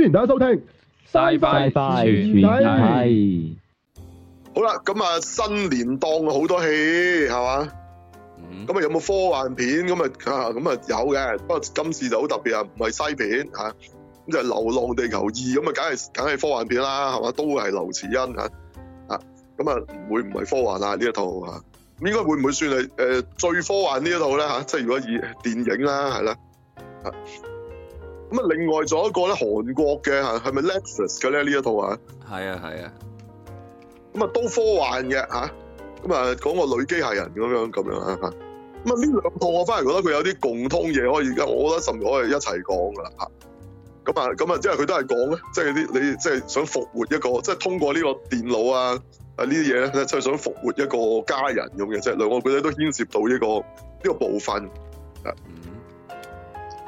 歡迎大家收聽，拜拜拜拜，全體拜好啦，咁啊新年檔好多戲係嘛，咁啊、嗯、有冇科幻片？咁啊咁啊有嘅，不過今次就好特別啊，唔係西片吓，咁就係《流浪地球二》，咁啊梗係梗係科幻片啦，係嘛，都會係劉慈欣啊啊，咁啊會唔係科幻啊呢一套啊，應該會唔會算係誒、呃、最科幻呢一套咧吓？即係如果以電影啦係啦啊。咁啊，另外仲有一個咧，韓國嘅吓，係咪《Lexus》嘅咧呢一套吓？係啊係啊，咁啊都科幻嘅吓，咁啊講個女機械人咁樣咁樣啊吓，咁啊呢兩套我反而覺得佢有啲共通嘢，可以，而家我覺得甚至我係一齊講噶啦吓。咁啊咁啊，因為佢都係講咧，即係啲你即係想復活一個，即係通過呢個電腦啊啊呢啲嘢咧，即係想復活一個家人咁嘅，即係兩個佢咧都牽涉到呢個呢個部分啊。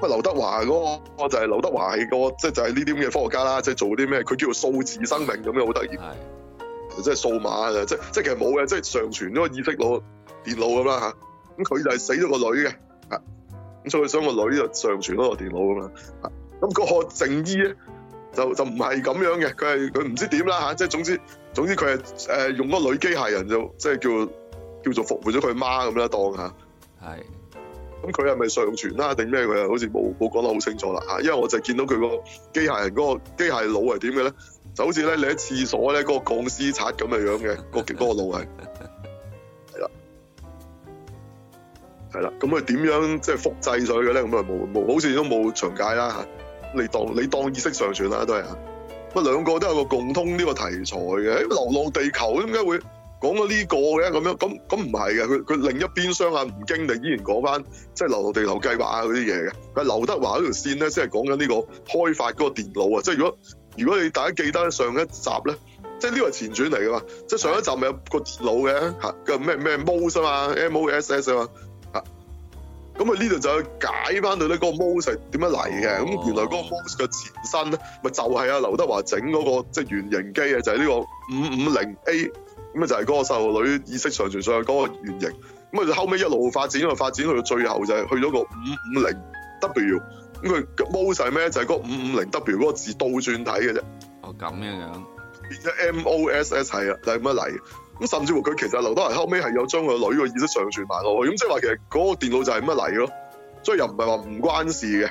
劉德華嗰、那個就係、是、劉德華係、那個即係就係呢啲咁嘅科學家啦，即、就、係、是、做啲咩？佢叫做數字生命咁樣，好得意，即係數碼嘅，即係即係其實冇嘅，即、就、係、是就是就是、上傳咗個意識到電腦咁啦吓。咁、嗯、佢就係死咗個女嘅，咁所以想個女就上傳咗個電腦咁啦。咁、嗯、嗰、那個靜 _E 咧就就唔係咁樣嘅，佢係佢唔知點啦吓。即、嗯、係總之總之佢係誒用個女機械人就即係、就是、叫叫做復活咗佢媽咁啦當吓。係。咁佢係咪上傳啦定咩佢啊？好似冇冇講得好清楚啦嚇，因為我就見到佢個機械人嗰個機械腦係點嘅咧，就好似咧你喺廁所咧個鋼絲刷咁嘅樣嘅，嗰條嗰個腦係係啦，係啦，咁佢點樣即係複製上去嘅咧？咁啊冇冇，好似都冇詳解啦嚇。你當你當意識上傳啦都係，不過兩個都有個共通呢個題材嘅《流浪地球》，點解會？講咗呢個嘅咁樣咁咁唔係嘅，佢佢另一邊廂呀，吳京就依然講翻即係《流浪地球》計劃啊嗰啲嘢嘅。但係劉德華嗰條線咧，先係講緊呢個開發嗰個電腦啊。即係如果如果你大家記得上一集咧，即係呢個前傳嚟噶嘛，即係上一集咪有個電腦嘅嚇咩咩 MOSS 啊，m o s s 啊啊。咁啊，呢度就解翻到呢個 MOSS 係點樣嚟嘅？咁原來嗰個 MOSS 嘅前身咪就係阿劉德華整嗰個即係原型機嘅，就係呢個五五零 A。咁咪就係嗰個細路女意識上傳上去嗰個原型。咁咪後尾一路發展一路發展，去到最後就係去咗個五五零 W，咁佢嘅 model 就係咩？就係嗰個五五零 W 嗰個字倒轉睇嘅啫。哦，咁嘅樣。變咗 M O S S 係啊，就係乜嚟？咁甚至乎佢其實劉德華後尾係有將個女嘅意識上傳埋落去，咁即係話其實嗰個電腦就係乜嚟咯？所以又唔係話唔關事嘅。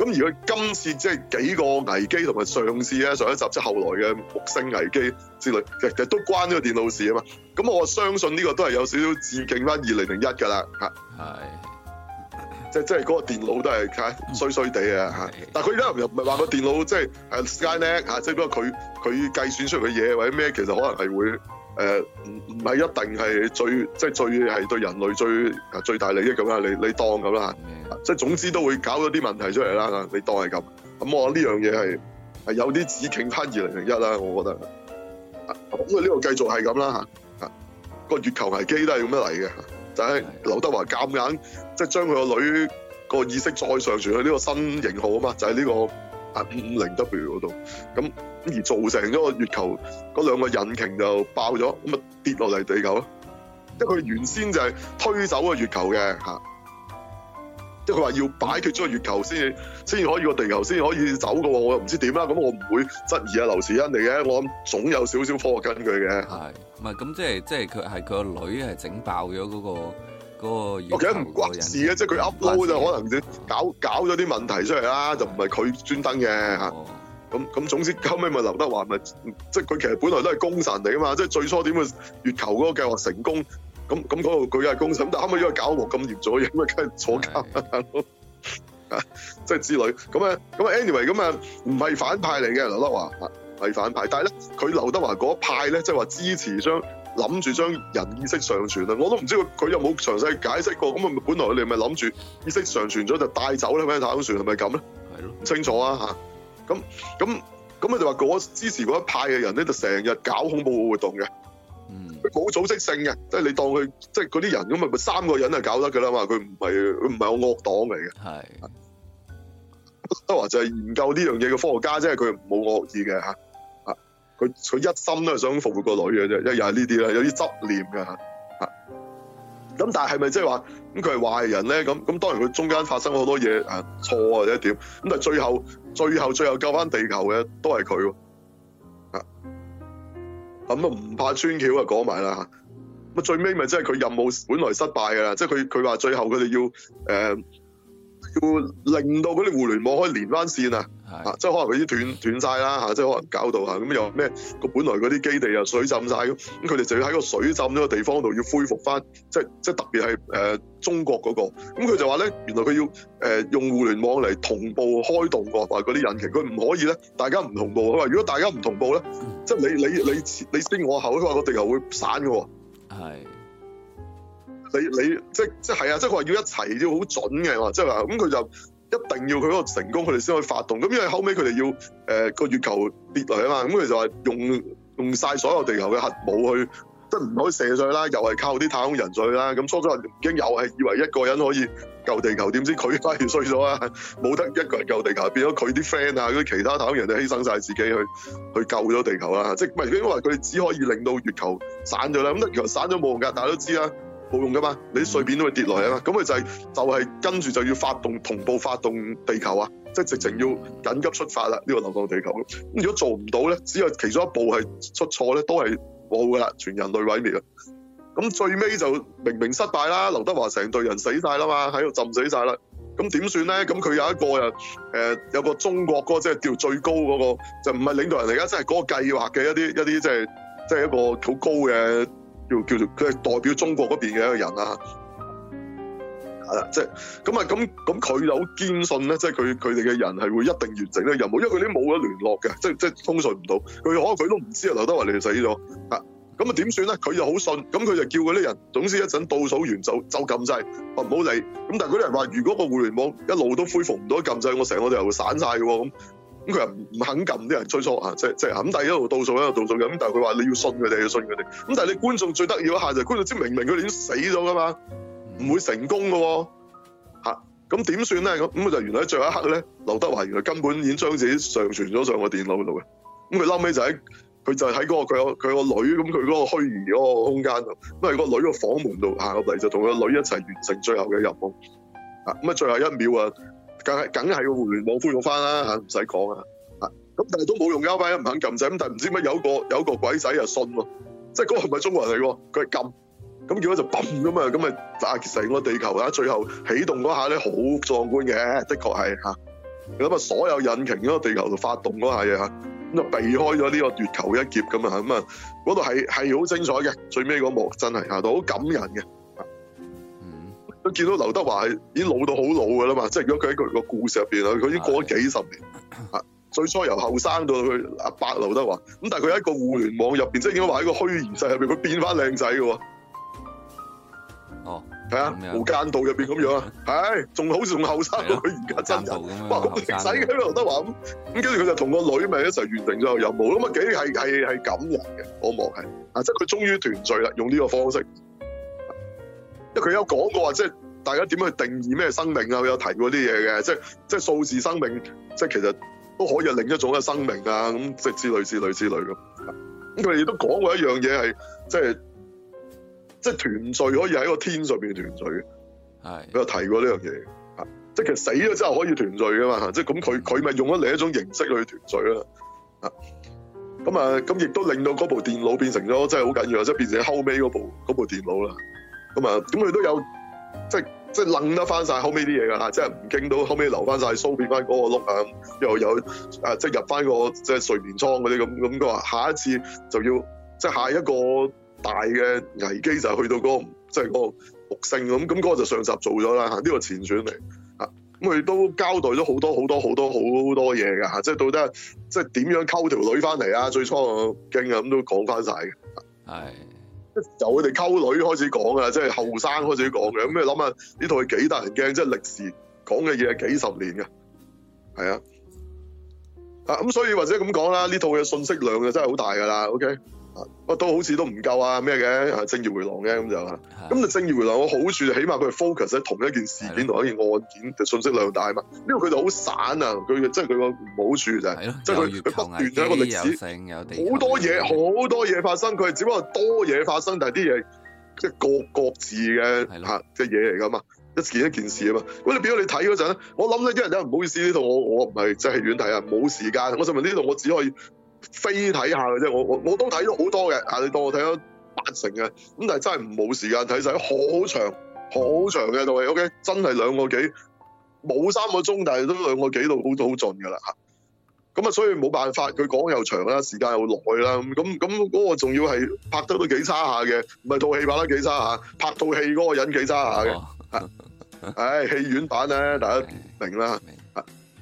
咁而佢今次即係幾個危機同埋上次咧上一集即係後來嘅木星危機之類，其實都關咗個電腦事啊嘛。咁我相信呢個都係有少少致敬翻二零零一㗎啦嚇。係，即係即係嗰個電腦都係衰衰地啊嚇。但係佢而家又唔係話個電腦即係、就、誒、是、SkyNet 即係不過佢佢計算出嚟嘅嘢或者咩，其實可能係會。誒唔唔係一定係最即係最係對人類最最大利益咁啦，你你當咁啦，即係總之都會搞咗啲問題出嚟啦。你當係咁，咁我呢樣嘢係係有啲似傾翻二零零一啦，我覺得。咁佢呢個繼續係咁啦，個月球危機都係咁樣嚟嘅，就係、是、劉德華夾硬，硬即係將佢個女個意識再上傳去呢個新型號啊嘛，就係、是、呢、這個。五五零 W 嗰度，咁而造成咗個月球嗰兩個引擎就爆咗，咁啊跌落嚟地球啦，即係佢原先就係推走個月球嘅吓，即係佢話要擺脫咗個月球先至先至可以個地球先至可以走噶，我又唔知點啦，咁我唔會質疑阿劉慈欣嚟嘅，我諗總有少少科學根據嘅。係，唔係咁即係即係佢係佢個女係整爆咗嗰、那個。我其實唔關事嘅，即係佢 upload 就可能就搞搞咗啲問題出嚟啦，嗯、就唔係佢專登嘅。咁咁、哦啊、總之後尾咪劉德華咪、就是，即係佢其實本來都係功臣嚟㗎嘛，即係最初點會月球嗰個計劃成功？咁咁嗰度佢又係功臣，但係後尾因為搞幕咁嚴重嘅嘢，咁是啊坐監即係之類。咁啊咁啊，anyway 咁啊唔係反派嚟嘅，劉德華係反派，但係咧佢劉德華嗰派咧即係話支持將。諗住將人意識上傳啊！我都唔知佢佢有冇詳細解釋過。咁啊，本來你咪諗住意識上傳咗就帶走咧，嗰架太空船係咪咁咧？係咯，是的 唔清楚啊！咁咁咁佢就話支持嗰一派嘅人咧，就成日搞恐怖活動嘅。佢冇組織性嘅，即係、嗯、你當佢即係嗰啲人咁咪三個人就搞得佢啦嘛！佢唔係佢唔係好惡黨嚟嘅。係。德華就係研究呢樣嘢嘅科學家，即係佢冇惡意嘅。佢佢一心都係想復活個女嘅啫，因為又係呢啲啦，有啲執念噶吓。咁但係係咪即係話咁佢係壞人咧？咁咁當然佢中間發生好多嘢誒錯或者點，咁但係最後最後最後救翻地球嘅都係佢。啊，咁啊唔怕穿橋啊，講埋啦吓。咁最尾咪即係佢任務本來失敗噶啦，即係佢佢話最後佢哋要誒、呃、要令到嗰啲互聯網可以連翻線啊。啊是！即係可能佢啲斷斷曬啦嚇，即係可能搞到嚇，咁又咩個本來嗰啲基地又水浸晒，咁，佢哋就要喺個水浸咗個地方度要恢復翻，即係即係特別係誒、呃、中國嗰、那個，咁佢就話咧，原來佢要誒、呃、用互聯網嚟同步開動喎，話嗰啲引擎，佢唔可以咧，大家唔同步，佢話如果大家唔同步咧，嗯、即係你你你你先我後，佢話個地球會散嘅喎。係是的。你你即係即係係啊！即係佢話要一齊要好準嘅話，即係話咁佢就。一定要佢嗰個成功，佢哋先可以發動。咁因為後尾佢哋要誒個、呃、月球跌落啊嘛，咁佢就話用用曬所有地球嘅核武去，都唔可以射上去啦，又係靠啲太空人上去啦。咁初初已經又係以為一個人可以救地球，點知佢反而衰咗啊！冇得一個人救地球，變咗佢啲 friend 啊，啲其他太空人就犧牲晒自己去去救咗地球啦。即係唔係因為佢哋只可以令到月球散咗啦？咁得月球散咗冇用㗎，大家都知啦。冇用噶嘛，你碎片都會跌落嚟啊嘛，咁佢就係、是、就係、是、跟住就要發動同步發動地球啊，即、就、係、是、直情要緊急出發啦！呢、這個流浪地球咁，如果做唔到咧，只有其中一步係出錯咧，都係冇噶啦，全人類毀滅啦。咁最尾就明明失敗啦，劉德華成隊人死晒啦嘛，喺度浸死晒啦。咁點算咧？咁佢有一個又誒有個中國嗰即係調最高嗰、那個，就唔係領導人嚟噶，即係嗰個計劃嘅一啲一啲即係即係一個好高嘅。叫叫做佢係代表中國嗰邊嘅一個人啊，係啦，即係咁啊，咁咁佢好堅信咧，即係佢佢哋嘅人係會一定完整嘅任務，因為佢哋冇咗聯絡嘅，即係即係通訊唔到，佢可能佢都唔知啊，劉德華你哋死咗啊，咁啊點算咧？佢又好信，咁佢就叫嗰啲人，總之一陣倒數完就，就撳掣，唔好理。咁但係嗰啲人話，如果個互聯網一路都恢復唔到撳掣，我成個地又會散晒嘅喎咁。咁佢又唔肯撳，啲人催促嚇，即係即係撳第一度倒數啦，一倒數咁，但係佢話你要信佢哋，要信佢哋。咁但係你觀眾最得意一下就係，觀眾知明明佢哋已經死咗噶嘛，唔會成功嘅喎。咁點算咧？咁、啊、咁就原來喺最後一刻咧，劉德華原來根本已經將自己上傳咗上個電腦度嘅。咁佢嬲尾就喺佢就喺嗰、嗰個佢個佢個女咁佢嗰個虛擬嗰個空間度，咁喺個女個房門度行入嚟就同個女一齊完成最後嘅任務。啊咁啊，最後一秒啊！梗係梗係個互聯網恢復翻啦嚇，唔使講啊嚇。咁但係都冇用交翻，唔肯撳掣。咁但係唔知乜有個有個鬼仔啊信喎，即係嗰個唔係中國人嚟喎，佢係撳。咁結果就嘣咁啊，咁啊炸結成個地球啦。最後起動嗰下咧，好壯觀嘅，的確係嚇。你諗啊，所有引擎嗰個地球就發動嗰下嘢，咁就避開咗呢個月球一劫咁啊。咁啊，嗰度係係好精彩嘅，最尾嗰幕真係嚇到好感人嘅。都見到劉德華係已經老到好老嘅啦嘛，即係如果佢喺個故事入邊佢已經過咗幾十年，嚇的最初由後生到去阿伯劉德華，咁但係佢喺一個互聯網入邊，即係應該話喺個虛擬世界入邊，佢變翻靚仔嘅喎。哦，係啊，無間道入邊咁樣啊，係仲好似仲後生到佢而家真人，哇咁靚仔嘅劉德華咁，跟住佢就同個女咪一齊完成咗任務，咁啊幾係係係感人嘅，我望係啊，即係佢終於團聚啦，用呢個方式。因佢有講過話，即係大家點樣去定義咩生命啊？佢有提過啲嘢嘅，即係即係數字生命，即係其實都可以係另一種嘅生命啊！咁即係之類之類之類咁。咁佢哋亦都講過一樣嘢係，即係即係團聚可以喺個天上邊團聚嘅。佢的有提過呢樣嘢。啊，即係其實死咗之後可以團聚噶嘛？即係咁佢佢咪用咗另一種形式去團聚啦？啊，咁啊，咁亦都令到嗰部電腦變成咗真係好緊要，即係變成後尾嗰部嗰部電腦啦。咁啊，咁佢、嗯、都有即係即係楞得翻晒後尾啲嘢㗎嚇，即係唔驚到後尾留翻晒，蘇，變翻嗰個碌啊，又有啊即係入翻個即係睡眠艙嗰啲咁，咁佢話下一次就要即係下一個大嘅危機就去到嗰、那個即係嗰個木星咁，咁、嗯、嗰、那個就上集做咗啦嚇，呢、嗯這個前傳嚟嚇，咁、嗯、佢都交代咗好多好多好多好多嘢㗎嚇，即係到底即係點樣溝條女翻嚟啊？最初我驚啊咁、嗯、都講翻晒。嘅。係。就由佢哋溝女開始講啊，即係後生開始講嘅，咁你諗下呢套係幾大鏡？即係歷史講嘅嘢係幾十年㗎，係啊，啊咁所以或者咁講啦，呢套嘅信息量就真係好大噶啦，OK。我到好似都唔夠啊，咩嘅啊？正義迴廊嘅、啊、咁就，咁啊的正義迴廊嘅好處，起碼佢係 focus 喺同一件事件同一件案件就信息量大嘛。因的為佢就好散啊，佢即係佢個唔好處就係、是，即係佢佢不斷係一個歷史好多嘢好多嘢發生，佢係只不過多嘢發生，但係啲嘢即係各各自嘅嚇嘅嘢嚟噶嘛，一件一件事啊嘛。咁的你變咗你睇嗰陣，我諗咧啲人咧唔好意思，呢度我我唔係即係遠睇啊，冇時間。我就問呢度我只可以，飛睇下嘅啫，我我我都睇咗好多嘅，啊你當我睇咗八成嘅，咁但係真係冇時間睇晒。好長好長嘅套戲，O K，真係兩個幾冇三個鐘，但係都兩個幾度好，好都好盡㗎啦嚇。咁啊，所以冇辦法，佢講又長啦，時間又耐啦，咁咁嗰個仲要係拍得都幾差下嘅，唔係套戲拍得幾差下，拍套戲嗰個人幾差下嘅，唉、哦 哎、戲院版咧大家明啦。明白。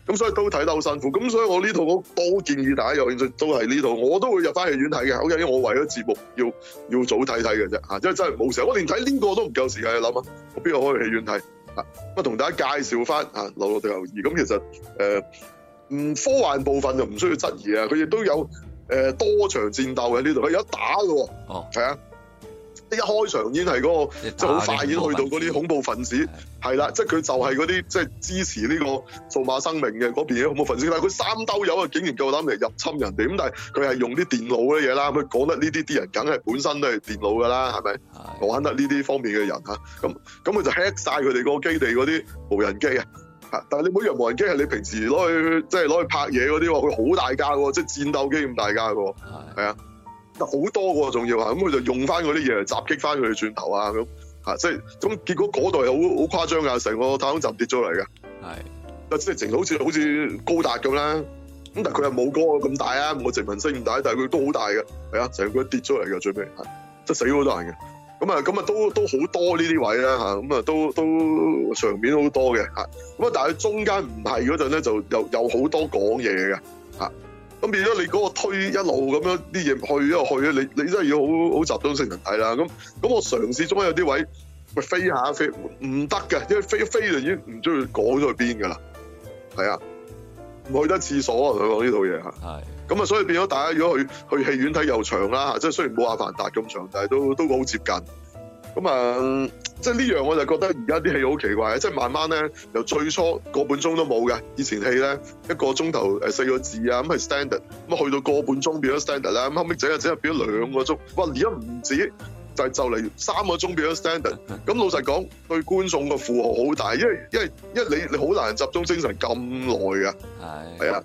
咁所以都睇得好辛苦，咁所以我呢套我都建議大家有興趣都係呢套，我都會入翻戲院睇嘅，好，因為我為咗節目要要早睇睇嘅啫嚇，因為真係冇時，我連睇呢個都唔夠時間去諗啊，我邊個可以去戲院睇？啊，我同大家介紹翻嚇、啊《流浪地球二》啊，咁其實誒唔、呃、科幻部分就唔需要質疑啊，佢亦都有誒、呃、多場戰鬥喺呢度，佢有打嘅喎，哦，係啊。一開場已經係嗰個即係好快已經去到嗰啲恐怖分子係啦，即係佢就係嗰啲即係支持呢個數碼生命嘅嗰邊嘅恐怖分子，但係佢三兜友，啊，竟然夠膽嚟入侵人哋咁，但係佢係用啲電腦嘅嘢啦，佢講得呢啲啲人梗係本身都係電腦噶啦，係咪？係啊玩得呢啲方面嘅人嚇，咁咁佢就吃晒佢哋個基地嗰啲無人機啊，嚇！但係你每樣無人機係你平時攞去即係攞去拍嘢嗰啲喎，佢好大架喎，即係戰鬥機咁大架嘅喎，係啊。好多喎，仲要啊！咁佢就用翻嗰啲嘢嚟襲擊翻佢轉頭啊！咁嚇，即係咁結果嗰度好好誇張啊！成個太空站跌咗嚟嘅，係是的，嗱即係整到好似好似高達咁啦。咁但係佢又冇嗰個咁大啊，冇殖民星咁大，但係佢都好大嘅，係啊，成個跌咗嚟嘅最尾，嚇，即係死咗好多人嘅。咁啊，咁啊都都好多呢啲位啦嚇，咁啊都都場面好多嘅嚇。咁啊，但係中間唔係嗰陣咧，就有有好多講嘢嘅嚇。咁變咗你嗰個推一路咁樣啲嘢去啊去啊，你你真係要好好集中精神睇啦。咁咁我嘗試中有啲位咪飛下飛，唔得㗎，因為飛飛就已經唔中意講咗去邊噶啦。係啊，唔去得廁所啊！講呢套嘢咁啊，是的 所以變咗大家如果去去戲院睇又長啦嚇，即係雖然冇阿凡達咁長，但係都都好接近。咁啊，即係呢樣我就覺得而家啲戲好奇怪啊！即係慢慢咧，由最初個半鐘都冇嘅以前戲咧，一個鐘頭誒四個字啊咁係 standard，咁啊去到個半鐘變咗 standard 啦，咁後尾整啊整啊變咗兩個鐘，哇而家唔止，就係就嚟三個鐘變咗 standard。咁老實講，對觀眾嘅負荷好大，因為因為因為你你好難集中精神咁耐噶，係係啊。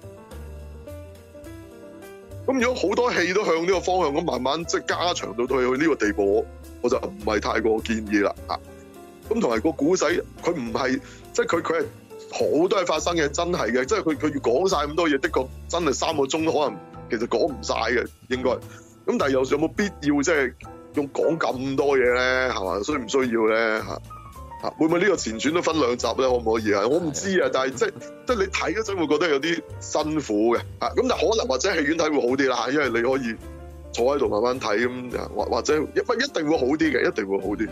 咁如果好多戲都向呢個方向咁慢慢即係加長到去去呢個地步，我就唔係太過建議啦，嚇、啊！咁同埋個古仔，佢唔係即係佢佢係好多嘢發生嘅，真係嘅，即係佢佢要講晒咁多嘢，的確真係三個鐘都可能其實講唔晒嘅，應該。咁但係有有冇必要即係用講咁多嘢咧？係嘛？需唔需要咧？嚇、啊、嚇會唔會呢個前傳都分兩集咧？可唔可以啊？是的 我唔知啊，但係即係即係你睇嗰陣會覺得有啲辛苦嘅，嚇、啊！咁就可能或者戲院睇會好啲啦，因為你可以。坐喺度慢慢睇咁，或或者一唔一定會好啲嘅，一定會好啲。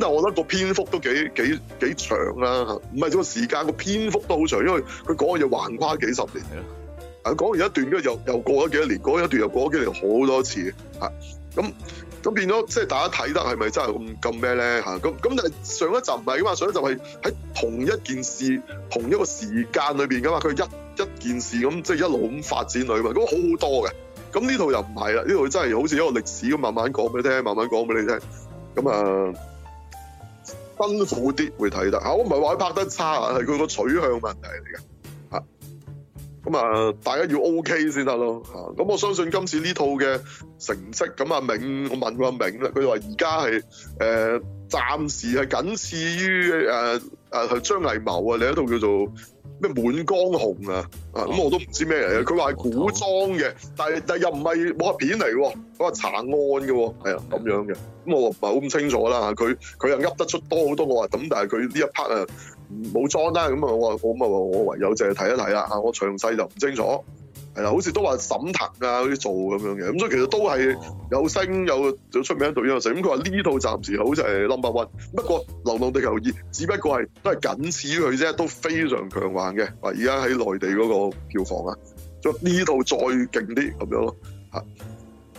但係我覺得個篇幅都幾幾幾長啦，唔係點個時間個篇幅都好長，因為佢講嘅嘢橫跨幾十年。係啊，講完一段，跟住又又過咗幾多年，講、那個、一段又過咗幾年好多次嚇。咁咁變咗，即係大家睇得係咪真係咁咁咩咧嚇？咁咁但係上一集唔係噶嘛，上一集係喺同一件事、同一個時間裏邊噶嘛，佢一一件事咁即係一路咁發展裏邊，咁好好多嘅。咁呢套又唔係啦，呢套真係好似一個歷史咁，慢慢講俾你聽，慢慢講俾你聽。咁啊，辛苦啲會睇得。吓，我唔係話佢拍得差啊，係佢個取向問題嚟嘅。吓，咁啊，大家要 OK 先得咯。吓，啊，咁我相信今次呢套嘅成績，咁，啊，阿明，我問佢阿，啊，明啦，佢話而家係誒暫時係僅次於誒誒張藝謀啊，另一套叫做。咩滿江紅啊啊，咁我都唔知咩嚟嘅，佢話係古裝嘅，但係但又唔係武俠片嚟嘅，嗰個查案嘅喎，係啊咁樣嘅，咁我話唔係好咁清楚啦嚇，佢佢又噏得出多好多我話，咁但係佢呢一 part 啊冇裝啦，咁啊我我咪話我，我唯有淨係睇一睇啦嚇，我詳細就唔清楚。係好似都話沈騰啊嗰啲做咁樣嘅，咁、嗯、所以其實都係有聲有，有出名的導演嚟嘅。咁佢話呢套暫時好似係 number one，不過《流浪地球二》只不過係都係僅次於佢啫，都非常強橫嘅。啊，而家喺內地嗰個票房啊，將呢套再勁啲咁樣咯嚇。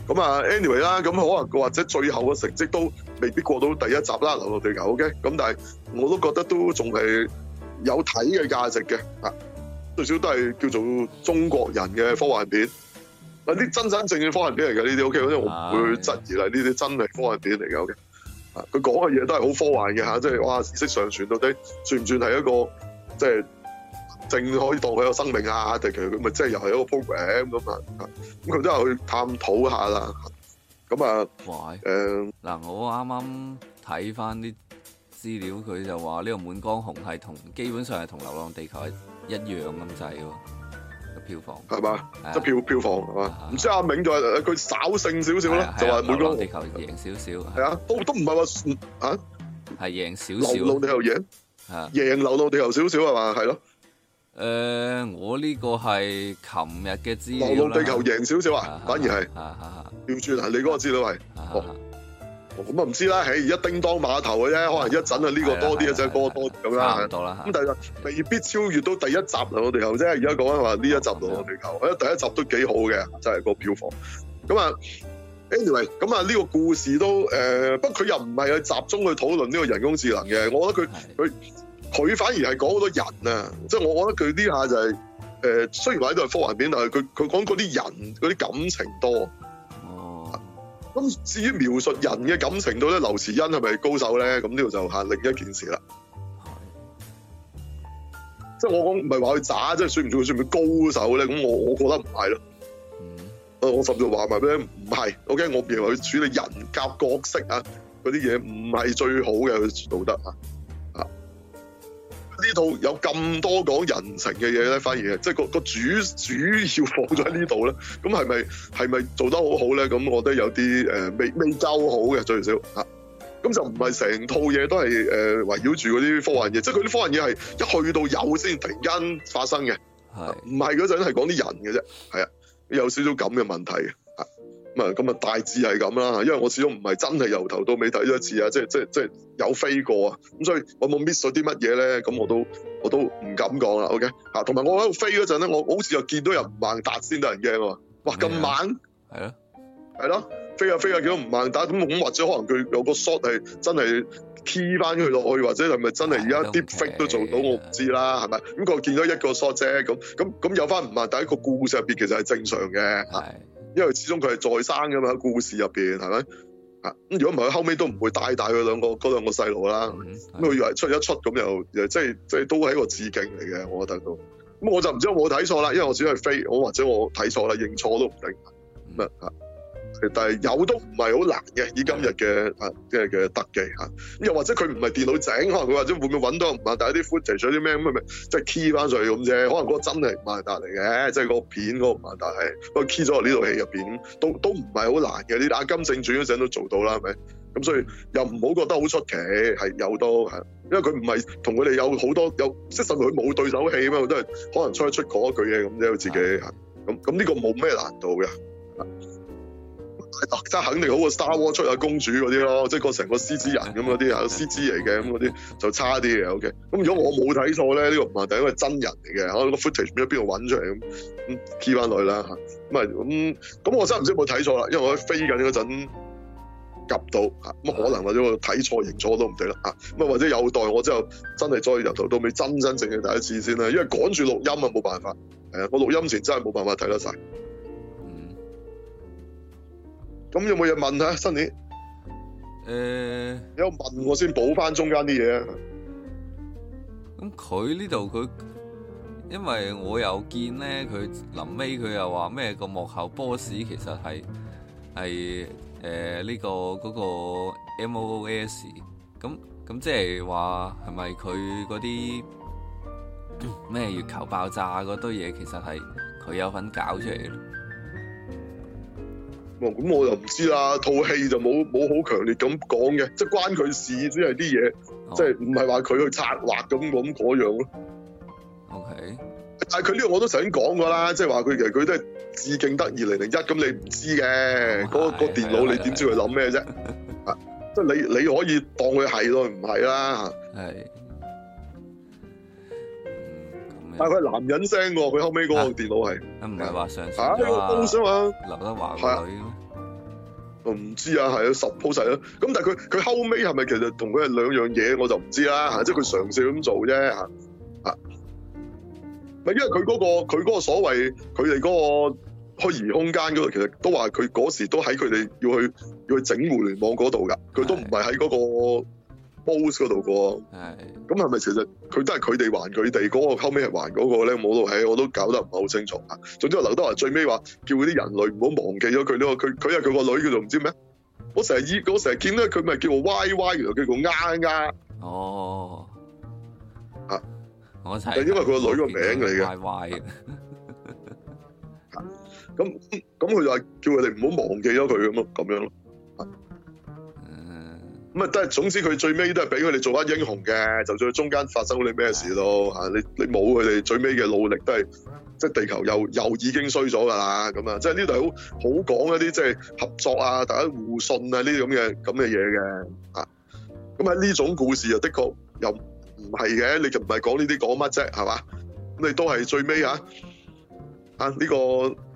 咁啊，anyway 啦，咁可能或者最後嘅成績都未必過到第一集啦，《流浪地球》OK。咁但係我都覺得都仲係有睇嘅價值嘅嚇。啊最少都係叫做中國人嘅科幻片，嗱啲真真正正科幻片嚟嘅呢啲，OK，我唔會質疑啦。呢啲、啊、真係科幻片嚟嘅，OK，啊，佢講嘅嘢都係好科幻嘅吓，即、就、係、是、哇！意識上傳到底算唔算係一個即係、就是、正可以當佢有生命啊？定佢佢咪即係又係一個 program 咁啊？咁佢都係去探討下啦。咁啊、嗯，喂，誒，嗱，我啱啱睇翻啲資料，佢就話呢個《滿江紅》係同基本上係同《流浪地球》。一樣咁滯喎，個票房係嘛？即票票房係嘛？唔知阿明就係佢稍勝少少啦，就話每個地球贏少少，係啊，都都唔係話嚇，係贏少少流浪地球贏，係贏流浪地球少少係嘛？係咯。誒，我呢個係琴日嘅資料啦。流浪地球贏少少啊，反而係。啊啊啊！記住啦，你嗰個資料係。咁啊唔知啦，喺而家叮噹碼頭嘅啫，可能一陣啊呢個多啲一即係嗰個多咁啦。到啦，咁但係未必超越到第一集流浪地球啫。而家講啊嘛，呢一集到流浪地球，我覺得第一集都幾好嘅，真係個票房。咁啊 Anyway 咁啊呢個故事都誒，不過佢又唔係去集中去討論呢個人工智能嘅，我覺得佢佢佢反而係講好多人啊，即係我覺得佢呢下就係誒，雖然話喺度科幻片，但係佢佢講嗰啲人嗰啲感情多。咁至於描述人嘅感情度咧，劉慈欣係咪高手咧？咁呢度就吓另一件事啦。係，即係我講唔係話佢渣，即係算唔算佢算唔算高手咧？咁我我覺得唔係咯。啊，我甚至話埋畀唔係？OK，我認為佢處理人格角色啊嗰啲嘢唔係最好嘅道德啊。呢套有咁多講人情嘅嘢咧，反而即係、就是、個個主主要放咗喺呢度咧，咁係咪係咪做得好好咧、呃、做好咧？咁我覺得有啲誒未未夠好嘅最少吓，咁、啊、就唔係成套嘢都係誒圍繞住嗰啲科幻嘢，即係佢啲科幻嘢係一去到有先突然間發生嘅，唔係嗰陣係講啲人嘅啫，係啊，有少少咁嘅問題。咁啊，大致係咁啦，因為我始終唔係真係由頭到尾睇咗一次啊，即係即係即係有飛過啊，咁所以我冇 miss 咗啲乜嘢咧，咁我都我都唔敢講啦，OK，嚇，同埋我喺度飛嗰陣咧，我好似又見到有吳孟達先得人驚喎，哇咁猛，係咯、啊，係咯、啊啊，飛啊飛啊，見到吳孟達，咁咁或者可能佢有個 shot 係真係 key 翻佢落去，或者係咪真係而家啲 fit 都做到，我唔知啦，係咪？咁佢見到一個 shot 啫，咁咁咁有翻吳孟達一個故事入邊其實係正常嘅。因為始終佢係再生㗎嘛，故事入邊係咪？啊，咁如果唔係，佢後尾都唔會帶大佢兩個嗰兩個細路啦。咁佢以為出一出咁又又即係即係都係一個致敬嚟嘅，我覺得都。咁我就唔知有冇睇錯啦，因為我只係飛，我或者我睇錯啦，認錯都唔定。咁啊嚇。但係有都唔係好難嘅，以今日嘅啊，即係嘅特技嚇、啊，又或者佢唔係電腦整、就是，可能佢或者會唔會揾到唔係？但係啲 footage 啲咩咁咪即係 key 翻上去咁啫？可能嗰個真係萬達嚟嘅，即係個片嗰個萬達係，我 key 咗喺呢套戲入邊，都都唔係好難嘅。你睇阿甘正傳嗰陣都做到啦，係咪？咁所以又唔好覺得好出奇，係有都嚇，因為佢唔係同佢哋有好多有，即係甚至佢冇對手戲啊嘛，都係可能出得出嗰一句嘢咁啫，佢自己嚇咁咁呢個冇咩難度嘅。啊真肯定好過 Star Wars 出下公主嗰啲咯，即係個成個獅子人咁，嗰啲獅子嚟嘅，咁嗰啲就差啲嘅。O K，咁如果我冇睇錯咧，呢、呢個唔係第一個真人嚟嘅，我個 Footage 邊度揾出嚟咁？嗯，key 翻落去啦嚇，咁，咁我真係唔知有冇睇錯啦，因為我飛緊嗰陣夾到嚇，咁可能或者我睇錯認錯都唔定啦嚇。咁啊或者有待我之後真係再由頭到尾真真正正睇一次先啦，因為趕住錄音啊冇辦法。係啊，我錄音前真係冇辦法睇得晒。咁有冇嘢問啊？新年，誒、欸、有問我先補翻中間啲嘢啊，咁佢呢度佢，嗯、因為我又見咧，佢臨尾佢又話咩個幕後 boss 其實係係呢個嗰個 M O S，咁咁即係話係咪佢嗰啲咩月球爆炸嗰堆嘢其實係佢有份搞出嚟嘅？咁我又唔知啦，套戲就冇冇好強烈咁講嘅，即係關佢事，即係啲嘢，即係唔係話佢去策劃咁咁嗰樣咯。OK Okay .，但係佢呢個我都想講噶啦，即係話佢其實佢都係致敬得二零零一，咁你唔知嘅，嗰個個電腦你點知佢諗咩啫？即係 你你可以當佢係咯，唔係啦。係。 但係佢係男人聲喎，佢後尾嗰個電腦係，唔係話嘗試啊？係啊 p o、這個、s 啊嘛，劉德華個女咩？我唔知啊，係啊，十鋪晒啦，咁但係佢佢後尾係咪其實同佢係兩樣嘢？我就唔知啦嚇、啊，即係佢嘗試咁做啫嚇嚇。唔、啊、因為佢嗰、嗰個佢嗰個所謂佢哋嗰個虛擬空間嗰度，其實都話佢嗰時都喺佢哋要去要去整互聯網嗰度㗎，佢都唔係喺嗰個。係 post 嗰度個，咁係咪其實佢都係佢哋還佢哋嗰個後尾係還嗰個咧？冇到係我都搞得唔係好清楚啊。總之話劉德華最尾話叫嗰啲人類唔好忘記咗佢咯。佢佢係佢個女佢仲唔知咩？我成日以我成日見到佢咪叫 Y Y，原來叫個丫丫。哦，啊，我因為佢個女個名嚟嘅 Y。咁咁佢就係叫佢哋唔好忘記咗佢咁咯，咁樣咯。咁啊，都總之佢最尾都係俾佢哋做翻英雄嘅，就算中間發生咗你咩事都你你冇佢哋最尾嘅努力都，都係即係地球又又已經衰咗㗎啦。咁啊，即係呢度好好講一啲即係合作啊，大家互信啊，呢啲咁嘅咁嘅嘢嘅，咁啊呢種故事又的確又唔係嘅，你就唔係講呢啲講乜啫，係嘛？咁你都係最尾呀。呢、啊啊呢個。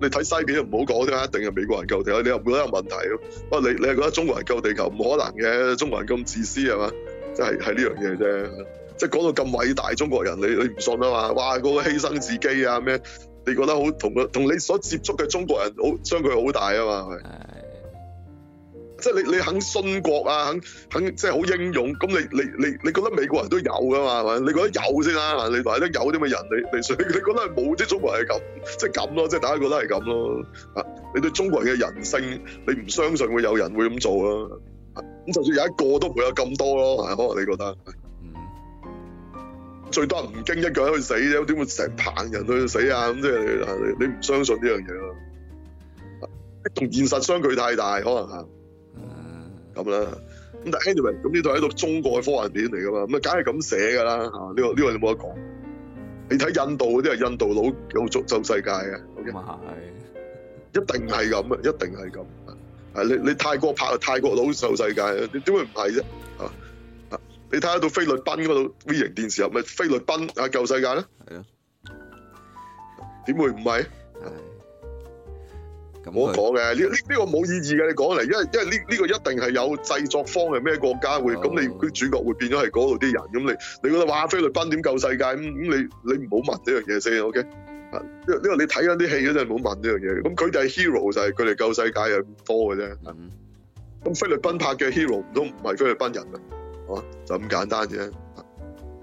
你睇西片唔好講啫，一定係美國人救地球，你又覺得有問題咯？不你，你你係覺得中國人救地球唔可能嘅？中國人咁自私係嘛？即係係呢樣嘢啫，即係講到咁偉大中國人，你你唔信啊嘛？哇，個、嗰個犧牲自己啊咩？你覺得好同個同你所接觸嘅中國人好相距好大啊嘛？係。即係你你肯殉國啊，肯肯即係好英勇。咁你你你你覺得美國人都有噶嘛？你覺得有先啦。你話得有啲咩人？你你你覺得係冇即係中國人係咁，即係咁咯，即係大家覺得係咁咯。啊，你對中國人嘅人性，你唔相信會有人會咁做咯。咁就算有一個都唔會有咁多咯。可能你覺得，嗯，最多唔驚一個人去死啫，點會成棚人都去死啊？咁即係你你唔相信呢樣嘢咯，同現實相距太大，可能嚇。咁啦，咁但係 anyway，咁呢度係一套中國嘅科幻片嚟噶嘛，咁啊梗係咁寫噶啦嚇，呢個呢個你冇得講。你睇印度嗰啲係印度老老舊舊世界嘅，O K。咁啊係，一定係咁啊，一定係咁啊，你你泰國拍啊泰國老舊世界，你點會唔係啫？嚇嚇，你睇下到菲律賓嗰度 V 型電視啊，咪菲律賓啊舊世界啦。係啊，點會唔係？那我講嘅呢呢呢個冇意義嘅，你講嚟，因為因為呢呢個一定係有製作方係咩國家會咁，哦、你主角會變咗係嗰度啲人咁，你你覺得話菲律賓點救世界咁？咁你你唔好問呢樣嘢先，OK？呢、這個你睇緊啲戲真係唔好問呢樣嘢。咁佢哋係 hero 就係佢哋救世界有多嘅啫。咁、嗯、菲律賓拍嘅 hero 都唔係菲律賓人啊，就咁簡單啫。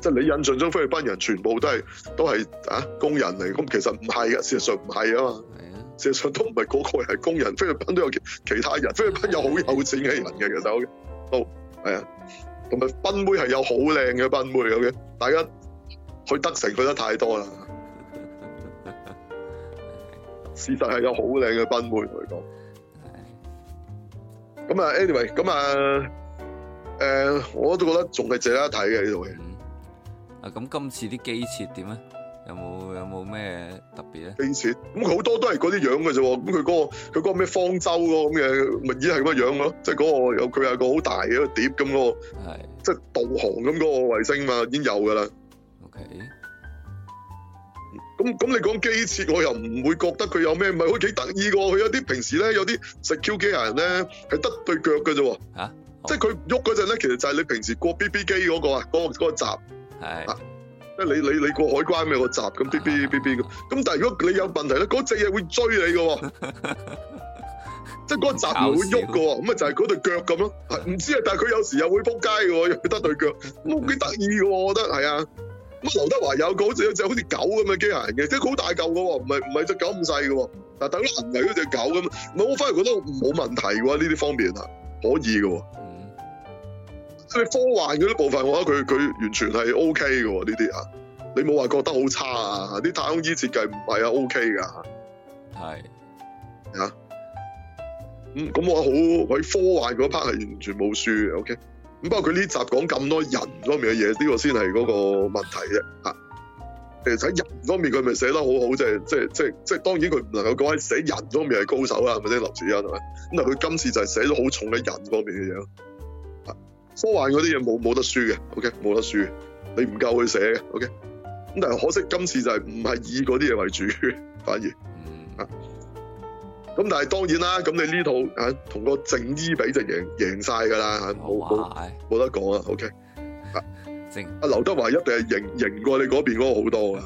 即、就、係、是、你印象中菲律賓人全部都係都係啊工人嚟，咁其實唔係嘅，事實上唔係啊嘛。事實上都唔係個個係工人，菲律賓都有其他人，菲律賓有好有錢嘅人嘅，其實都係啊。同埋賓妹係有好靚嘅賓妹咁嘅，okay? 大家去得城去得太多啦。 事實係有好靚嘅賓妹，我、就、講、是。咁啊 ，Anyway，咁啊，誒、呃，我都覺得仲係值得一睇嘅呢度嘅啊，咁今、嗯、次啲機設點咧？有冇有冇咩特別咧？機設咁佢好多都係嗰啲樣嘅啫喎，咁佢嗰個佢個咩方舟嗰個咁嘅物件係乜樣咯？即係嗰個有佢係個好大嘅個碟咁嗰個，即係導航咁嗰個衛星嘛，已經有噶啦。OK，咁咁你講機設，我又唔會覺得佢有咩？唔係好似幾得意過佢有啲平時咧有啲食 Q 機人咧係得對腳嘅啫喎。吓、啊，即係佢喐嗰陣咧，其實就係你平時過 B B 機嗰個、嗰個嗰個、是啊，嗰個嗰個閘係。你你你過海關咩個閘咁嗶嗶嗶嗶咁，咁但係如果你有問題咧，嗰隻嘢會追你噶， 即係嗰個閘會喐噶，咁啊 就係嗰對腳咁咯，唔知啊，但係佢有時又會扑街噶，又得對腳，咁幾得意噶，我覺得係啊，咁劉 德華有個隻好似狗咁嘅機械人嘅，即係好大嚿噶，唔係唔係隻狗咁細噶，嗱等佢行埋嗰隻狗咁，我反而覺得冇問題噶呢啲方面啊，可以噶。即係科幻嗰啲部分，我覺得佢佢完全係 O K 嘅喎，呢啲啊，你冇話覺得好差啊？啲太空衣設計唔係啊 O K 噶，係啊是，咁咁、嗯、我好喺科幻嗰 part 係完全冇輸，O K。咁、OK? 不過佢呢集講咁多人方面嘅嘢，呢、這個先係嗰個問題啫。嚇，其實喺人方面佢咪寫得好好，即係即係即係即係，當然佢唔能夠講喺寫人方面係高手啦，係咪先？劉慈欣係咪？咁但佢今次就係寫咗好重嘅人方面嘅嘢咯。科幻嗰啲嘢冇冇得輸嘅，OK，冇得輸嘅，你唔夠佢寫嘅，OK。咁但係可惜今次就係唔係以嗰啲嘢為主，反而，咁、嗯啊、但係當然啦，咁你呢套嚇同、啊、個正衣比就贏贏曬㗎啦嚇，冇冇哇 得講啊，OK。啊，正劉德華一定係贏贏過你嗰邊嗰個好多㗎，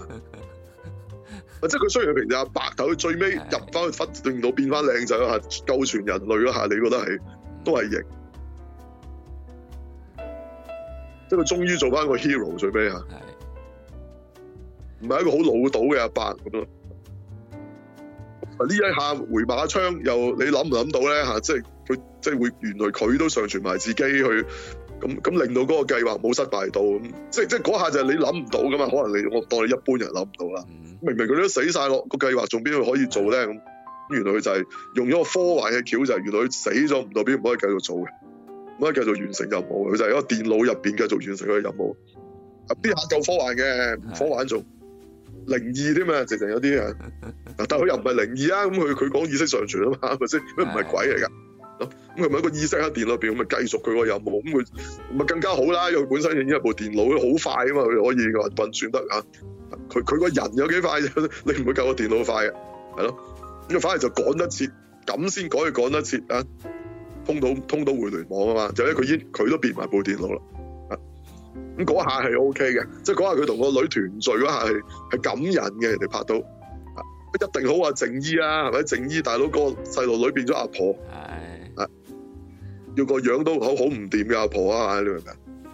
即係佢雖然平日白頭最，最尾入翻去忽變到變翻靚仔嗰救全人類下，你覺得係、嗯、都係型。即係佢終於做翻個 hero 最尾嚇，唔係一個好的老到嘅阿伯咁咯。這樣這一想想呢一下回馬槍又你諗唔諗到咧嚇？即係佢即係會原來佢都上傳埋自己去，咁咁令到嗰個計劃冇失敗到咁。即係即係嗰下就係你諗唔到噶嘛？可能你我當你一般人諗唔到啦。明明佢都死晒落、那個計劃仲邊度可以做咧？咁原來佢就係、是、用咗個科幻嘅橋，就係原來佢死咗唔代表唔可以繼續做嘅。可以繼續完成任務，佢就係一個電腦入邊繼續完成佢嘅任務。啲下夠科幻嘅，唔是的 科幻做靈異啲嘛，直情有啲人是的 但係佢又唔係靈異啊，咁佢佢講意識上傳啊嘛，係咪先？佢唔係鬼嚟噶，咁佢咪一個意識喺電腦入邊咁咪繼續佢個任務？咁佢咪更加好啦，佢本身已經係一部電腦，好快啊嘛，佢可以運運算得啊。佢佢個人有幾快啫？你唔會夠個電腦快嘅，係咯？咁反而就趕得切，咁先趕去趕得切啊。通到通到互聯網啊嘛，就係、是、佢已佢都變埋部電腦啦。咁嗰下係 O K 嘅，即係嗰下佢同個女團聚嗰下係係感人嘅，人哋拍到一定好啊！靜 _E 啊，係咪靜 _E 大佬個細路女變咗阿婆？係啊，的要個樣都好好唔掂嘅阿婆啊，你明唔明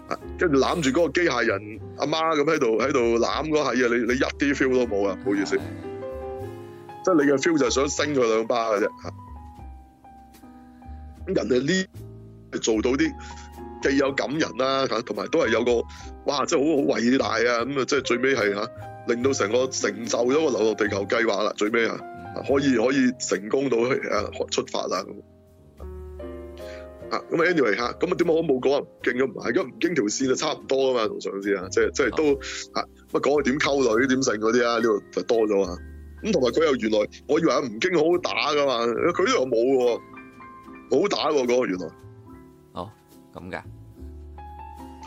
啊？跟住攬住嗰個機械人阿媽咁喺度喺度攬嗰下嘢，你你一啲 feel 都冇啊！唔好意思，的即係你嘅 feel 就係想升佢兩巴嘅啫。人哋呢，係做到啲既有感人啦吓，同埋都係有個哇，真係好好偉大啊！咁、嗯、啊，即係最尾係嚇，令到成個成就咗個流浪地球計劃啦。最尾啊，可以可以成功到去啊出發啦！啊，咁啊，anyway 吓，咁啊，點解我冇講，勁咗唔係，咁吳京條線就差唔多噶嘛，同上次啊，即係即係都嚇乜講佢點溝女點剩嗰啲啊，呢度就多咗啊。咁同埋佢又原來，我以為吳京好好打噶嘛，佢呢又冇喎。好打喎，嗰個原來，啊，哦，咁嘅，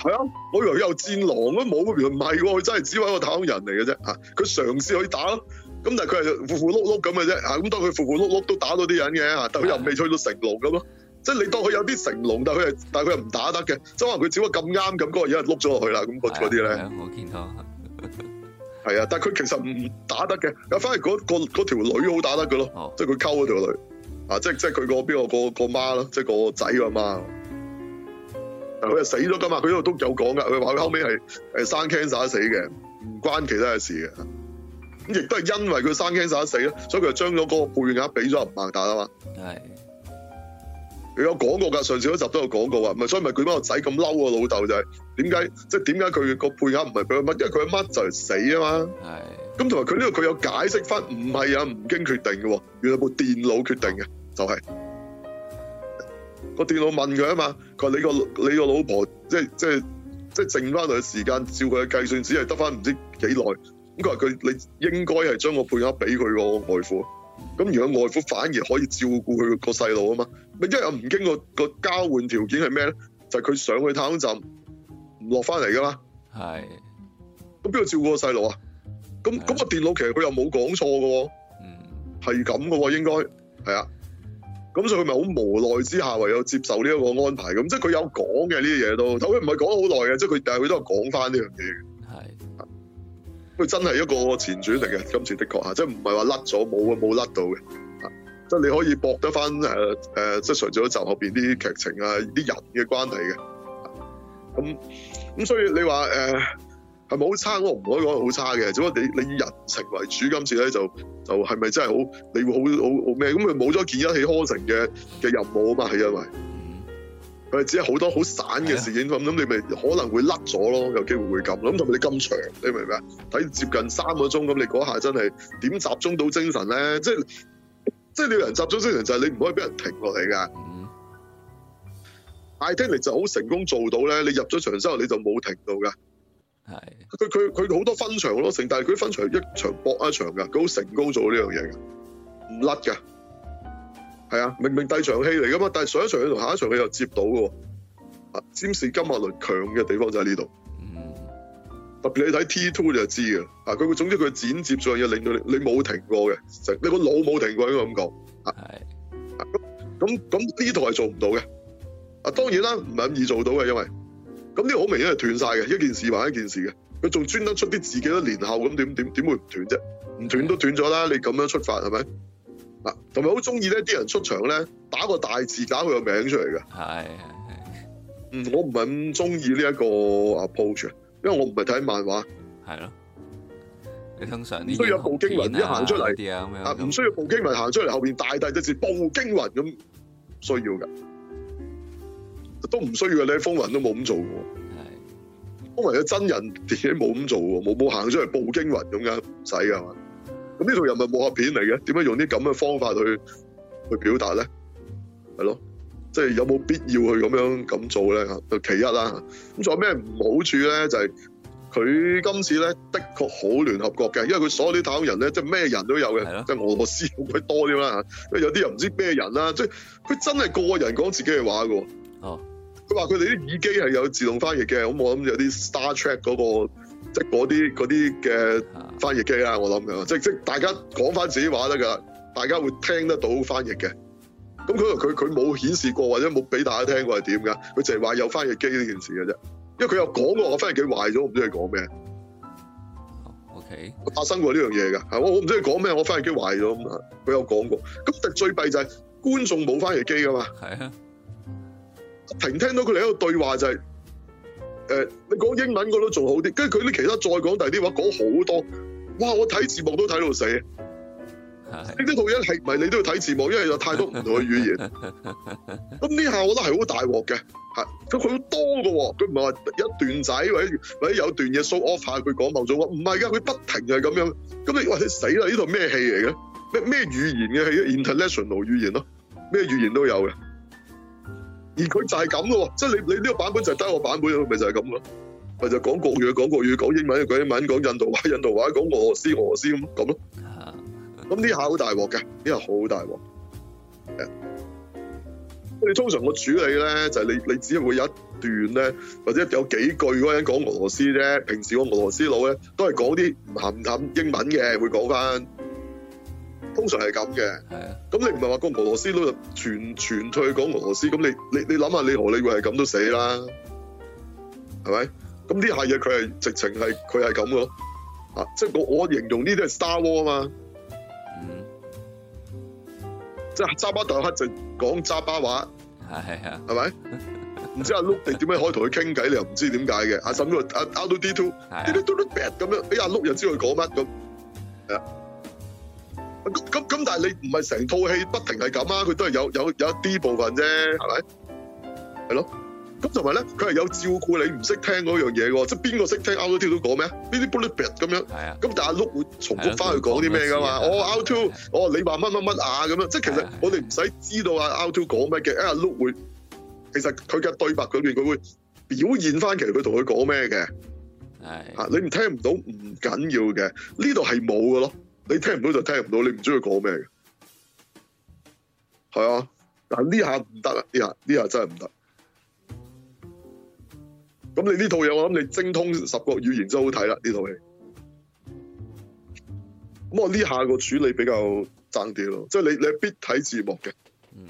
係啊！我以為佢有戰狼咯，冇，原來唔係喎，佢，啊，真係只係一個太空人嚟嘅啫嚇。佢，啊，嘗試去打咯，咁但係佢係符符碌碌咁嘅啫嚇。咁當佢符符碌碌都打到啲人嘅嚇，啊，但佢又未去到成龍咁咯。啊，的即係你當佢有啲成龍，但係佢係但係佢又唔打得嘅。即係話佢只不過咁啱咁嗰個嘢碌咗落去啦。咁嗰嗰啲咧，我見，哎呀哎，到，係 啊，但係佢其實唔打得嘅，又反而嗰，嗰個，嗰個女哦、條女好打得嘅咯，即係佢溝嗰條女。啊，即係即係佢個邊、個、個個媽咯，即係個仔個媽。但佢係死咗噶嘛，佢度都有講噶，佢話佢後尾係係生 cancer 死嘅，唔關其他嘅事嘅。咁亦都係因為佢生 cancer 死咗，所以佢就將咗個配額俾咗阿孟達啊嘛。係。是他有講過噶，上次嗰集都有講過唔咪所以咪佢嗰個仔咁嬲個老豆就係、是，點解即係點解佢個配額唔係佢阿媽，因為佢阿乜就係死啊嘛。係。咁同埋佢呢個佢有解釋翻唔係啊吳京決定嘅，原來部電腦決定嘅，就係、是、個電腦問佢啊嘛。佢話你個你個老婆即係即係即係剩翻嚟嘅時間，照佢嘅計算，只係得翻唔知幾耐。咁佢話佢你應該係將個配額俾佢個外父。咁如果外父反而可以照顧佢個細路啊嘛。因為吳京個個交換條件係咩咧？就係、是、佢上去太空站，唔落翻嚟噶嘛。係，咁邊度照顧個細路啊？咁咁個電腦其實佢又冇講錯㗎喎，係咁嘅喎，應該係啊，咁所以佢咪好無奈之下唯有接受呢一個安排咁，即係佢有講嘅呢啲嘢都，佢唔係講得好耐嘅，即係佢但係佢都係講翻呢樣嘢嘅。係，佢真係一個前傳嚟嘅，今次的確嚇，即係唔係話甩咗冇啊，冇甩到嘅，即係你可以搏得翻誒誒，即係除咗集後邊啲劇情啊，啲人嘅關係嘅，咁、嗯、咁所以你話誒。呃唔好差，我唔可以講好差嘅。只不過你你以人情為主，今次咧就就係、是、咪真係好？你會好好好咩？咁佢冇咗件一氣呵成嘅嘅任務啊嘛，係因為佢、嗯、只係好多好散嘅事件咁，咁的你咪可能會甩咗咯，有機會會咁。咁同埋你咁長，你明唔明啊？睇接近三個鐘咁，那你嗰下真係點集中到精神咧？即係即係你要人集中精神，就係你唔可以俾人停落嚟噶。艾聽尼就好成功做到咧，你入咗場之後你就冇停到噶。係佢佢佢好多分場咯，成但係佢分場一場搏一場噶，佢好成功做呢樣嘢噶，唔甩噶，係啊，明明第二場戲嚟噶嘛，但係上一場同下一場戲又接到噶，啊，占士金馬倫強嘅地方就喺呢度，嗯，特別你睇 T two 你就知噶啦，啊，佢總之佢剪接咗嘢，令到你冇停過嘅，你個腦冇停過，應該咁講，係、啊，咁咁咁呢套係做唔到嘅，啊，當然啦，唔係咁易做到嘅，因為。咁呢個好明顯係斷晒嘅，一件事還一件事嘅，佢仲專登出啲自己都年後咁點點點會唔斷啫？唔斷都斷咗啦，Okay. 你咁樣出發係咪？啊，同埋好中意呢啲人出場咧打個大字打佢 個名出嚟嘅。係，嗯，我唔係咁中意呢一個 pose，因為我唔係睇漫畫。係咯，你通常需要步驚雲一行出嚟啊？唔需要步驚雲行出嚟，後邊大大隻字步驚雲咁需要嘅。都唔需要嘅，你呢《是的 風雲》都冇咁做嘅。《風雲》嘅真人自己冇咁做冇冇行出嚟步驚雲咁噶，唔使噶嘛。咁呢套又咪武俠片嚟嘅，點解用啲咁嘅方法去去表達咧？係咯，即係有冇必要去咁樣咁做咧？就其一啦。咁仲有咩唔好處咧？就係、是、佢今次咧的確好聯合國嘅，因為佢所有啲太空人咧，即係咩人都有嘅，是的 即係俄羅斯好鬼 多啲啦。因有啲人唔知咩人啦，即係佢真係個人講自己嘅話嘅。哦。佢話佢哋啲耳機係有自動翻譯嘅，咁我諗有啲 Star Trek 嗰個，即係嗰啲啲嘅翻譯機啦，我諗嘅，即即大家講翻自己話得㗎，大家會聽得到翻譯嘅。咁佢佢佢冇顯示過或者冇俾大家聽過係點㗎？佢淨係話有翻譯機呢件事嘅啫。因為佢有講過，我翻譯機壞咗，我唔知佢講咩。OK，發生過呢樣嘢㗎，係我我唔知佢講咩，我翻譯機壞咗，佢有講過。咁但最弊就係觀眾冇翻譯機㗎嘛。係啊。平聽到佢哋喺度對話就係、是，誒、欸，你講英文嗰度仲好啲，跟住佢啲其他再講第二啲話講好多，哇！我睇字幕都睇到死，呢啲套嘢係唔係你都要睇字幕？因為有太多唔同嘅語言。咁呢 下我覺得係好大鑊嘅，係，佢好多㗎喎，佢唔係話一段仔或者或者有段嘢 show off 下佢講某種話，唔係㗎，佢不停係咁樣。咁你話、欸、你死啦！呢套咩戲嚟嘅？咩咩語言嘅戲？International 語言咯，咩語言都有嘅。而佢就係咁咯，即係你你呢個版本就係得我版本，咪就係咁咯，咪就是、講國語、講國語、講英文、講英文、講印度話、印度話、講俄羅斯、俄羅斯咁咯。咁呢下好大鑊嘅，呢下好大鑊。我哋通常個處理咧，就係、是、你你只會有一段咧，或者有幾句嗰陣講俄羅斯啫。平時個俄羅斯佬咧，都係講啲唔咸唔淡英文嘅，會講返。通常係咁嘅，咁你唔係話個俄羅斯佬全全退講俄羅斯，咁你你你諗下，你荷里活係咁都死啦？係咪？咁呢下嘢佢係直情係佢係咁咯，啊！即係我我形容呢啲係 Star War 啊嘛，嗯，即係揸巴代克就講揸巴話，係啊，係咪？唔知阿碌地點樣可以同佢傾偈，你又唔知點解嘅？阿沈呢個阿阿 do D two，do do bad 咁樣，俾阿碌又知佢講乜咁，係啊。咁咁咁，但係你唔係成套戲不停係咁啊？佢都係有有有一啲部分啫，係咪？係咯。咁同埋咧，佢係有照顧你唔識聽嗰樣嘢嘅喎。即係邊個識聽？R2 都講咩？呢啲 bullet point 咁樣。係啊。咁但係阿 Luke 會重複翻去講啲咩噶嘛？我 R2，我你話乜乜乜啊咁樣。即係其實我哋唔使知道阿 R2 講咩嘅。因為 Luke 會，其實佢嘅對白裏面佢會表現翻其實佢同佢講咩嘅。係。嚇，你唔聽唔到唔緊要嘅，呢度係冇嘅咯。你聽唔到就聽唔到，你唔鍾意講咩嘅，係啊。但呢下唔得啦，呢下呢下真係唔得。咁你呢套嘢，我諗你精通十國語言真好睇啦，呢套戲。咁我呢下、就是嗯、個處理比較爭啲咯，即係你你必睇字幕嘅。嗯。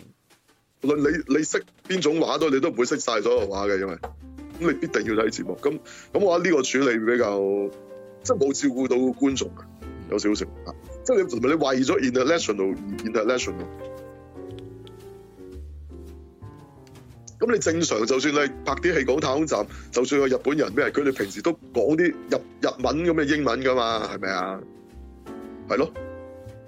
無論你你識邊種話都，你都唔會識晒所有話嘅，因為咁你必定要睇字幕。咁咁我諗呢個處理比較即係冇照顧到觀眾。有少少啊，即係你同埋你為咗 international international，咁你正常就算你拍啲戲講太空站，就算係日本人咩，佢哋平時都講啲日日文咁嘅英文噶嘛，係咪啊？係 咯，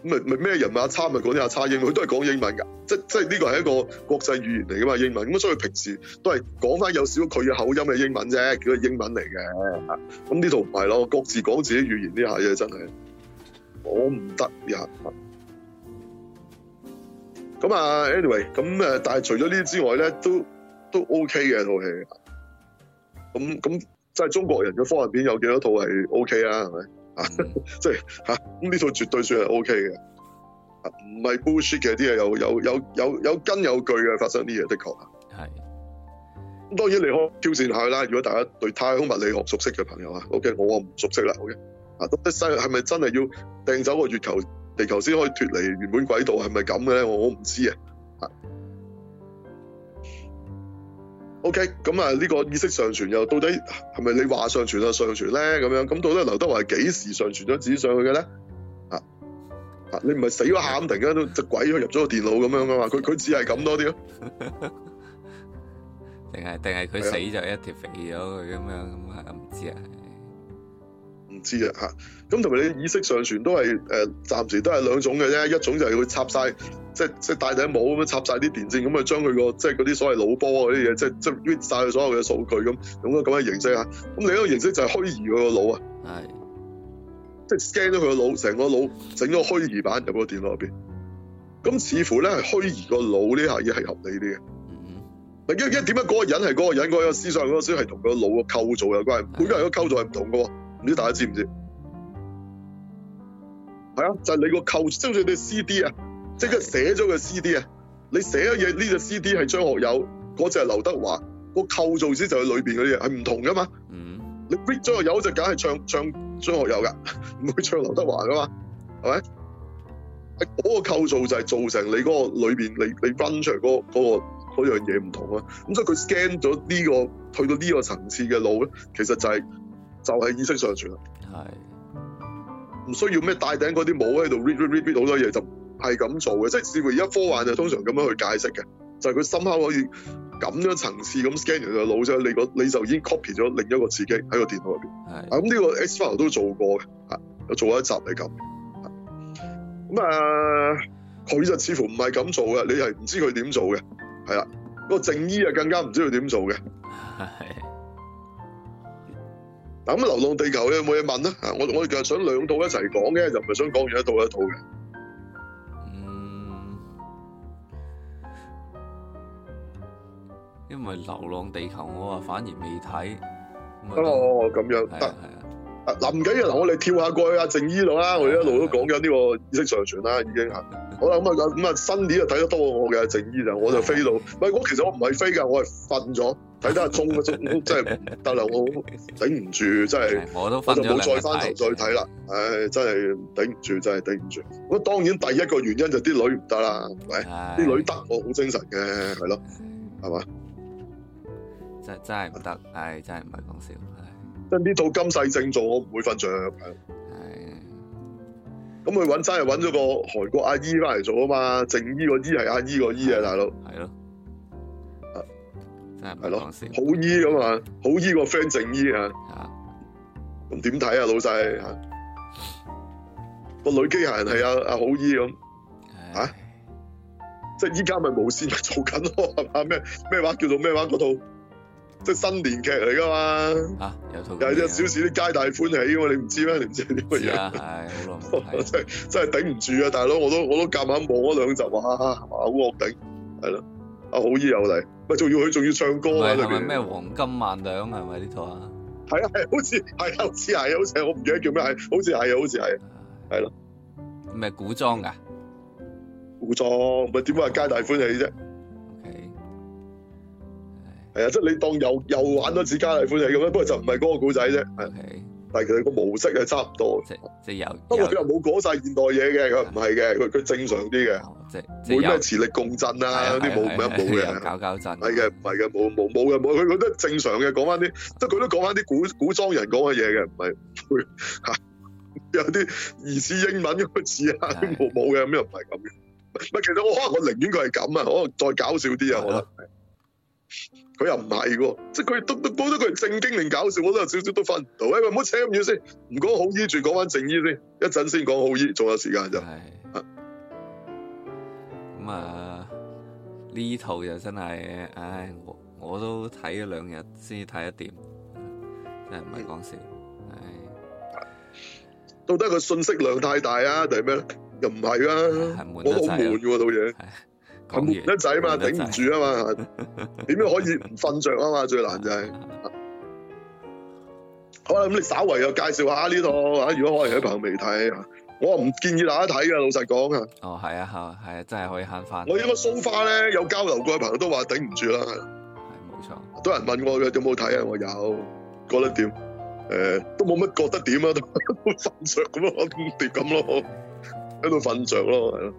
咁咪咪咩人啊？阿差咪講啲啊差英文，佢都係講英文噶，即即係呢個係一個國際語言嚟噶嘛，英文咁所以平時都係講翻有少少佢嘅口音嘅英文啫，叫個英文嚟嘅，咁呢度唔係咯，各自講自己語言呢下嘢真係。我唔得呀，咁啊，anyway，咁誒，但係除咗呢啲之外咧，都都 OK 嘅套戲，咁咁即係中國人嘅科幻片有幾多套係 OK 的、 就是、啊？係咪？即係吓，咁呢套絕對算係 OK 嘅，唔係 bullshit 嘅啲嘢，有有有有有根有據嘅發生啲嘢，的確係。咁是當然你可挑戰下啦，如果大家對太空物理學熟悉嘅朋友啊，OK，我唔熟悉啦，OK。啊，到底西係咪真係要掟走個月球地球先可以脫離原本軌道？係咪咁嘅咧？我我唔知啊。O K，咁啊呢個意識上傳又到底係咪你話上傳就上傳咧？咁樣咁到底劉德華係幾時上傳咗紙上去嘅咧？啊啊，你唔係死咗喊，突然間隻鬼入咗個電腦咁樣噶嘛？佢佢只係咁多啲咯，定係定係佢死就一條肥咗佢咁樣咁啊？唔知啊。唔知啊吓，咁同埋你意識上傳都係誒、呃，暫時都係兩種嘅啫。一種就係會插晒，即係即係戴頂帽咁樣插晒啲電線，咁啊將佢個即係嗰啲所謂腦波嗰啲嘢，即係即係 read 曬佢所有嘅數據咁，用咗咁嘅形式嚇。咁另一個形式就係虛擬腦是腦個腦啊，係即係 scan 咗佢個腦，成個腦整個虛擬版入個電腦入邊。咁似乎咧係虛擬個腦呢下嘢係合理啲嘅。唔唔，嗱，因為點解嗰個人係嗰個人，嗰、嗰個思想嗰個思想係同個腦嘅構造有關，是每個人嘅構造係唔同嘅喎。唔知大家知唔知？係啊，就係你個構，即係你 CD 啊，即刻寫咗個 CD 啊，你寫嘅嘢呢隻 CD 係張學友，嗰隻係劉德華，個構造先就係裏邊嗰啲嘢係唔同噶嘛。嗯。你 read 張學友就梗係唱唱張學友㗎，唔會唱劉德華㗎嘛，係咪？嗰個構造就係造成你嗰個裏邊你你 function 嗰個嗰樣嘢唔同啊。咁所以佢 scan 咗呢個去到呢個層次嘅路咧，其實就係。就係意識上傳啦，係唔是需要咩戴頂嗰啲帽喺度 read read read 好多嘢就係咁做嘅，即係似乎而家科幻就通常咁樣去解釋嘅，就係佢深刻可以咁樣層次咁 scan 人嘅腦啫，你個你就已經 copy 咗另一個刺激喺個電腦入邊，係咁呢個 X-File 都做過嘅，嚇，做一集係咁，咁誒佢就似乎唔係咁做嘅，你係唔知佢點做嘅，係啦，個正醫啊更加唔知佢點做嘅。咁《流浪地球》有冇嘢問啊？我我哋其實想兩套一齊講嘅，就唔係想講完一套一套嘅。嗯，因為《流浪地球》我話反而未睇。咁我我我咁樣得。林景啊，嗱，我哋跳下過去阿靜 _E 度啦，我哋一路都講緊呢個意識上傳啦，已經係好啦咁啊咁啊，新年就睇得多我嘅阿靜 _E 就我就飛到，喂，我其實我唔係飛㗎，我係瞓咗睇得中嘅啫，真係得嚟我頂唔住，真係我都我就冇再翻頭再睇啦，唉，真係頂唔住，真係頂唔住。咁當然第一個原因就啲女唔得啦，喂，啲女得我好精神嘅，係咯，係嘛？真真係唔得，唉，真係唔係講笑。即係呢套今世正做，我唔會瞓着。係。咁佢揾真係揾咗個韓國阿姨翻嚟做啊嘛，靜 E 個 E 係阿姨個姨啊，大佬。係咯。真係唔係講笑。好依咁啊，好依個 friend 靜 E 啊。咁點睇啊，老細？個女機械人係啊。阿好依咁。嚇？即係依家咪無線做緊咯，係咩咩話叫做咩話嗰套？即係新年劇嚟噶嘛？嚇、啊，啊、有套少少啲皆大歡喜嘅嘛？你唔知咩？你唔知係啲乜嘢啊？係好耐，真係真係頂唔住啊！大佬，我都我都夾硬望咗兩集啊，好惡頂，係咯，阿好姨又嚟，咪仲要佢仲要唱歌喺裏邊？咩面黃金萬兩？係咪呢套啊？係啊，係好似係啊，好似係啊，好似我唔記得叫咩，好似係啊，好似係啊，係咯。咩古裝㗎？古裝咪點話皆大歡喜啫？係啊，即係你當又又玩多次皆大歡喜咁樣，不過就唔係嗰個故仔啫。但係其實個模式係差唔多。即係不過佢又冇講晒現代嘢嘅，佢唔係嘅，佢佢正常啲嘅。即係冇咩磁力共振啊，啲冇冇冇嘅，搞搞震。係嘅，唔係嘅，冇冇冇嘅，冇佢覺得正常嘅，講翻啲即係佢都講翻啲古古裝人講嘅嘢嘅，唔係唔有啲疑似英文嗰個字啊，冇冇嘅，咩唔係咁嘅？其實我可能我寧願佢係咁啊，可能再搞笑啲啊，我覺得。佢又唔係喎，即係佢都都覺得佢正經定搞笑，我都有少少都分唔到。欸，喂喂，唔好扯咁遠先，唔講好醫住講翻正醫先，一陣先講好醫，仲有時間就。咁的啊，呢套就真係，唉、哎，我我都睇咗兩日先睇一點，真係唔係講笑。唉，的到底佢信息量太大啊，定係咩咧？又唔係啊，我好悶喎，套嘢。咁悶得滯啊嘛，頂唔住啊嘛，點 樣可以唔瞓着啊嘛？ 最難就係、是， 好啦，咁你稍微又介紹下呢度。吓，如果可能喺朋友未睇， 我唔建議大家睇噶，老實講、哦、啊。哦，係啊，係啊，係啊，真係可以慳翻。我因為、so far 咧，有交流過嘅朋友都話頂唔住啦，係冇錯。多人問我嘅有冇睇啊，我有，覺得點？誒、欸，都冇乜覺得點啊， 都瞓着咁咯，我都咁咯，喺度瞓着咯。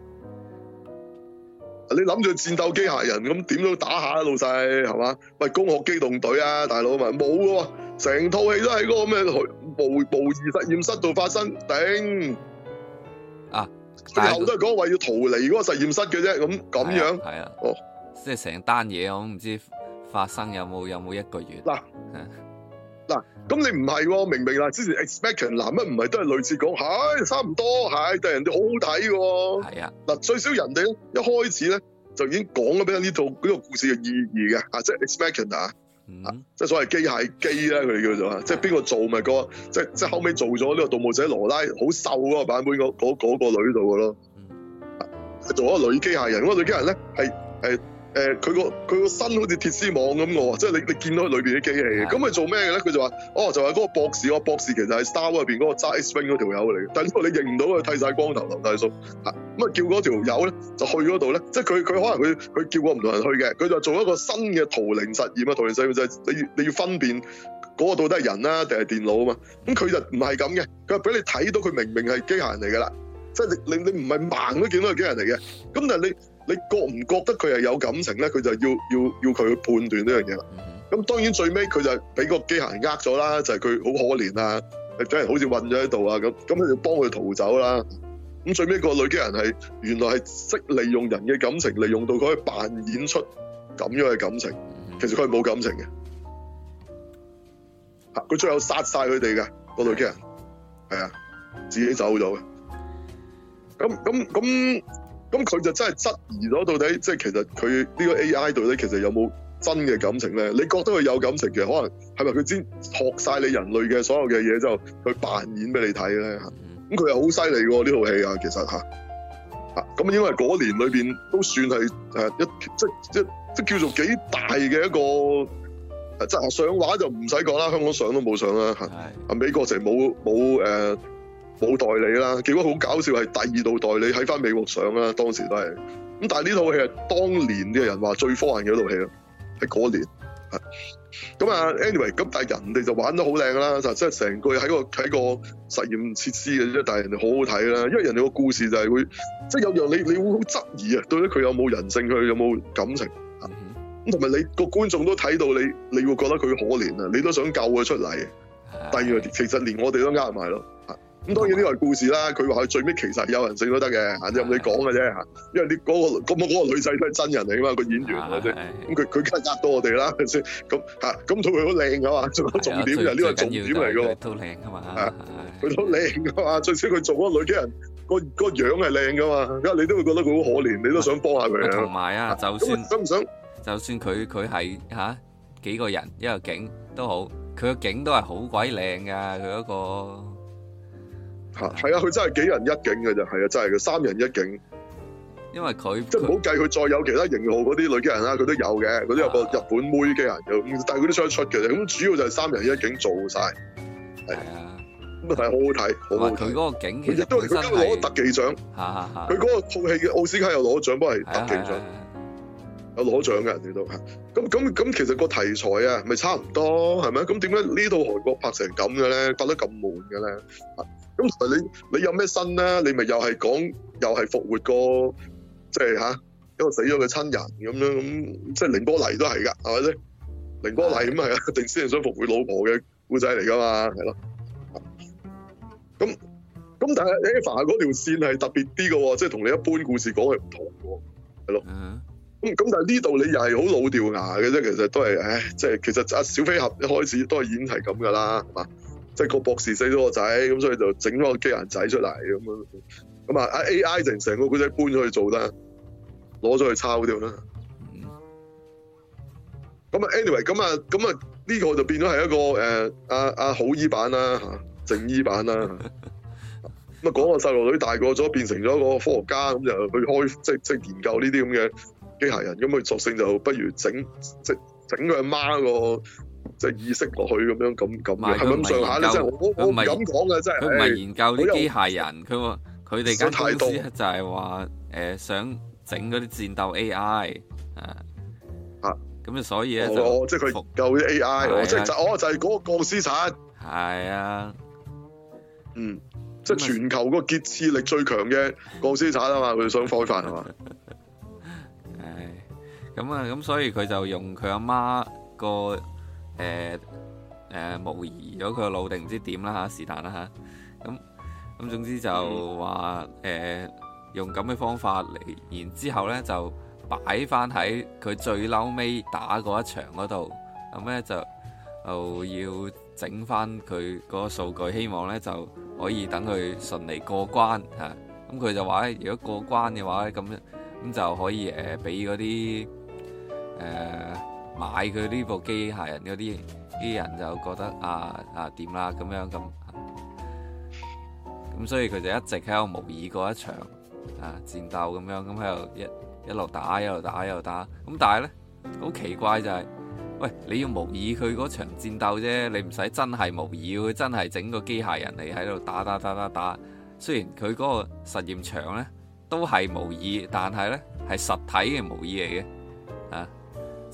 你諗住戰鬥機械人咁點都打下啦，老細係嘛？喂，攻殼機動隊啊，大佬咪冇嘅，成套戲都喺嗰、嗰個咩模模擬實驗室度發生，頂啊，最後都係講為要逃離嗰個實驗室嘅啫，咁咁樣，係啊，哦，即係成單嘢我唔知發生有冇有冇一個月嗱嗱喇啊咁你唔係喎，明明啦，之前 Ex Machina 男一唔係都係類似講，係、哎、差唔多，係、哎，但係人哋好好睇喎。係啊，嗱最少人哋一開始咧就已經講咗俾呢套呢、呢個故事嘅意義嘅，即係 Ex Machina 啊，即係、嗯啊、所謂機械機啦，佢哋叫做啊，即係邊、嗰個、嗯、做咪嗰即即係後尾做咗呢個盜墓者羅拉好瘦嗰、嗰個版本嗰個女度嘅咯，嗯、做一個女機械人，嗰、嗰個、女機械人咧係。誒佢個佢個身好似鐵絲網咁喎，即係你你見到佢裏邊啲機器嘅，咁佢做咩嘅咧？佢就話：哦，就係嗰個博士喎，嗰個博士其實係 Star 入邊嗰個扎伊斯賓嗰條友嚟嘅。但係呢個你認唔到佢，剃晒光頭留大鬚。嚇、啊，咁啊叫嗰條友咧就去嗰度咧，即係佢佢可能佢佢叫過唔同人去嘅，佢就做一個新嘅圖靈實驗啊，圖靈實驗就係你要你要分辨嗰個到底係人啦定係電腦啊嘛。咁佢就唔係咁嘅，佢俾你睇到佢明明係機械人嚟㗎啦。即係你你你唔係盲都見到佢機人嚟嘅，咁但係你你覺唔覺得佢係有感情咧？佢就要要要佢去判斷呢樣嘢啦。咁當然最尾佢就俾個機人呃咗啦，就係佢好可憐啊，誒，俾人好似困咗喺度啊咁，咁佢就幫佢逃走啦。咁最尾個女機人係原來係識利用人嘅感情，利用到佢可以扮演出咁樣嘅感情，其實佢係冇感情嘅。嚇！佢最後殺晒佢哋嘅個女機人，係啊，自己走咗嘅。咁咁咁咁佢就真係質疑咗到底，即係其實佢呢個 A.I. 度咧，其實有冇真嘅感情咧？你覺得佢有感情，其實可能係咪佢先學晒你人類嘅所有嘅嘢之後，去扮演俾你睇咧？咁佢又好犀利喎！呢套戲啊，其實嚇嚇咁因為嗰年裏面都算係一即即即，即叫做幾大嘅一個即係上畫就唔使講啦，香港上都冇上啦啊是的 美國成冇冇冇代理啦，結果好搞笑，係第二度代理喺翻美國上啦。當時都係咁，但係呢套戲係當年嘅人話最科幻嘅一套戲咯。係嗰年，係咁啊。Anyway，咁但係人哋就玩得好靚啦，就即係成個喺個喺個實驗設施嘅啫。但係人哋好好睇啦，因為人哋個故事就係會即係、就是、有樣你你會好質疑啊，對佢有冇人性，佢有冇感情，咁同埋你個觀眾都睇到你，你會覺得佢可憐啊，你都想救佢出嚟。第二，其實連我哋都呃埋咯。咁當然呢個係故事啦。佢話佢最尾其實有人性都得嘅，只係你講嘅啫。的因為啲、嗰、嗰個咁啊、嗰個、女仔都係真人嚟㗎嘛，個演員嚟、就、先、是。咁佢佢梗係呃到我哋啦咁嚇咁同佢好靚㗎嘛。仲有重點，呢個重點嚟嘅喎。佢都靚㗎嘛。佢都靚㗎嘛。最少佢做嗰個女嘅人，個個樣係靚噶嘛。因為你都會覺得佢好可憐，的你都想幫下佢同埋啊，就算是想唔想，就算佢佢係嚇幾個人一個景都好，佢個景都係好鬼靚噶。佢嗰、嗰個。係啊，佢真係幾人一景嘅就係啊，真係嘅三人一景。因為佢即係唔好計佢再有其他型號嗰啲女嘅人啦，佢都有嘅，嗰啲有個日本妹嘅人但係佢都想出嘅，咁主要就係三人一景做晒係啊，咁啊睇好好睇，好好睇。佢嗰個景，佢亦都因為攞特技獎，佢嗰個套戲嘅奧斯卡又攞獎，不過係特技獎，有攞獎嘅人哋都咁咁咁，其實個題材啊，咪差唔多係咪？咁點解呢套韓國拍成咁嘅咧，拍得咁悶嘅咧？咁你你有咩新咧？你咪又係講又係復活過即係吓、啊，一個死咗嘅親人咁樣咁，即係綾波麗都係噶，係咪先？綾波麗咁係啊，定先係想復活老婆嘅故仔嚟噶嘛，係咯。咁咁但係 Eva 嗰條線係特別啲嘅喎，即係同你一般故事講係唔同嘅喎，係咯。咁咁的但係呢度你又係好老掉牙嘅啫，其實都係唉，即係其實阿小飛俠一開始都係已經係咁嘅啦，係嘛？即係個博士死咗個仔，咁所以就整咗個機械人仔出嚟咁樣，咁啊 A.I. 成成個古仔搬咗去做啦，攞咗去抄掉啦。咁啊，anyway，咁啊，咁啊，呢、呢個就變咗係一個誒，阿阿好醫版啦嚇，正醫版啦。咁啊，講、啊啊啊嗰個細路女大個咗，變成咗一個科學家，咁就去開即即研究呢啲咁嘅機械人，咁佢索性就不如整即整佢阿媽個。即係意識落去咁樣，咁咁係咁上下咧。真係我我唔敢講嘅，真係佢唔係研究啲機械人，佢話佢哋間公司，就係話誒，想整嗰啲戰鬥 A I 啊啊，咁啊，所以咧，即係佢研究啲 A I，即係就哦就係嗰個鋼絲鏟，係啊，嗯，即係全球個潔廁力最強嘅鋼絲鏟啊嘛，佢想開發，嘛，唉，咁啊，咁所以佢就用佢阿媽個。誒誒，模擬咗佢個腦，定唔知點啦吓，是但啦吓。咁咁，總之就話誒、呃，用咁嘅方法嚟，然之後咧就擺翻喺佢最嬲尾打嗰一場嗰度。咁咧就就、哦、要整翻佢嗰個數據，希望咧就可以等佢順利過關吓。咁佢就話咧，如果過關嘅話咧，咁咁就可以誒，俾嗰啲誒。買佢呢部機械人嗰啲啲人就覺得啊啊，點啦咁樣咁，咁所以佢就一直喺度模擬嗰一場啊戰鬥咁樣咁喺度一一路打一路打一路打，咁但係咧好奇怪就係，喂，你要模擬佢嗰場戰鬥啫，你唔使真係模擬，佢真係整個機械人嚟，喺度打打打打打，打。雖然佢嗰個實驗場咧都係模擬，但係咧係實體嘅模擬嚟嘅啊。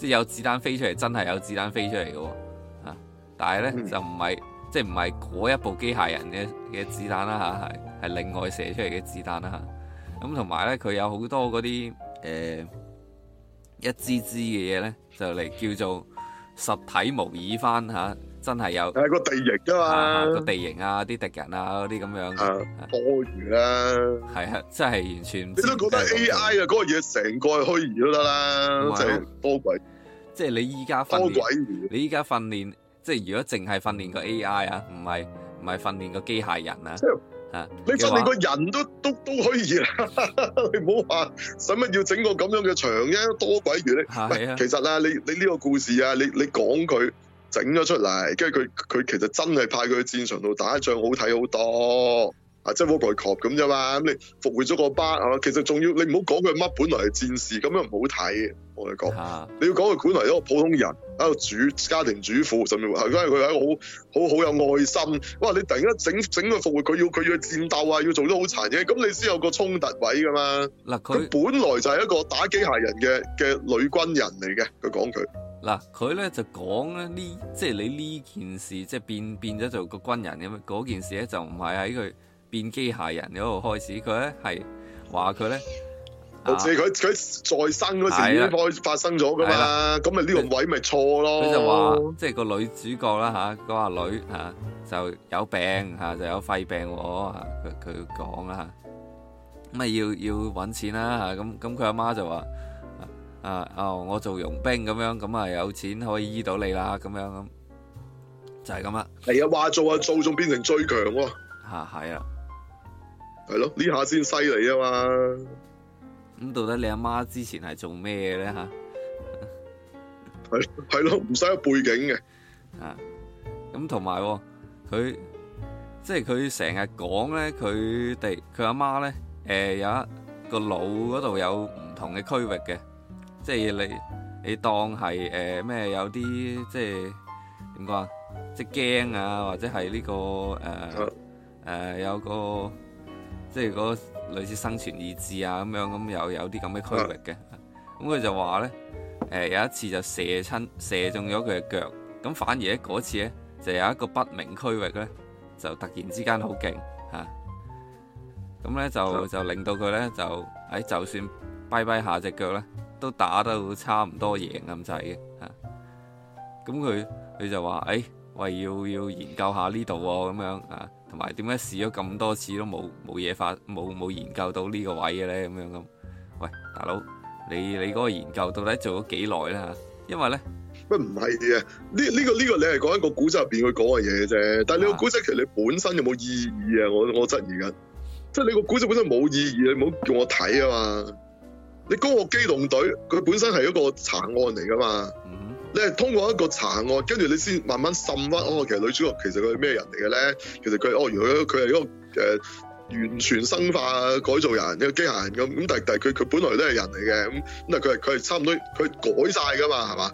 即有子彈飛出嚟，真係有子彈飛出嚟嘅喎，但係咧就唔係，即唔係嗰一部機械人嘅嘅子彈啦嚇，係係另外射出嚟嘅子彈啦嚇。咁同埋咧，佢有好多嗰啲誒一支支嘅嘢咧，就嚟叫做實體模擬翻嚇，真係有。但係個地形㗎嘛，個地形啊，啲敵人啊，嗰啲咁樣多餘啦。係啊，真係完全你都覺得 A I 啊嗰個嘢成個係虛擬都得啦，啊、多鬼。即係你依家訓練，多鬼遠你依家訓練，即係如果淨係訓練個 AI 啊，唔係唔係訓練個機械人啊，嚇是！話你訓練個人都都都可以 啊，你唔好話使乜要整個咁樣嘅場啫，多鬼遠咧。係啊，其實啊，你你呢個故事啊，你你講佢整咗出嚟，跟住佢佢其實真係派佢去戰場度打一仗好看很，好睇好多啊，即係 Warcraft 咁啫嘛。咁你復活咗個巴啊，其實仲要你唔好講佢乜，本來係戰士咁樣唔好睇。我哋講，你要講佢本來一個普通人，一個主家庭主婦，甚至係因佢係一個好好好有愛心。哇！你突然間整整個復活，佢要佢要戰鬥啊，要做啲好殘嘢，咁你先有個衝突位噶嘛？嗱、啊，佢本來就係一個打機械人嘅嘅女軍人嚟嘅。佢講佢嗱，佢咧就講咧呢，即係你呢件事，即係變變咗做個軍人咁。嗰件事咧就唔係喺佢變機械人嗰度開始，佢咧係話佢咧。好似佢佢再生嗰時發生咗噶嘛，咁咪呢個位咪錯咯。佢就話即係個女主角啦吓，個阿女吓就有病吓，就有肺病。佢佢講啦，咁咪要要搵錢啦吓，咁咁佢阿媽就話啊哦，我做傭兵咁樣，咁啊有錢可以醫到你啦，咁樣咁就係咁啦。係啊，話做啊做，仲變成最強喎。吓係啊，係咯，呢下先犀利啊嘛。咁到底你阿媽之前係做咩嘅咧？吓，係係咯，唔使有背景嘅。啊，咁同埋佢即係佢成日講咧，佢哋佢阿媽咧，誒有一個腦嗰度有唔同嘅區域嘅，即係你你當係誒咩有啲即係點講啊？即係驚啊，或者係呢個誒誒有個即係嗰。類似生存意志啊咁樣咁，又有啲咁嘅區域嘅，咁佢就話咧，誒有一次就射親射中咗佢嘅腳，咁反而喺嗰次咧就有一個不明區域咧，就突然之間好勁吓，咁咧就就令到佢咧就喺就算跛跛下隻腳咧，都打得差唔多贏咁滯嘅吓，咁佢佢就話誒、哎、喂要要研究下呢度喎咁樣啊。同埋點解試咗咁多次都冇冇嘢發冇冇研究到呢個位嘅咧咁樣咁？喂，大佬，你你嗰個研究到底做咗幾耐啦？因為咧，乜唔係啊？呢呢個呢個你係講一個古仔入邊佢講嘅嘢啫。但你個古仔其實你本身有冇意義啊？我我質疑緊，即係你個古仔本身冇意義，你唔好叫我睇啊嘛。你攻殼機動隊佢本身係一個查案嚟㗎嘛？你係通過一個查案，跟住你先慢慢滲返哦。其實女主角其實佢係咩人嚟嘅咧？其實佢哦，如果佢佢係一個誒、呃、完全生化改造人，一個機械人咁。咁但係但係佢佢本來都係人嚟嘅咁咁，但係佢係佢係差唔多佢改晒㗎嘛，係嘛？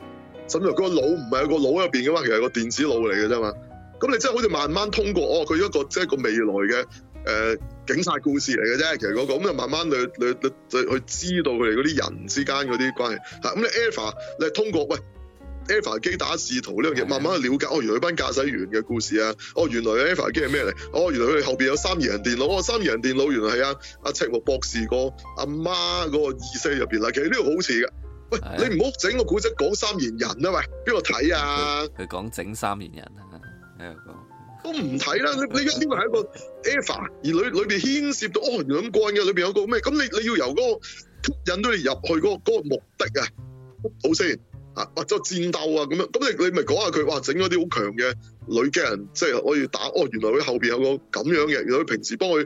甚至乎嗰個腦唔係個腦入邊嘅嘛，其實係個電子腦嚟嘅啫嘛。咁你真係好似慢慢通過哦，佢一個即係、就是、一個未來嘅誒、呃、警察故事嚟嘅啫。其實嗰、那個咁就慢慢去去知道佢哋嗰啲人之間嗰啲關係嚇。咁你 Eva，你係通過喂？Eva 機打試圖呢樣嘢，慢慢去了解。是啊、哦，原來佢班駕駛員嘅故事啊，哦，原來 Eva 機係咩嚟？哦，原來佢後邊有三賢人電腦。哦，三賢人電腦原來係啊，阿、啊、赤木博士個阿、啊、媽嗰個意識入邊啦。其實呢個好似嘅。喂，啊、你唔好整個古跡講三賢人啊！喂，邊個睇啊？佢講整三賢人啊，喺度講。都唔睇啦！你你依個係一個 Eva，而裏裏邊牽涉到哦，兩個人嘅裏邊有個咩？咁你你要由嗰、那個吸引到你入去嗰、那個嗰、那個目的啊，好先。或者戰鬥啊咁樣，咁你你咪講下佢哇，整嗰啲好強嘅女嘅人，即係可以打哦。原來佢後面有個咁樣嘅，原來佢平時幫佢誒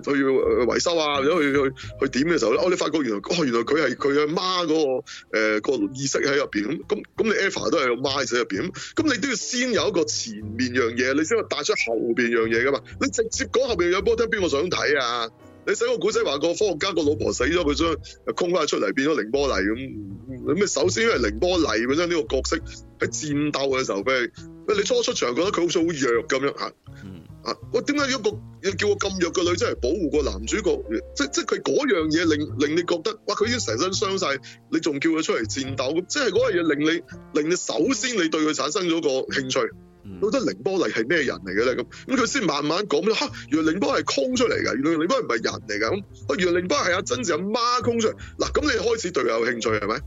誒去維修啊，或者去去點嘅時候咧，哦，你發覺原來哦，原來佢係佢阿媽嗰個誒個意識喺入面。咁，咁咁你 Eva 都係個媽喺入面。咁，你都要先有一個前面樣嘢，你先可以帶出後面樣嘢噶嘛。你直接講後邊樣，波睇邊個想睇啊？你使個古仔話個科學家個老婆死咗，佢將空翻出嚟變咗凌波麗咁。你咪首先因為凌波麗佢將呢個角色喺戰鬥嘅時候，畀你。喂你初出場覺得佢好似好弱咁樣吓，吓喂點解一個要叫我咁弱嘅女仔嚟保護個男主角？即即係佢嗰樣嘢令令你覺得，哇佢已經成身傷晒，你仲叫佢出嚟戰鬥？即係嗰樣嘢令你令你首先你對佢產生咗個興趣。到底凌波麗係咩人嚟嘅咧？咁咁佢先慢慢講咁嚇，原來凌波係空出嚟㗎，原來凌波唔係人嚟㗎，咁啊，原來凌波係、啊、阿真嗣、阿媽空出嚟。嗱，咁你開始對佢有興趣係咪？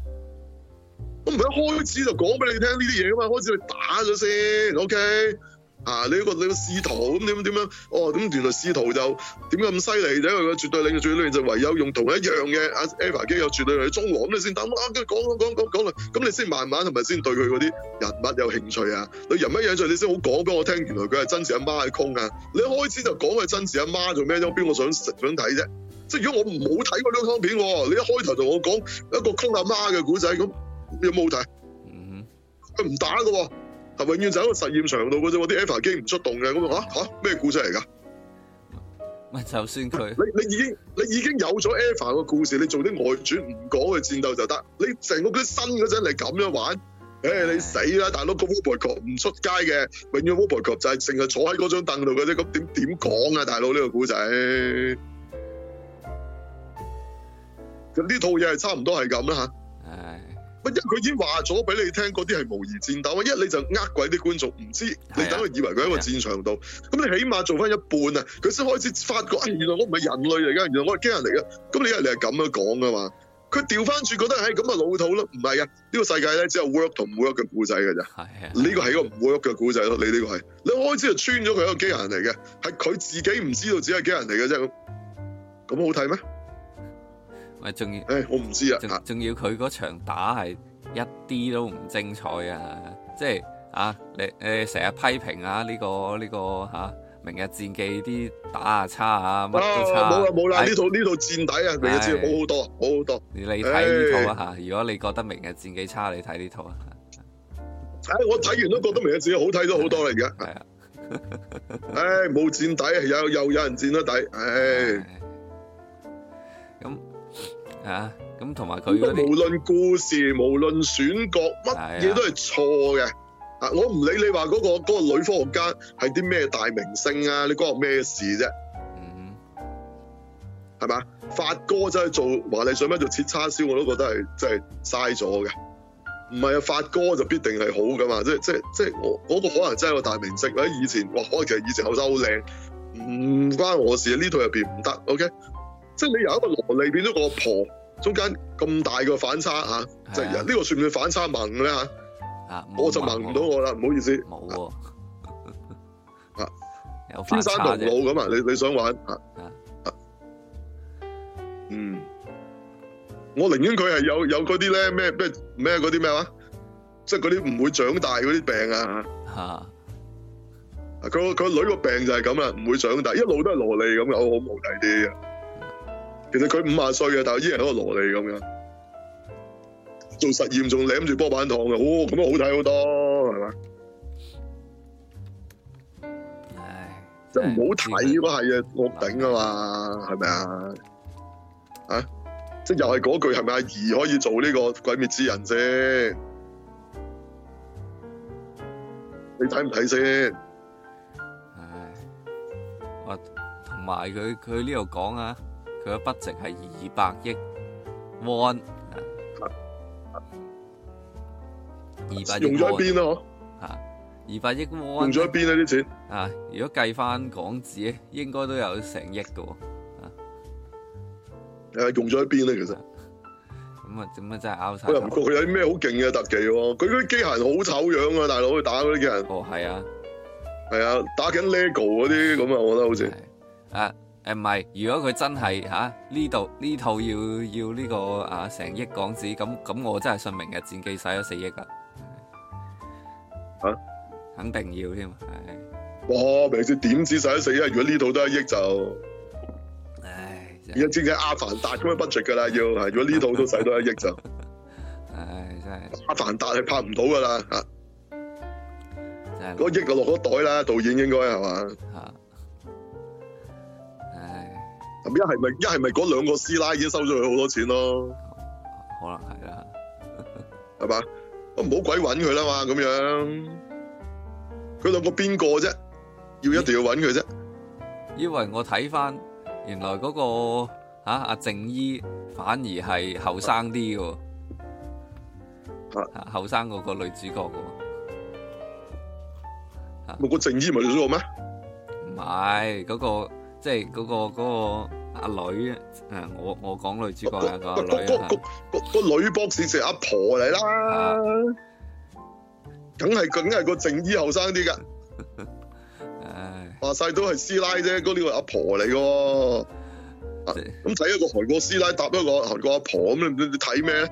我唔係一開始就講俾你聽呢啲嘢㗎嘛，開始你打咗先，OK？啊！你個你個使徒咁點樣樣哦？咁原來使徒就點咁犀利？因為佢絕對領住最裏就唯有用同一樣嘅阿 a e r 機有絕對嚟中和咁先打。啊，講講講講講，咁你先慢慢同埋先對佢嗰啲人物有興趣啊！你人物有興趣，興趣你先好講俾我聽。原來佢係真事，阿媽係空噶，啊。你一開始就講係真事，阿媽做咩？有邊個想想睇啫？即係如果我冇睇過呢張卡通片，你一開頭同我講一個空阿媽嘅古仔，咁有冇睇？佢唔打嘅。係永遠就喺一個實驗場度嘅啫，嗰啲 Alpha 機唔出動嘅，咁啊吓吓咩故事嚟噶？唔係就算佢，你你已經你已經有咗 Alpha 個故事，你做啲外傳唔講嘅戰鬥就得，你成個嗰啲新嗰陣嚟咁樣玩，誒你死啦！大佬個 RoboCop 唔出街嘅，永遠 RoboCop 就係淨係坐喺嗰張凳度嘅啫，咁點點講啊，大佬呢個故仔？咁呢套嘢係差唔多係咁啦吓。佢已經話咗俾你聽，嗰啲係模擬戰鬥。一你就呃鬼啲觀眾唔知道，你等佢以為佢喺個戰場度。咁的你起碼做翻一半啊！佢先開始發覺，原來我唔係人類嚟嘅，原來我係機人嚟嘅。咁你一你係咁樣講噶嘛？佢調翻轉覺得，唉、哎，咁嘅老土咯。唔係啊，呢、呢個世界咧只有 work 同唔 work 嘅故仔嘅咋。呢的個係一個唔 work 嘅故仔咯。你呢個係你開始就穿咗佢一個機人嚟嘅，係佢自己唔知道自己係機人嚟嘅啫。咁好睇咩？咪仲要，誒還、哎，我唔知啊。仲要佢嗰場打係一啲都唔精彩啊！即係啊，你誒，成日批評啊呢個呢個吓，明日戰記啲打啊差啊，乜都差。冇啦冇啦，呢套呢套戰底啊，明日戰好好多好好多。多你睇呢套啊吓，哎、如果你覺得明日戰記差，你睇呢套啊。誒、哎，我睇完都覺得明日戰好睇咗好多啦，而家、哎。係啊。誒、 哎，冇戰底，有又有人戰得底，誒、哎。咁、哎。啊，咁同埋佢無論故事，無論選角，乜嘢都係錯嘅。啊，我唔理你話嗰個嗰個女科學家係啲咩大明星啊，你關我咩事啫、啊？嗯，係嘛？發哥真係做，話你想咩做切叉燒，我都覺得係真係嘥咗嘅。唔係啊，發哥就必定係好噶嘛，即係即係即係我嗰個可能真係個大明星或者以前，哇，可能其實以前後生好靚，唔關我事啊。呢套入邊唔得，OK。即係你由一個蘿莉變咗個婆，婆，中間咁大嘅反差吓，就呢、啊啊這個算唔算反差萌咧吓？啊、我就萌唔到我啦，唔好意思。冇喎、啊。啊、天生同老咁啊！你你想玩、啊啊、嗯，我寧願佢係有有嗰啲咧咩咩咩嗰啲咩話，即係嗰啲唔會長大嗰啲病啊吓。佢個、啊、女個病就係咁啦，唔會長大，一路都係蘿莉咁嘅，好無底啲嘅。其實佢五萬歲嘅，但係依然喺度蘿莉咁樣做實驗，仲舐住波板糖嘅。哦，咁樣好睇好多，係嘛？唉，即係唔好睇如果係啊，惡頂啊嘛，係咪啊？啊，即係又係嗰句，係咪阿姨可以做呢個鬼滅之人先？你睇唔睇先？唉，啊，同埋佢佢呢度講啊。佢嘅市值係二百億 wan，二百億用咗喺邊咯？吓，二百億 wan 用咗喺邊啊？啲、啊啊、錢啊！如果計翻港紙，應該都有成億嘅。啊，用咗喺邊咧？其實咁啊，咁啊真係拗晒。我又唔覺佢有啲咩好勁嘅特技喎。佢嗰啲機械人好醜樣啊！樣大佬，打嗰啲機械人哦係啊，係啊，啊，打緊 Lego 嗰啲咁啊，我覺得好似。誒，唔係，如果佢真係吓呢度呢套要要呢、這個啊成億港紙咁咁，我真係信明日戰記使咗四億啦，吓、啊、肯定要添，係哇，明知點止使咗四億？如果呢套都一億就，唉，而家戰記阿凡達咁樣 budget 噶啦，要，如果呢套都使到一億就， 唉，真係阿凡達係拍唔到噶啦，吓是，個億就落咗袋啦，導演應該係嘛？啊一係咪一係咪嗰兩個師奶已經收咗佢好多錢咯？可能係啦，係 嘛，我唔好鬼揾佢啦嘛，咁樣，佢兩個邊個啫？要一定要揾佢啫？因、欸、為我睇翻，原來嗰、那個啊阿靜 _E 反而係後生啲嘅，啊後生嗰個女主角嘅，冇、啊、個靜 _E 咪女主角咩？唔係嗰個。即係、那、嗰個嗰、那個阿女，誒，我我講女主角、啊那個那個、女、啊那個、那個、那個女博士成阿婆嚟啦，梗係梗係個靜 _E 後生啲噶，唉、哎，話晒都係師奶啫，嗰呢個阿婆嚟嘅，咁睇是、啊、一個韓國師奶搭一個韓國阿婆，咁你睇咩咧？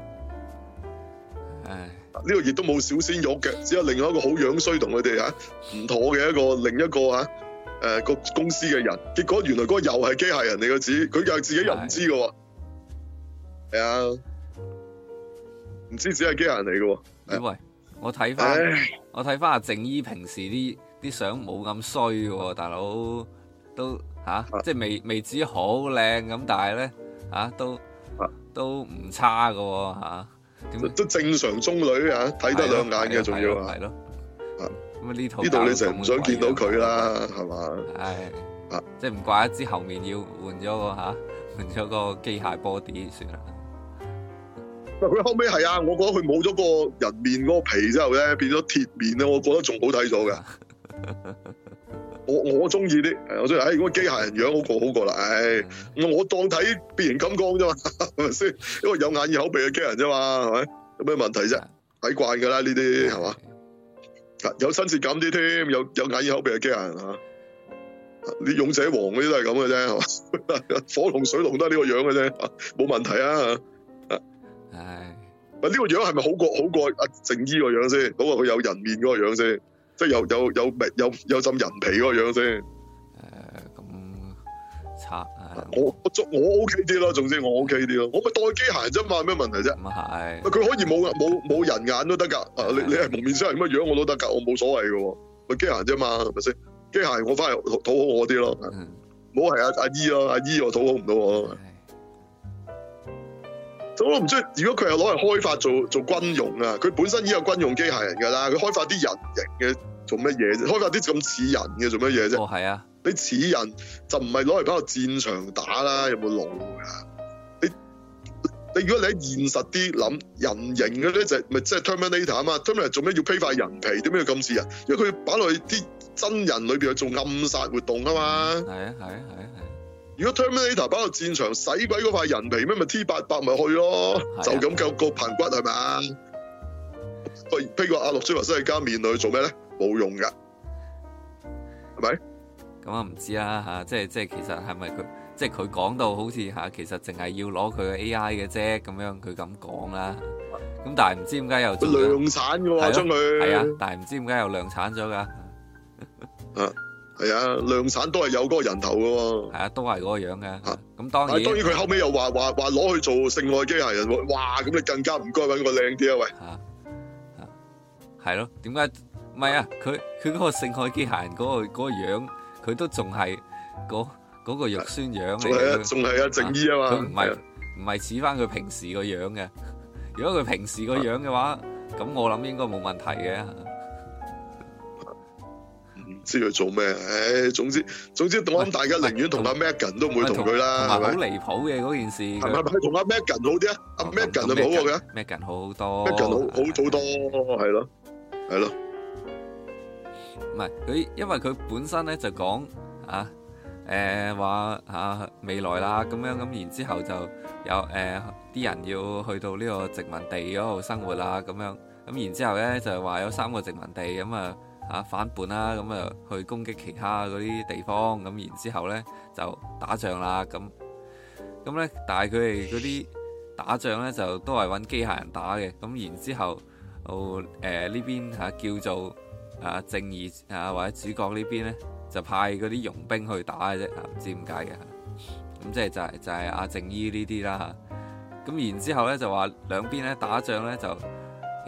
唉、哎啊，呢個亦都冇小鮮肉嘅，只有另外一個好樣衰同佢哋吓唔妥嘅一個，另一個吓。啊誒，個、呃、公司嘅人，結果原來嗰個又係機械人嚟嘅紙，佢又係自己又唔知嘅喎，係啊的，唔知只係機械人嚟嘅喎。喂，我睇翻，唉我睇翻阿靜 _E 平時啲啲相冇咁衰嘅喎，大佬都吓，啊、的即係未未至好靚咁，但係咧吓都的都唔差嘅吓，點、啊、都樣正常中女吓，睇得兩眼嘅，仲要啊。咁啊呢套呢套你成日唔想見到佢啦，係嘛？係啊，即係唔怪得之後面要換咗個吓，換咗個機械波點算啦。嗱，佢後尾係啊，我覺得佢冇咗個人面嗰個皮之後咧，變咗鐵面啦，我覺得仲好睇咗嘅。我我中意啲，我中意唉，咁機械人樣好過好過啦，唉，我當睇變形金剛啫嘛，係咪先？因為有眼耳口鼻嘅機械人啫嘛，係咪？有咩問題啫？睇慣噶啦，呢啲係嘛？有親切感啲添，有有眼耳口鼻又驚人啊！你勇者王嗰啲都係咁嘅啫，火龍水龍都係呢個樣嘅啫，冇、啊、問題啊！唉、啊，唔呢、哎啊呢個樣係咪好過好過阿靜 E 個樣先？好過佢、啊、有人面嗰個樣先？即係有有有有有浸人皮嗰個樣先？ 我我做我 OK 啲咯，總之我 OK 啲咯，我咪代機械啫嘛，咩問題啫？係是，佢可以冇冇冇人眼都得噶的。你你係蒙面商人乜樣我都得噶，我冇所謂噶。咪機械啫嘛，係咪先？機械我翻嚟討好我啲咯，唔好係阿阿姨咯、啊，阿姨我討好唔到我。咁的我唔知，如果佢係攞嚟開發做做軍用啊，佢本身已經有軍用機械人噶啦，佢開發啲人型嘅做乜嘢啫？開發啲咁似人嘅做乜嘢啫？哦，係啊。你似人就唔係攞嚟擺個戰場打啦，有冇腦噶？你你如果你喺現實啲諗人形嘅咧就咪、是、即係、就是、Terminator 啊嘛，Terminator 做咩要披塊人皮？點解要咁似人？因為佢擺落去啲真人裏邊去做暗殺活動啊嘛。係啊係啊係啊係。啊如果 Terminator 擺落戰場使鬼嗰塊人皮咩？咪 T 八百咪去咯，啊、就咁夠個盆骨係嘛？喂、啊啊，披過阿、啊、諾舒華辛力加面去做咩咧？冇用噶，係咪？咁啊唔知啦嚇，即係即係其實係咪佢即係佢講到好似嚇，其實淨係要攞佢嘅 AI 嘅啫，咁樣佢咁講啦。咁但係唔知點解又量產㗎喎，將佢係啊，但係唔知點解又量產咗㗎。係啊，量產都係有嗰個人頭㗎喎。係啊，都係嗰個樣嘅。咁當然，當然佢後尾又話話話攞去做性愛機械人，哇！咁你更加唔該揾個靚啲啊喂。嚇嚇，係咯？點解唔係啊？佢佢嗰個性愛機械人嗰個嗰個樣。佢都仲係嗰嗰個肉酸樣嚟嘅，仲係阿靜 _E 啊嘛，佢唔係唔係似返佢平時個樣嘅。如果佢平時個樣嘅話，咁我諗應該冇問題嘅。唔知佢做咩？唉，總之總之，我諗大家寧願同阿 Megan 都唔會同佢啦，係咪？好離譜嘅嗰件事。係咪？佢同阿 Megan 好啲啊？阿 Megan 啊，好過嘅。Megan 好好多，Megan 好好好多，係咯，係咯。唔係佢，因為佢本身咧就講啊，誒、呃、話啊未來啦，咁樣咁，然之後就有誒啲、呃、人要去到呢個殖民地嗰度生活啦，咁樣咁，然之後咧就話有三個殖民地咁啊反叛啦，咁啊去攻擊其他嗰啲地方，咁然之後咧就打仗啦，咁咁咧，但係佢哋嗰啲打仗咧就都係搵機械人打嘅，咁然之後哦誒呢、呃、邊吓叫做。啊！正義啊，或者主角呢邊咧，就派嗰啲傭兵去打嘅啫，唔知點解嘅咁，即係就係、是、就係阿正義呢啲啦嚇。咁然之後咧就話兩邊咧打仗咧就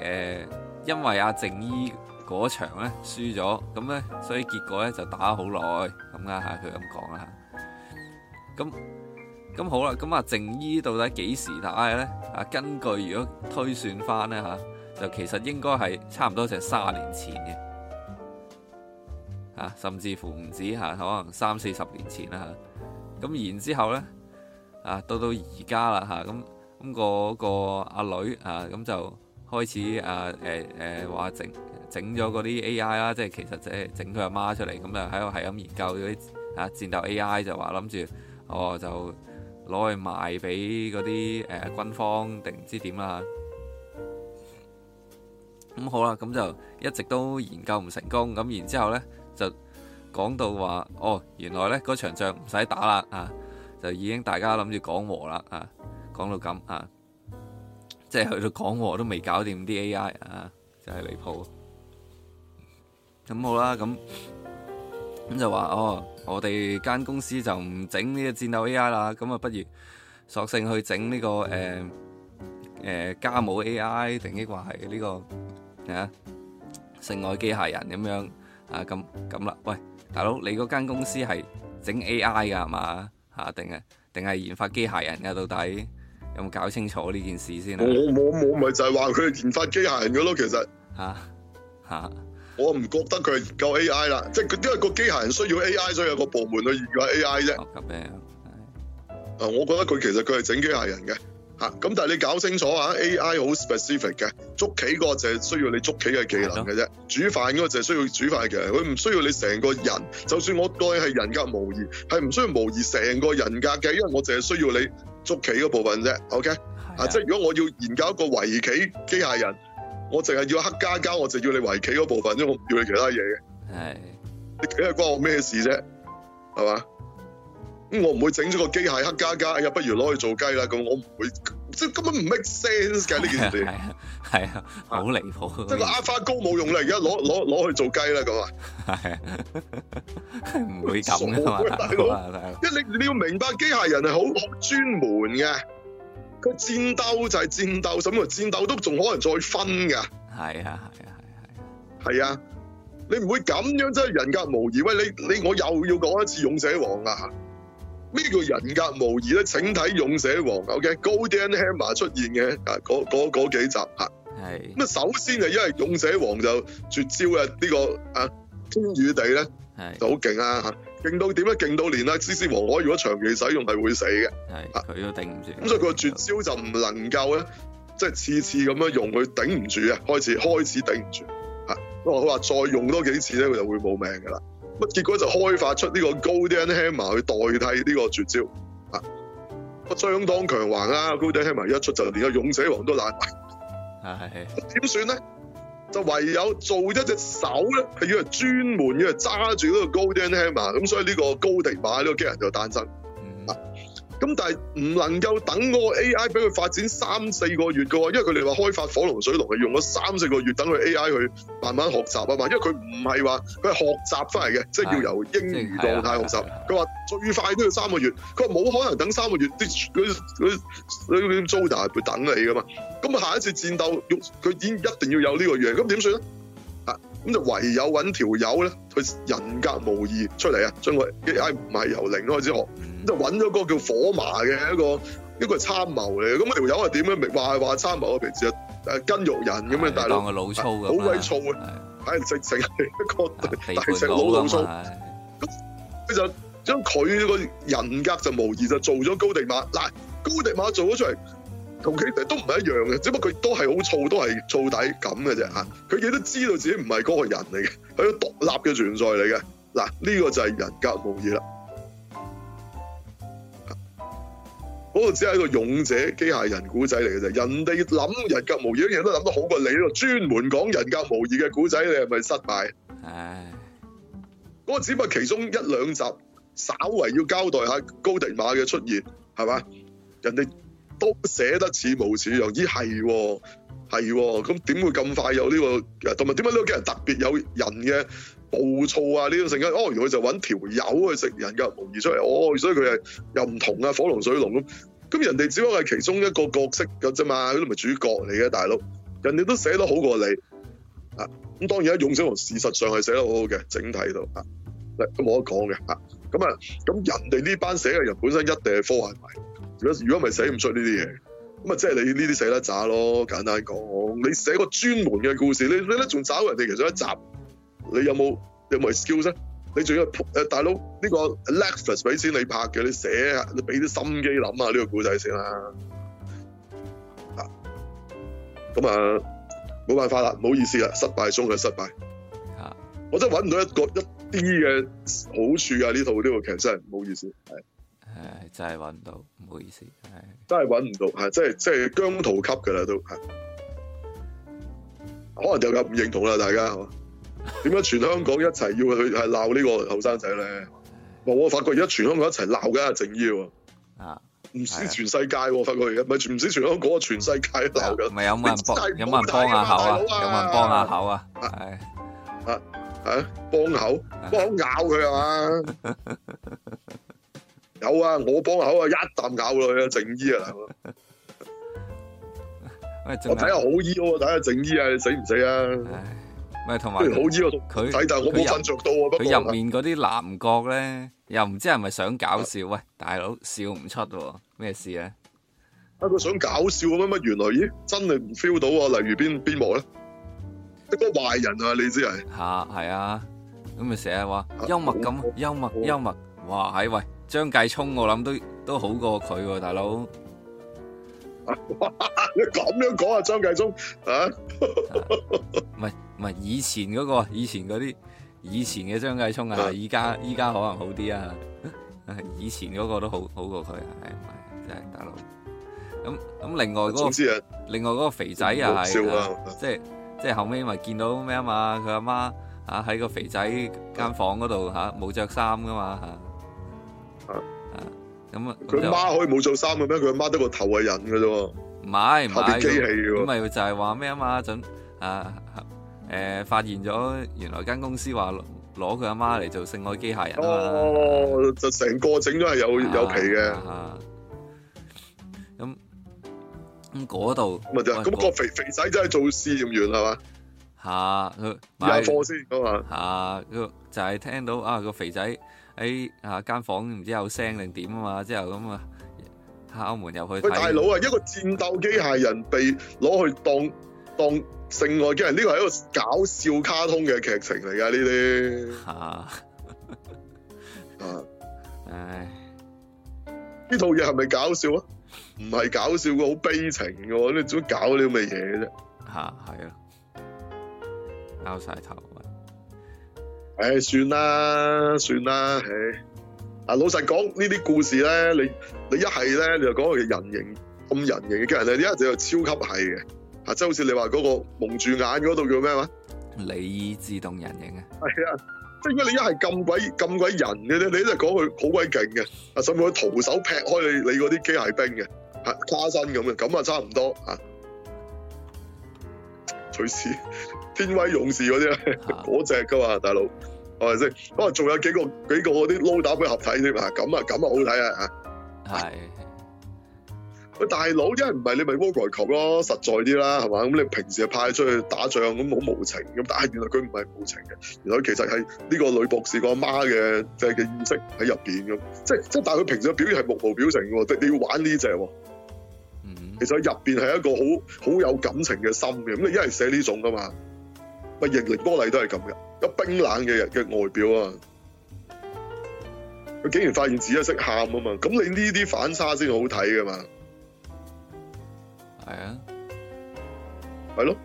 誒，因為阿正義嗰場咧輸咗咁咧，所以結果咧就打好耐咁嘅嚇。佢咁講啦嚇，咁咁好啦，咁啊正義到底幾時打嘅咧？啊，根據如果推算翻咧嚇，就其實應該係差唔多成卅年前嘅。嚇，甚至乎唔止吓，可能三四十年前啦吓。咁然之後咧，啊到到而家啦吓，咁咁個個阿女啊咁就開始啊誒誒話整整咗嗰啲 AI 啦，即係其實即係整佢阿媽出嚟，咁就喺度係咁研究嗰啲啊戰鬥 AI 就話諗住哦就攞去賣俾嗰啲誒軍方定唔知點啦。咁好啦，咁就一直都研究唔成功，咁然之後咧。講到話哦，原來咧，嗰場仗唔使打啦啊，就已經大家諗住講和啦啊，講到咁啊，即係去到講和都未搞掂啲 AI 啊，就係離譜。咁好啦，咁咁就話哦，我哋間公司就唔整呢個戰鬥 AI 啦，咁啊不如索性去整呢個誒誒家務 AI，定抑或係呢個啊性愛機械人咁樣啊咁咁啦，喂。大佬，你嗰間公司係整 AI 㗎係嘛？嚇定啊？定係研發機械人㗎？到底有冇搞清楚呢件事先啊？我我我咪就係話佢係研發機械人㗎囉，其實嚇嚇，我唔覺得佢係研究 AI 啦，即係因為個機械人需要 AI，所以有個部門去研究 AI 啫。啊，我覺得佢其實佢係整機械人嘅。嚇！咁、啊、但係你搞清楚啊，AI 好 specific 嘅，捉棋嗰個就係需要你捉棋嘅技能嘅啫，煮飯嗰個就係需要煮飯嘅，佢唔需要你成個人。就算我再係人格模擬，係唔需要模擬成個人格嘅，因為我淨係需要你捉棋嗰部分啫。OK，的啊，即係如果我要研究一個圍棋機械人，我淨係要黑加膠，我就要你圍棋嗰部分，因為我唔要你其他嘢嘅。係的，你睇係關我咩事啫？係嘛？我唔會整咗個機械黑加加，哎呀，不如攞去做雞啦！咁我唔會，即係根本唔 make sense 嘅呢、啊、件事。係啊，係啊，好離譜！啊、以即係個 AlphaGo 冇用啦，而家攞攞攞去做雞啦咁啊！係唔、嗯、會咁啊嘛，大佬傻！即係、啊、你你要明白，機械人係好好專門嘅，佢戰鬥就係戰鬥，甚至乎戰鬥都仲可能再分噶。係啊，係啊，係啊，係啊！你唔會咁樣真係人格模擬。喂！你、嗯、你我又要講一次勇者王啊！咩叫人格無疑咧？請睇勇者王，OK？Goldion、okay? Hammer 出現嘅啊，嗰幾集嚇。係。咁啊，是首先啊，因為勇者王就絕招嘅、這個啊、呢個是啊天與地咧，係就好勁啊嚇，勁到點咧？勁到連啊獅子王凱如果長期使用係會死嘅，係。佢都頂唔住。咁、啊、所以佢個絕招就唔能夠咧，即、就、係、是、次次咁樣用佢頂唔住啊，開始開始頂唔住嚇。佢、啊、話再用多幾次咧，佢就會冇命噶啦。乜結果就開發出呢個 Golden Hammer 去代替呢個絕招，啊，相當強橫啊，Golden Hammer 一出就連個勇者王都爛，唉、啊，咁點算咧？就唯有做一隻手咧，係要是專門要揸住嗰個 Golden Hammer，咁所以呢個高迪馬呢個機人就誕生。咁但係唔能夠等個 AI 俾佢發展三四個月㗎喎，因為佢哋話開發火龍水龍係用咗三四個月等佢 AI 去慢慢學習啊嘛，因為佢唔係話佢係學習返嚟嘅，即係的要由嬰兒狀態學習。佢話最快都要三個月，佢話冇可能等三個月，啲佢佢 Zoda 係會等你㗎嘛，咁啊下一次戰鬥，佢已一定要有個月呢個嘢，咁點算咧？咁就唯有揾條友咧，佢人格無疑出嚟啊！將佢，哎唔係由零開始學，咁就揾咗個叫火麻嘅一個一個參謀嚟嘅。咁條友係點樣？咪話係話參謀啊，平時啊，筋肉人咁啊，的大佬哥，好鬼燥嘅，成成一個大隻佬、啊、老老粗，咁佢哥的就將佢個人格就無疑就做咗高迪馬。嗱，高迪馬做咗出嚟。同佢哋都唔係一樣嘅，只不過都係好燥，都係燥底咁嘅啫吓。佢亦都知道自己唔係嗰個人嚟嘅，係個獨立嘅存在嚟嘅。嗱，呢、這個就係人格無異啦。嗰、啊、個只係一個勇者機械人古仔嚟嘅啫。人哋諗人格無異，啲人都諗得好過你，呢度專門講人格無異嘅古仔，你係咪失敗？唉，嗰個只不過其中一兩集，稍為要交代下高迪馬嘅出現，係嘛？人哋。都寫得似模似樣，咦，係喎，哦，係喎，哦，咁點會咁快有呢個？同埋點解呢啲人特別有人嘅暴躁啊？呢個性格，哦，原來就揾條友去食人嘅模擬出嚟。哦，所以佢係又唔同啊，火龍水龍咁。咁人哋只不過係其中一個角色㗎啫嘛，都唔係主角嚟嘅，大佬。人哋都寫得好過你啊。咁當然啊，馮小龍事實上係寫得好好嘅，整體度啊，都冇得講嘅。咁啊，咁人哋呢班寫嘅人本身一定係科幻迷。係咪如果唔係寫唔出呢啲嘢，咁啊即係你呢啲寫得渣咯，簡單講，你寫個專門嘅故事，你你咧仲找人哋其中一集，你有冇有冇 skills 咧？你仲要誒大佬呢個 Alex 俾錢你拍嘅，你寫，你俾啲心機諗下呢個故仔先啦。啊，咁啊冇辦法啦，唔好意思啊，失敗中嘅失敗。嚇，我真係揾唔到一個一啲嘅好處啊！呢套呢個劇真係唔好意思，係。誒，真係搵唔到，唔好意思，係真係搵唔到，係即係即係姜土級噶啦，都，可能就有唔認同啦，大家，點解全香港一齊要去係鬧呢個後生仔咧？我發覺而家全香港一齊鬧緊，正要啊，唔止全世界，發覺而家唔係，唔止全香港全世界鬧嘅，咪有冇人幫有冇人幫下口啊？有冇人幫下口啊？係啊啊幫口幫口咬佢係嘛？有啊！我幫口啊，一啖咬落去啊！靜醫啊，喂，我睇下好醫喎，睇下靜醫啊，你死唔死啊？唉同埋好醫啊，佢睇，但我冇瞓着到啊。不過佢入面嗰啲男角咧，又唔知係咪想搞笑？啊、喂，大佬笑唔出喎，咩事咧？啊，佢、啊、想搞笑咁乜乜？原來咦，真係唔 feel 到啊！例如邊邊幕咧，一個壞人啊，你知係吓係啊，咁咪成日話幽默咁、啊、幽默、啊、幽默幽默，哇！唉、哎、喂。張繼聰我諗都都好過佢喎，大佬。 你咁樣講 啊，張繼聰啊？唔係唔係以前嗰、嗰個，以前嗰啲以前嘅張繼聰啊，依家依家可能好啲啊。以前嗰個都好好過佢，係唔係？真係大佬。咁、啊、咁、啊，另外嗰、嗰個 另外嗰個肥仔又係、 啊，即係即係後尾咪見到咩啊嘛？佢阿媽啊喺個肥仔間房嗰度吓，冇着衫噶嘛吓。啊咁啊！佢媽可以冇做衫嘅咩？佢媽得個頭係人嘅啫，唔係特機器嘅。咁咪就係話咩啊嘛？準啊誒，發現咗原來間公司話攞佢阿媽嚟做性愛機械人啦、啊。哦，就成個整個都係有、啊、有皮嘅。咁咁嗰度咁個肥肥仔真係做試驗員係嘛？吓佢買貨先講下。吓佢、啊啊、就係、是、聽到啊、嗰個肥仔。喺、哎、啊，間房唔知有聲定點啊嘛，之後咁啊敲門入去。喂，大佬啊，一個戰鬥機械人被攞去當當性愛機器人，呢個係一個搞笑卡通嘅劇情嚟噶呢啲。吓，啊，唉，呢套嘢係咪搞笑，搞笑搞啊？唔係搞笑嘅，好悲情嘅，你做搞呢啲咩嘢啫？吓係啊，後晒頭。誒，算啦，算、哎、啦，誒，啊，老實講呢啲故事咧，你你一係咧，你就講佢人形咁人形嘅人咧，呢一就超級係嘅，啊，即係好似你話嗰個蒙住眼嗰度叫咩話？你自動人形啊？係啊、哎，即係如果你一係咁鬼咁鬼人嘅咧，你一就講佢好鬼勁嘅，啊，甚至乎徒手劈開你你嗰啲機械兵嘅，吓跨身咁嘅，咁啊差唔多啊。取士天威勇士嗰啲，嗰隻噶嘛，大佬，係咪先？可能仲有幾個幾個嗰啲撈打佢合體添啊！咁啊咁啊，好睇啊！係，佢大佬因為唔係你咪烏來球咯，實在啲啦，係嘛？咁你平時派出去打仗咁好無情咁，但係原來佢唔係無情嘅，原來其實係呢個女博士個阿媽嘅嘅意識喺入邊咁，即即但係佢平時嘅表現係目無，無表情嘅，你要玩呢隻喎。其實入邊係一個好好有感情嘅心嘅。咁你一係寫呢種噶嘛，咪綾波麗都係咁嘅，咁冰冷嘅人嘅外表啊，佢竟然發現自己識喊啊嘛，咁你呢啲反差先好睇噶嘛，係啊，係咯，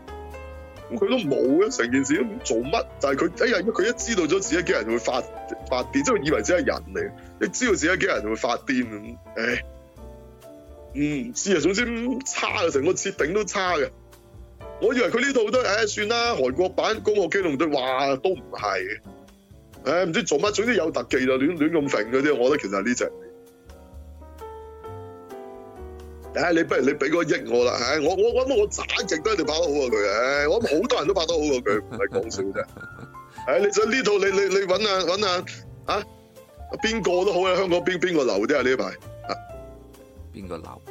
咁佢都冇嘅，成件事都唔做乜？但係佢一日佢一知道咗自己啲人就會發發癲，即係以為自己係人嚟，你知道自己啲人就會發癲咁，唉、哎。嗯，知啊，總之差啊，成個設定都差嘅。我以為佢呢套都，誒、哎、算啦，韓國版《攻殼機動隊》話都唔係，誒、哎、唔知做乜，總之有特技就亂亂咁揈嗰啲，我覺得其實呢只。誒、哎，你不如你俾個億我啦，誒、哎，我我諗我渣極都係拍得好過佢，誒、哎，我諗好多人都拍得好過佢，唔係講笑啫。誒、哎，你想呢套你你你搵下，搵啊啊，邊、啊啊、個都好啊，香港邊邊個流啲啊呢排，邊、啊、個流？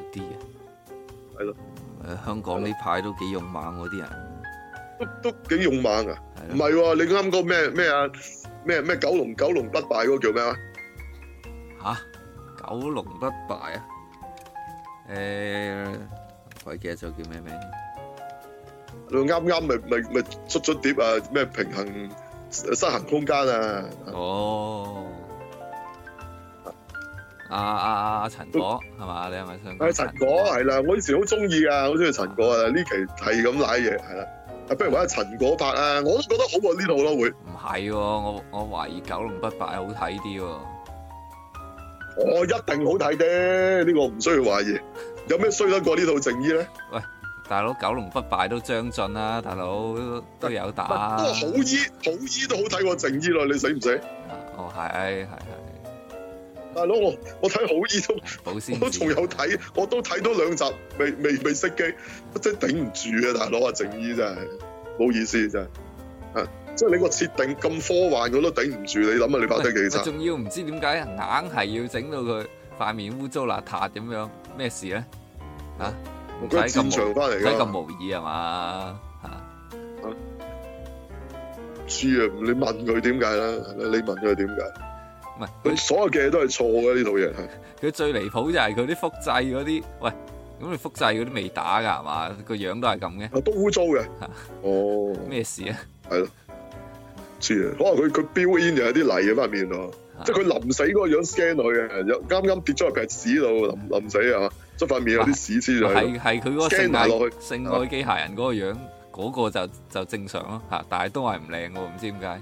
係咯，香港呢排都幾勇猛嗰啲人，都都幾勇猛噶，唔係，你啱啱咩咩啊咩咩九龍九龍不敗嗰個叫咩啊？吓，九龍不敗啊？誒，鬼記者叫咩名？你啱啱咪咪咪出咗碟啊？咩平衡失衡空間啊？哦。啊，啊，阿陳，啊、果係嘛，啊？你係咪想陳？係陳，啊、果係啦，我以前，啊、我好中意啊，啊，啊，啊，好中意陳果啊！呢期係咁瀨嘢係啦，不如揾阿陳果拍啊！我都覺得好過呢套咯，會唔係？我我懷疑九龍不敗好睇啲。我一定好睇的，呢個唔需要懷疑。有咩衰得過呢套靜 _E 咧？喂，大佬九龍不敗都將進啦，大佬都有打。不都好衣好衣都好睇過靜 _E 啦，你死唔死？啊、哦係係係。大佬，我睇好意都，冇事。我，看我都仲有睇，我都睇多兩集，未未未熄機，真頂唔住啊！大佬啊，靜 _E 真係冇意思，真係，啊，即係你個設定咁科幻，我都頂唔住。你諗下，你拍咗幾集，仲要唔知點解硬係要整到佢塊面污糟邋遢，點樣咩事咧？啊，睇咁長翻嚟嘅，咁無意係嘛？啊，知啊，你問佢點解啦？你問佢點解？佢所有嘅嘢都係錯嘅，呢套嘢，佢最離譜就係佢啲複製嗰啲。喂，咁你複製嗰啲未打噶，係嘛？個樣都係咁嘅，都污糟嘅，哦，咩事啊？係咯，知啊，可能佢佢標染就有啲泥喺塊面度，的即係佢淋死嗰個樣 scan 落去嘅，又啱啱跌咗入塊屎度淋淋死係即係塊面有啲屎黐住，係係佢嗰個 scan 落去，性愛機械人嗰個樣，嗰的個就就正常咯吓，但係都係唔靚嘅，唔知點解。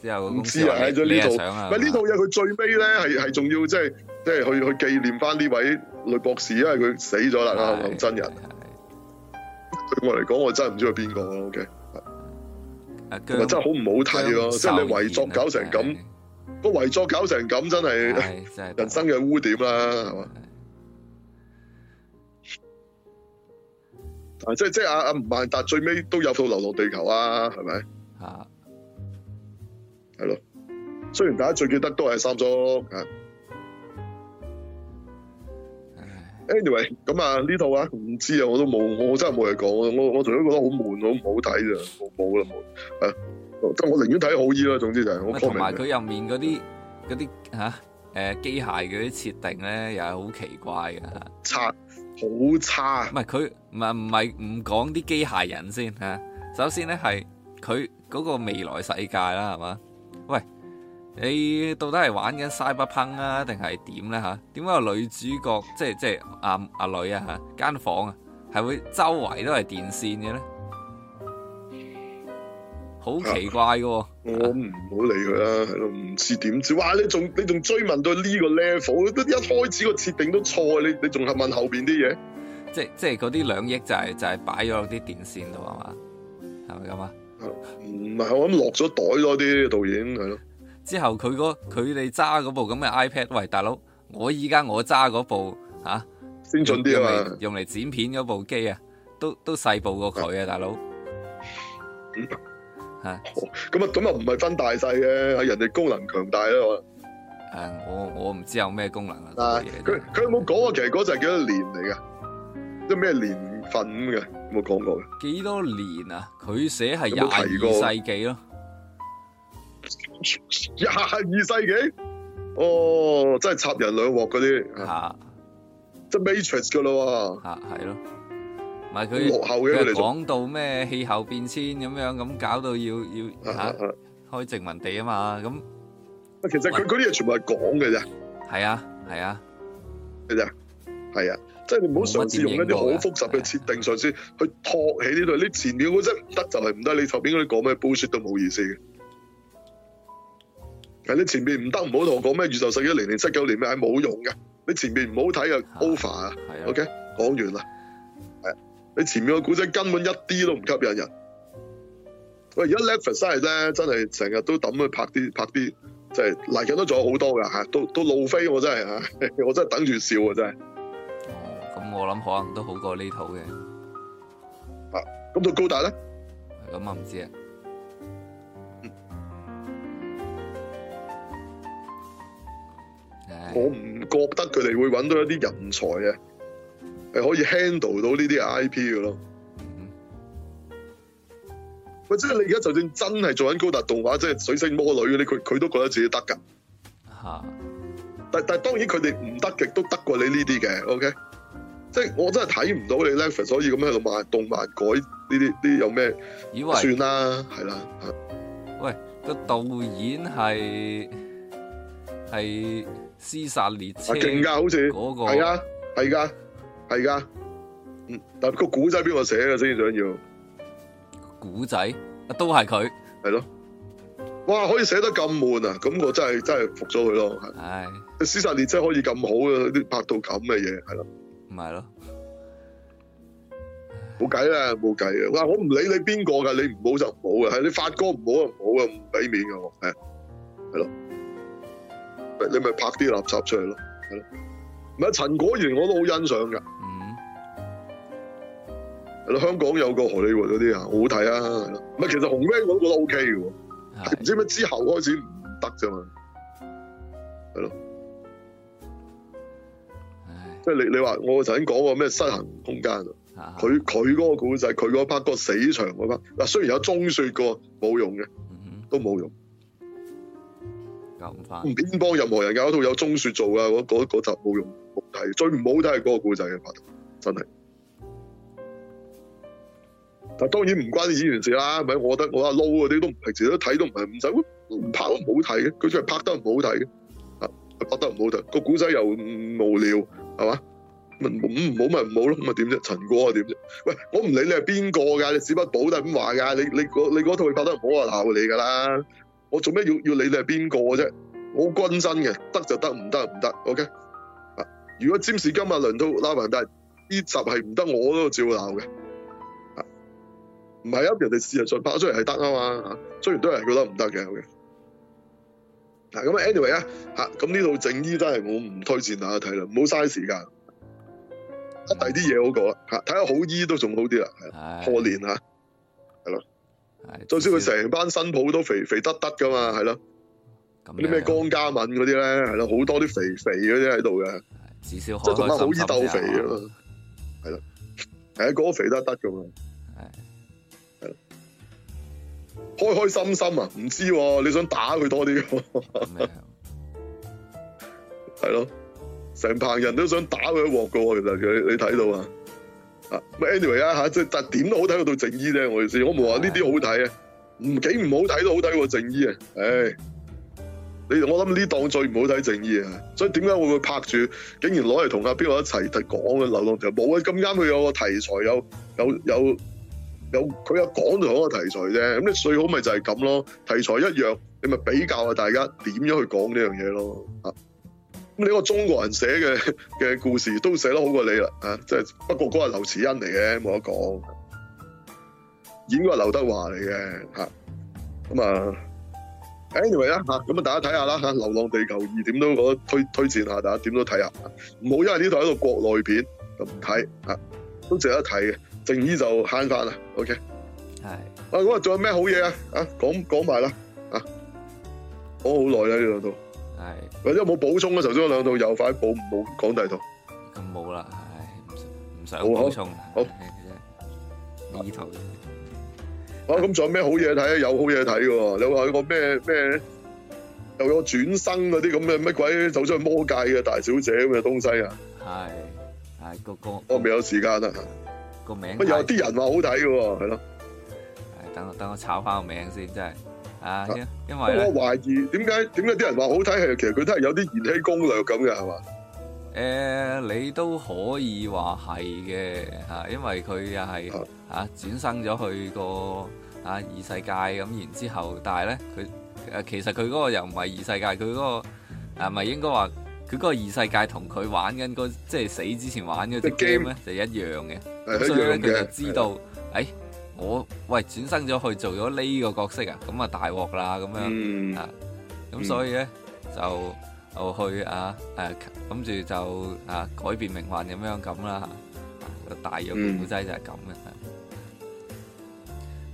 唔知啊，喺咗呢度，唔係呢套嘢佢最尾咧，係係仲要即係即係去去紀念翻呢位女博士，因為佢死咗啦，的啊、真人。對我嚟講，我真係唔知佢邊個咯。OK，啊、真係好唔好睇咯，即係、啊、你遺作搞成咁，個遺的作搞成咁，真係人生嘅污點啦，係嘛？即係即係阿阿萬達最尾都有套《流浪地球》啊，係咪、啊？係咯，雖然大家最記得都係三叔吓。Anyway，咁啊呢套啊，唔知啊，我都冇，我真係冇嘢講，我我仲都覺得好悶我唔好睇，我我看好唔好睇咋，冇啦冇，啊，即係我寧願睇好啲啦。總之就係、是、我同埋佢入面嗰啲嗰啲吓，誒機、啊、械嘅啲設定咧，又係好奇怪嘅，差好差唔係佢唔係唔係唔講啲機械人先吓、啊，首先咧係佢嗰個未來世界啦，係嘛？喂，你到底係玩緊《西伯烹》啊，定係點咧吓？點解個女主角即係即係阿阿女啊吓？間房啊，係會周圍都係電線嘅咧？好奇怪嘅、啊啊。我唔好理佢啦，喺度唔知點知道。哇！你仲你仲追問到呢個 level，都一開始個設定都錯，你你仲係問後邊啲嘢？即係即係嗰啲兩億就係、係、就係擺咗落啲電線度係嘛？係咪咁啊？唔係我諗落咗袋，多啲導演係咯，的之後佢佢哋揸嗰部咁嘅 iPad，喂，大佬，我依家我揸嗰部吓先進啲啊嘛，啊用嚟剪片嗰部機啊，都都細部過佢啊，大佬，吓，咁啊咁啊唔係分大細嘅，人哋功能強大啦、嗯、我，誒我我唔知有咩功能啊，佢佢有冇講啊？其實嗰陣幾多年嚟嘅，即咩年份嘅？冇講過嘅？幾多年啊？佢寫係廿二個世紀咯、啊，廿二世紀哦，真係插人兩鑊嗰啲吓，即係 Matrix 噶啦喎吓，係咯、啊，唔係佢落後嘅。講到咩氣候變遷咁樣，咁搞到要要吓、啊啊啊、開殖民地啊嘛，咁其實佢嗰啲嘢全部係講嘅啫，係啊係啊，係啊。即係你唔好嘗試用一啲好複雜嘅設定上先去托起呢度的，你前面嗰隻唔得就係唔得。你頭邊嗰啲講咩，bullshit 都冇意思嘅。係你前面唔得，唔好同我講咩宇宙世紀零零七九年，咩係冇用嘅。你前面唔好睇啊，over 啊，OK，講完啦。係你前面嘅古仔根本一啲都唔吸引人。喂，而家 l e f r e s 真係咧，真係成日都抌去拍啲拍啲，即係嚟緊都仲有好多噶吓，都都路飛我真係吓，我真係等住笑啊真係。我諗可能都好過呢套嘅，啊！咁到高達咧，咁啱唔知啊。嗯、唉我唔覺得佢哋會揾到一啲人才嘅，係可以 handle 到呢啲 IP 嘅咯。喂、嗯，即係你而家就算真係做緊高達動畫，即係水星魔女，你佢佢都覺得自己得噶。吓、啊，但但當然佢哋唔得極都得過你呢啲嘅，OK。即我真係睇唔到你 level 所以咁喺度漫動漫改呢啲呢啲有咩？算啦，係啦喂，個的導演係係《屍殺列車、那個》勁噶，好似嗰個係噶係噶係噶。嗯，但是個古仔邊個寫嘅先重要？古仔都係佢係咯。哇，可以寫得咁悶啊！咁我真係真係服咗佢咯。係《屍殺唉列車》可以咁好嘅，拍到咁嘅嘢係咯。是唔係咯，冇計啦，冇計啊！嗱，我唔理你邊個噶，你唔好就唔好嘅。係你發哥唔好就唔好啊，唔俾面噶，係係咯，你咪拍啲垃圾出嚟咯，係咯，唔係陳果然我都好欣賞噶，係咯、嗯，香港有個荷里活嗰啲啊，好睇啊，唔係其實紅咩我都覺得 O K 嘅，唔知咩之後開始唔得啫嘛，係咯。即係你你話我頭先講過咩失行空間，佢佢嗰個故仔，佢嗰 part 個死場嗰 part 嗱雖然有中雪個冇用嘅，嗯、哼都冇用。咁快唔點幫任何人？嗰套有中雪做啊，嗰嗰嗰集冇用，好睇。最唔好睇係嗰個故仔嘅拍真係。但當然唔關演員事啦，咪我覺得我阿撈嗰啲都唔係，自己睇都唔係，唔使拍都唔好睇嘅。佢出係拍得唔好睇嘅、啊，拍得唔好睇，個故仔又無聊。係嘛？唔唔好咪唔好咯，咁咪點啫？陳哥啊，點啫？喂，我唔理你係邊個噶，你史匹堡都係咁話噶，你你嗰你套你拍得唔好啊，鬧你噶啦！我做咩要要理你係邊個啫？我好均真嘅，得就得，唔得唔得，OK？啊，如果占士今日輪到拉文，但係呢集係唔得，我都照鬧嘅。啊，唔係啊，人哋事實上拍出嚟係得啊嘛，雖然都係覺得唔得嘅。OK? 嗱咁，anyway 啊，嚇咁呢套正醫真係我唔推薦大家睇啦，唔好嘥時間。一第啲嘢好過啦，嚇睇下好醫都仲好啲啦，賀年嚇，係咯。就算佢成班新抱都肥肥得得噶嘛，係咯。嗰啲咩江嘉敏嗰啲咧，係咯，好多啲肥肥嗰啲喺度嘅，至少好醫鬥肥咯，係咯，誒嗰個肥得得噶嘛。開開心心啊，唔知道、啊、你想打佢多啲嗎，係咯， 成棚人都想打佢一鑊噶喎。其實佢你睇到 anyway，啊，啊，anyway 啊吓，即係但點都好睇嗰套《正義》咧。我意思的、哎，我冇話呢啲好睇啊，唔幾唔好睇都好睇過《正義》啊。唉，你我諗呢檔最唔好睇《正義》啊。所以點解會會拍住，竟然攞嚟同阿邊個一齊嚟講嘅流浪劇？冇啊，咁啱佢有個題材，有有有。有有佢有講就嗰個題材啫，咁你最好咪就係咁咯，題材一樣，你咪比較下大家點樣去講呢樣嘢咯，咁你個中國人寫嘅嘅故事都寫得好過你啦，啊，即係不過嗰個係劉慈欣嚟嘅冇得講，演個劉德華嚟嘅，吓、啊，咁啊，Anyway 啦、啊、吓，咁啊大家睇下啦吓，《流浪地球二》點都推推薦下，大家點都睇下，唔、啊、好因為呢度係一個國內片就唔睇、啊，都值得睇嘅。正依就慳翻啦，OK。係是。啊，我話仲有咩好嘢啊？啊，講講埋啦。啊是，好耐啦呢兩套。係。或者有冇補充啊？頭先兩套又快補，冇講第二套。咁冇啦，唉，唔使好使補好。二頭。啊，咁仲有咩好嘢睇？有好嘢睇噶，你話有個咩咩，又有轉生嗰啲咁嘅乜鬼，走出去魔界嘅大小姐咁嘅東西啊？係。係、嗰個個。嗰個、我未有時間啊。個名，有啲人話好睇嘅，係咯？等我等我炒翻個名先，真係啊，因為我懷疑，點解點解啲人話好睇，係其實佢都係有啲燃起攻略咁嘅，係嘛？誒、呃，你都可以話係嘅吓，因為佢又係吓轉生咗去個啊異世界咁，然之後但係咧，佢誒其實佢嗰個又唔係異世界，佢嗰個係咪應該話。佢嗰個異世界同佢玩緊即係死之前玩嗰啲 game 就係一樣嘅，咁所以咧佢就知道，誒的、哎，我喂轉生咗去做咗呢個角色、嗯、啊，咁啊大鑊啦咁樣啊，咁所以咧就就去啊誒諗住就啊改變命運咁樣咁啦，啊、大個大嘅古仔就係咁嘅。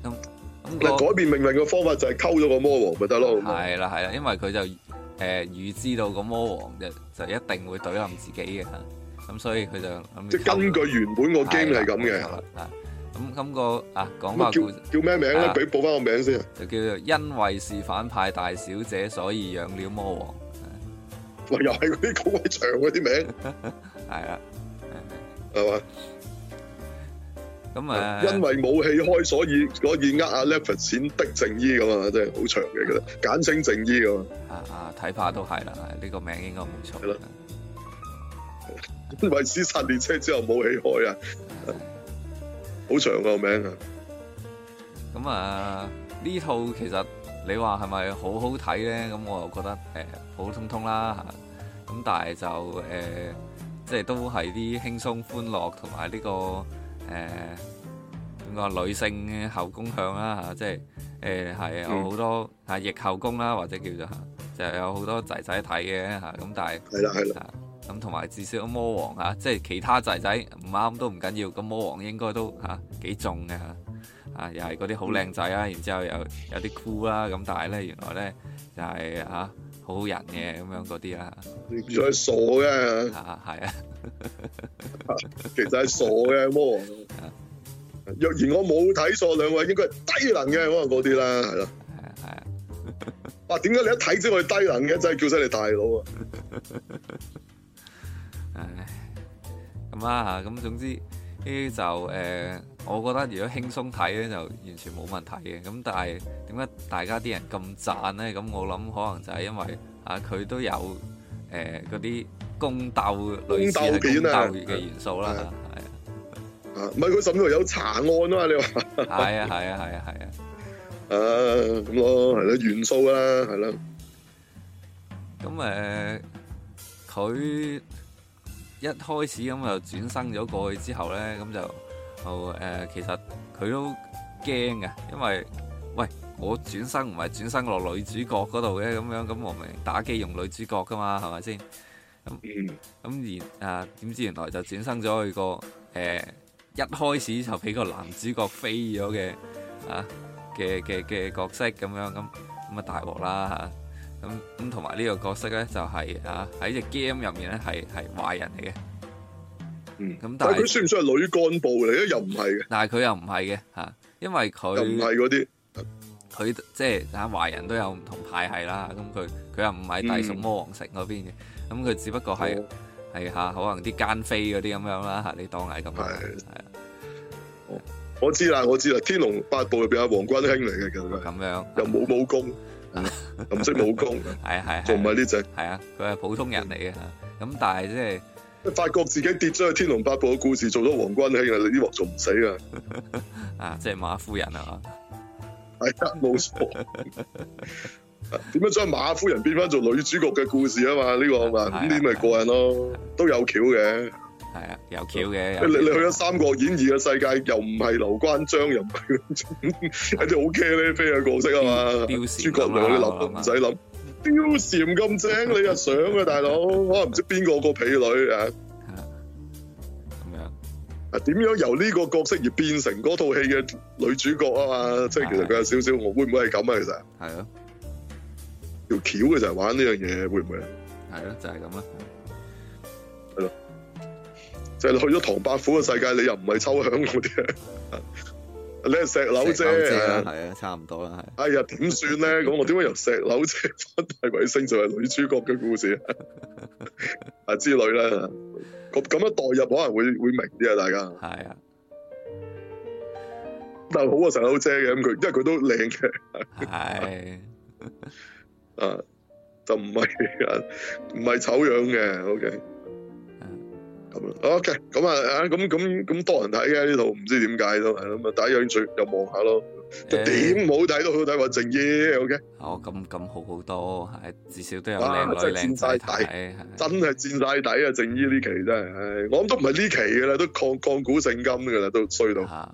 咁咁、嗯啊那個、改變命運嘅方法就係溝咗個魔王咪得咯，係啦係啦，因為佢就。誒，預、呃、知道個魔王就就一定會懟冧自己嘅，咁所以佢就即係根據原本個個、嗰個 game 係咁嘅，咁、啊、咁個啊講個叫叫咩名咧？畀報翻個名先，就叫做因為是反派大小姐，所以養了魔王。喂，又係嗰啲好長嗰啲名，係啦， 係嘛？是咁啊，因為冇戲開，所以可以呃阿 Level 錢的正衣咁啊，真係好長嘅，其實簡稱正衣咁啊啊，睇怕都係啦。呢個名應該冇錯。屍殺列車之後冇戲開啊，好長個名啊。咁啊，呢套其實你話係咪好好睇咧？咁我就覺得誒普通通啦嚇。咁但係就誒，即係都係啲輕鬆歡樂同埋呢個。誒，點講、呃、女性後宮向啦吓，即係誒係有好多吓、嗯、逆後宮啦，或者叫做就係、是、有好多仔仔睇嘅吓，咁、啊、但係係啦係啦，咁同埋至少魔王吓、啊，即係其他仔仔唔啱都唔緊要緊，咁魔王應該都吓幾重嘅吓，啊又係嗰啲好靚仔啊，嗯、然之後又有啲 cool 啦，咁、啊、但係咧原來咧就係、是、吓。啊好人嘅咁樣嗰啲啊，你唔再傻嘅，係啊，其實係傻嘅魔王。 若然我冇睇錯，兩位應該係低能嘅可能嗰啲啦，係咯，係啊，哇、啊！點解、啊啊啊、你一睇先我係低能嘅， 真係叫晒你大佬啊！唉，咁啊，咁總之。呢就誒、呃，我覺得如果輕鬆睇咧，就完全冇問題嘅。咁但係點解大家啲人咁讚咧？咁我諗可能就係因為啊，佢都有誒嗰啲宮鬥類似嘅嘅鬥元素啦，係啊的，唔係佢甚至有查案啊嘛？你話係 啊，係啊，係啊，係啊，啊咁咯，係咯元素啦，係咯。咁誒佢。呃他一開始咁就轉生咗過去之後呢，咁就誒、哦呃、其實佢都驚㗎，因為喂我轉生唔係轉生落女主角嗰度嘅，咁樣咁我咪打機用女主角噶嘛，係咪先？咁咁然啊點知原來就轉生咗去個誒、呃、一開始就俾個男主角飛咗嘅啊嘅嘅嘅角色咁樣咁咁大鑊啦嚇！咁咁同埋呢個角色咧就係啊喺隻 game 入面咧係係壞人嚟嘅，嗯咁但係佢算唔算係女幹部嚟咧？又唔係嘅，但係佢又唔係嘅吓，因為佢又唔係嗰啲，佢即係吓壞人都有唔同派係啦。咁佢佢又唔係隸屬魔王城嗰邊嘅，咁佢只不過係係吓可能啲奸妃嗰啲咁樣啦吓，你當係咁樣係我知啦，我知啦，《天龍八部》入邊阿王君卿嚟嘅咁樣，又冇武功。咁即 武功係啊係，仲唔係呢隻？係 啊，佢係、啊、普通人嚟嘅，咁但係即係發覺自己跌咗去《天龍八部》嘅故事，做咗皇君原來呢鑊仲唔死呀？ 啊，即係馬夫人 啊，係得冇錯，點 樣將馬夫人變翻做女主角嘅故事啊嘛？呢、這個 啊，咁呢咪過癮咯，啊、都有橋嘅。係啊，有橋嘅。你你去咗《三國演義》嘅世界，又唔係劉關張，又唔係一啲好騎呢飛嘅角色啊嘛。標師諸葛亮你諗都唔使諗，貂蟬咁正，你又想啊，大佬？我唔知邊個個婢女啊？係啊，咁樣啊？點樣由呢個角色而變成嗰套戲嘅女主角啊？嘛，即係其實佢有少少，會唔會係咁啊？其實係啊，條橋嘅就係玩呢樣嘢，會唔會啊？係咯，就係咁啦。去咗唐伯虎嘅世界，你又唔係秋香嗰啲，你係石榴姐，係啊，差唔多啦，係，哎呀，點算咧？咁 我點解由石榴姐翻大衛星就係女主角嘅故事 啊之類呢，咁咁樣代入可能會會明啲啊，大家。係啊。但係好啊，石榴姐嘅咁佢，因為佢都靚嘅。係。 啊， 就唔係唔係醜樣嘅，OK。O K，咁啊，咁咁咁多人睇嘅呢套，唔知點解都係咁啊！第一樣最又望下咯，點、uh, 好睇都好睇。話靜 _E，O K。Okay? 哦，咁咁好好多，係至少都有靚女哇靚女真係佔晒底，帶帶真係佔晒底啊！靜 _E 呢期真係，我諗都唔係呢期嘅啦，都抗擴股成金㗎啦，都衰到、uh.。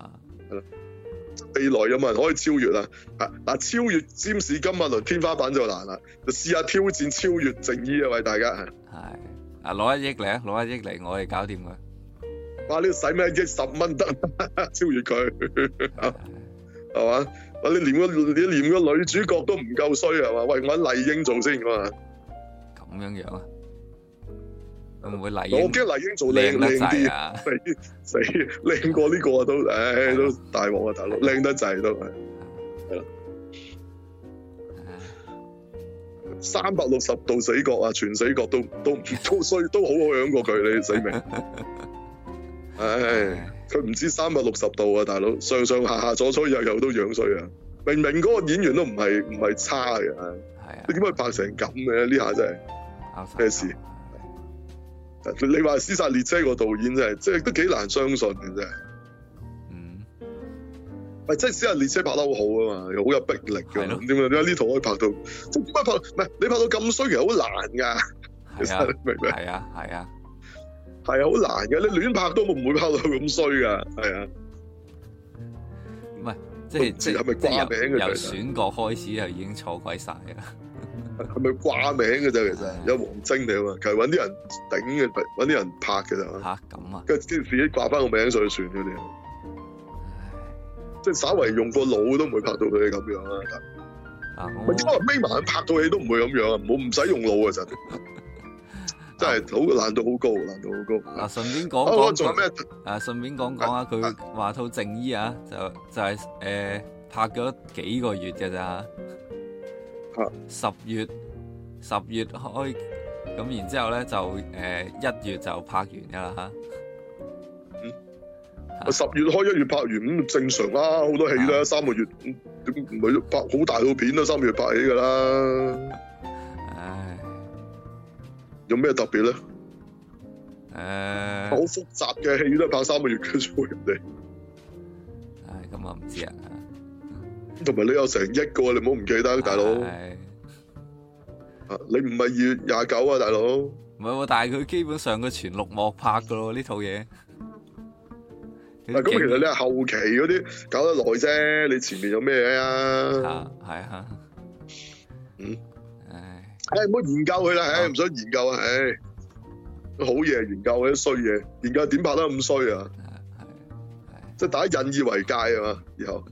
未來有冇人可以超越啊？嗱，超越詹士金馬倫啊，攞天花板就難啦，就試下挑戰超越靜 _E 啊！喂，大家啊。係。啊！攞一億嚟，攞一億嚟，我哋搞掂佢。哇！你使咩一十蚊得超越佢？係嘛？我你連個你連個女主角都唔夠衰係嘛？喂，我阿麗英做先啊！咁樣樣啊？會唔會麗英？我驚麗英做靚靚啲啊！死死靚過呢個啊都，唉都大鑊啊大佬，靚得滯都係。三百六十度死角啊，全死角都都衰，都，都，都好好養過佢，你死明？唉、 哎，佢唔知三百六十度啊，大佬上上下下左左右右都樣衰啊！明明嗰個演員都唔係唔係差嘅，係 啊，你點解拍成咁嘅？呢下真係咩害事？你話《屍殺列車》個導演真係，即係都幾難相信嘅真即係私人列車拍得好啊嘛，又好有逼力嘅。點解點解呢套可以拍到？即點解拍？唔係你拍到咁衰，其實好難噶。係啊的，你明唔明？係啊，係啊，係好難嘅。你亂拍都唔會拍到咁衰噶。係啊，唔係即係即係咪掛名嘅？由選角開始就已經錯鬼晒啦。係咪掛名嘅啫？其實有王晶嚟喎，其實揾啲人頂嘅，揾啲人拍嘅咋。嚇咁啊！跟住、啊、自己掛翻個名上去算嘅啫。即係稍微用個腦都唔會拍到佢咁樣啊！啊好好我咪話眯埋佢拍套戲都唔會咁樣啊！好唔使用腦 啊！真，真係好難度好高，難度好高。嗱，順便講講，啊，順便講講啊，佢話套《靜 _E》啊，就就係、是、誒、呃、拍咗幾個月嘅咋吓？十月十月開咁，然之後咧就誒、呃、一月就拍完噶啦吓。十月開一月拍完咁正常啦，好多戲啦，三個月點唔係拍好大套片都三個月拍起噶啦。唉、啊，啊、有咩特別咧？唉、啊，好複雜嘅戲都係拍三個月嘅啫，人哋。唉，咁我唔知啊。同埋、啊、你有成億個，你唔好唔記得，大佬。啊、你唔係二月廿九啊，大佬。唔係喎，但係佢基本上佢全綠幕拍噶咯，呢套嘢。嗱，咁其實你係後期嗰啲搞得耐啫，你前面有咩嘢啊？係啊，嗯，唉，唉，唔好研究佢啦，唉，唔想研究啊，唉，好嘢研究嘅，衰嘢研究點拍得咁衰啊？係即係大家引以為戒啊嘛，以後，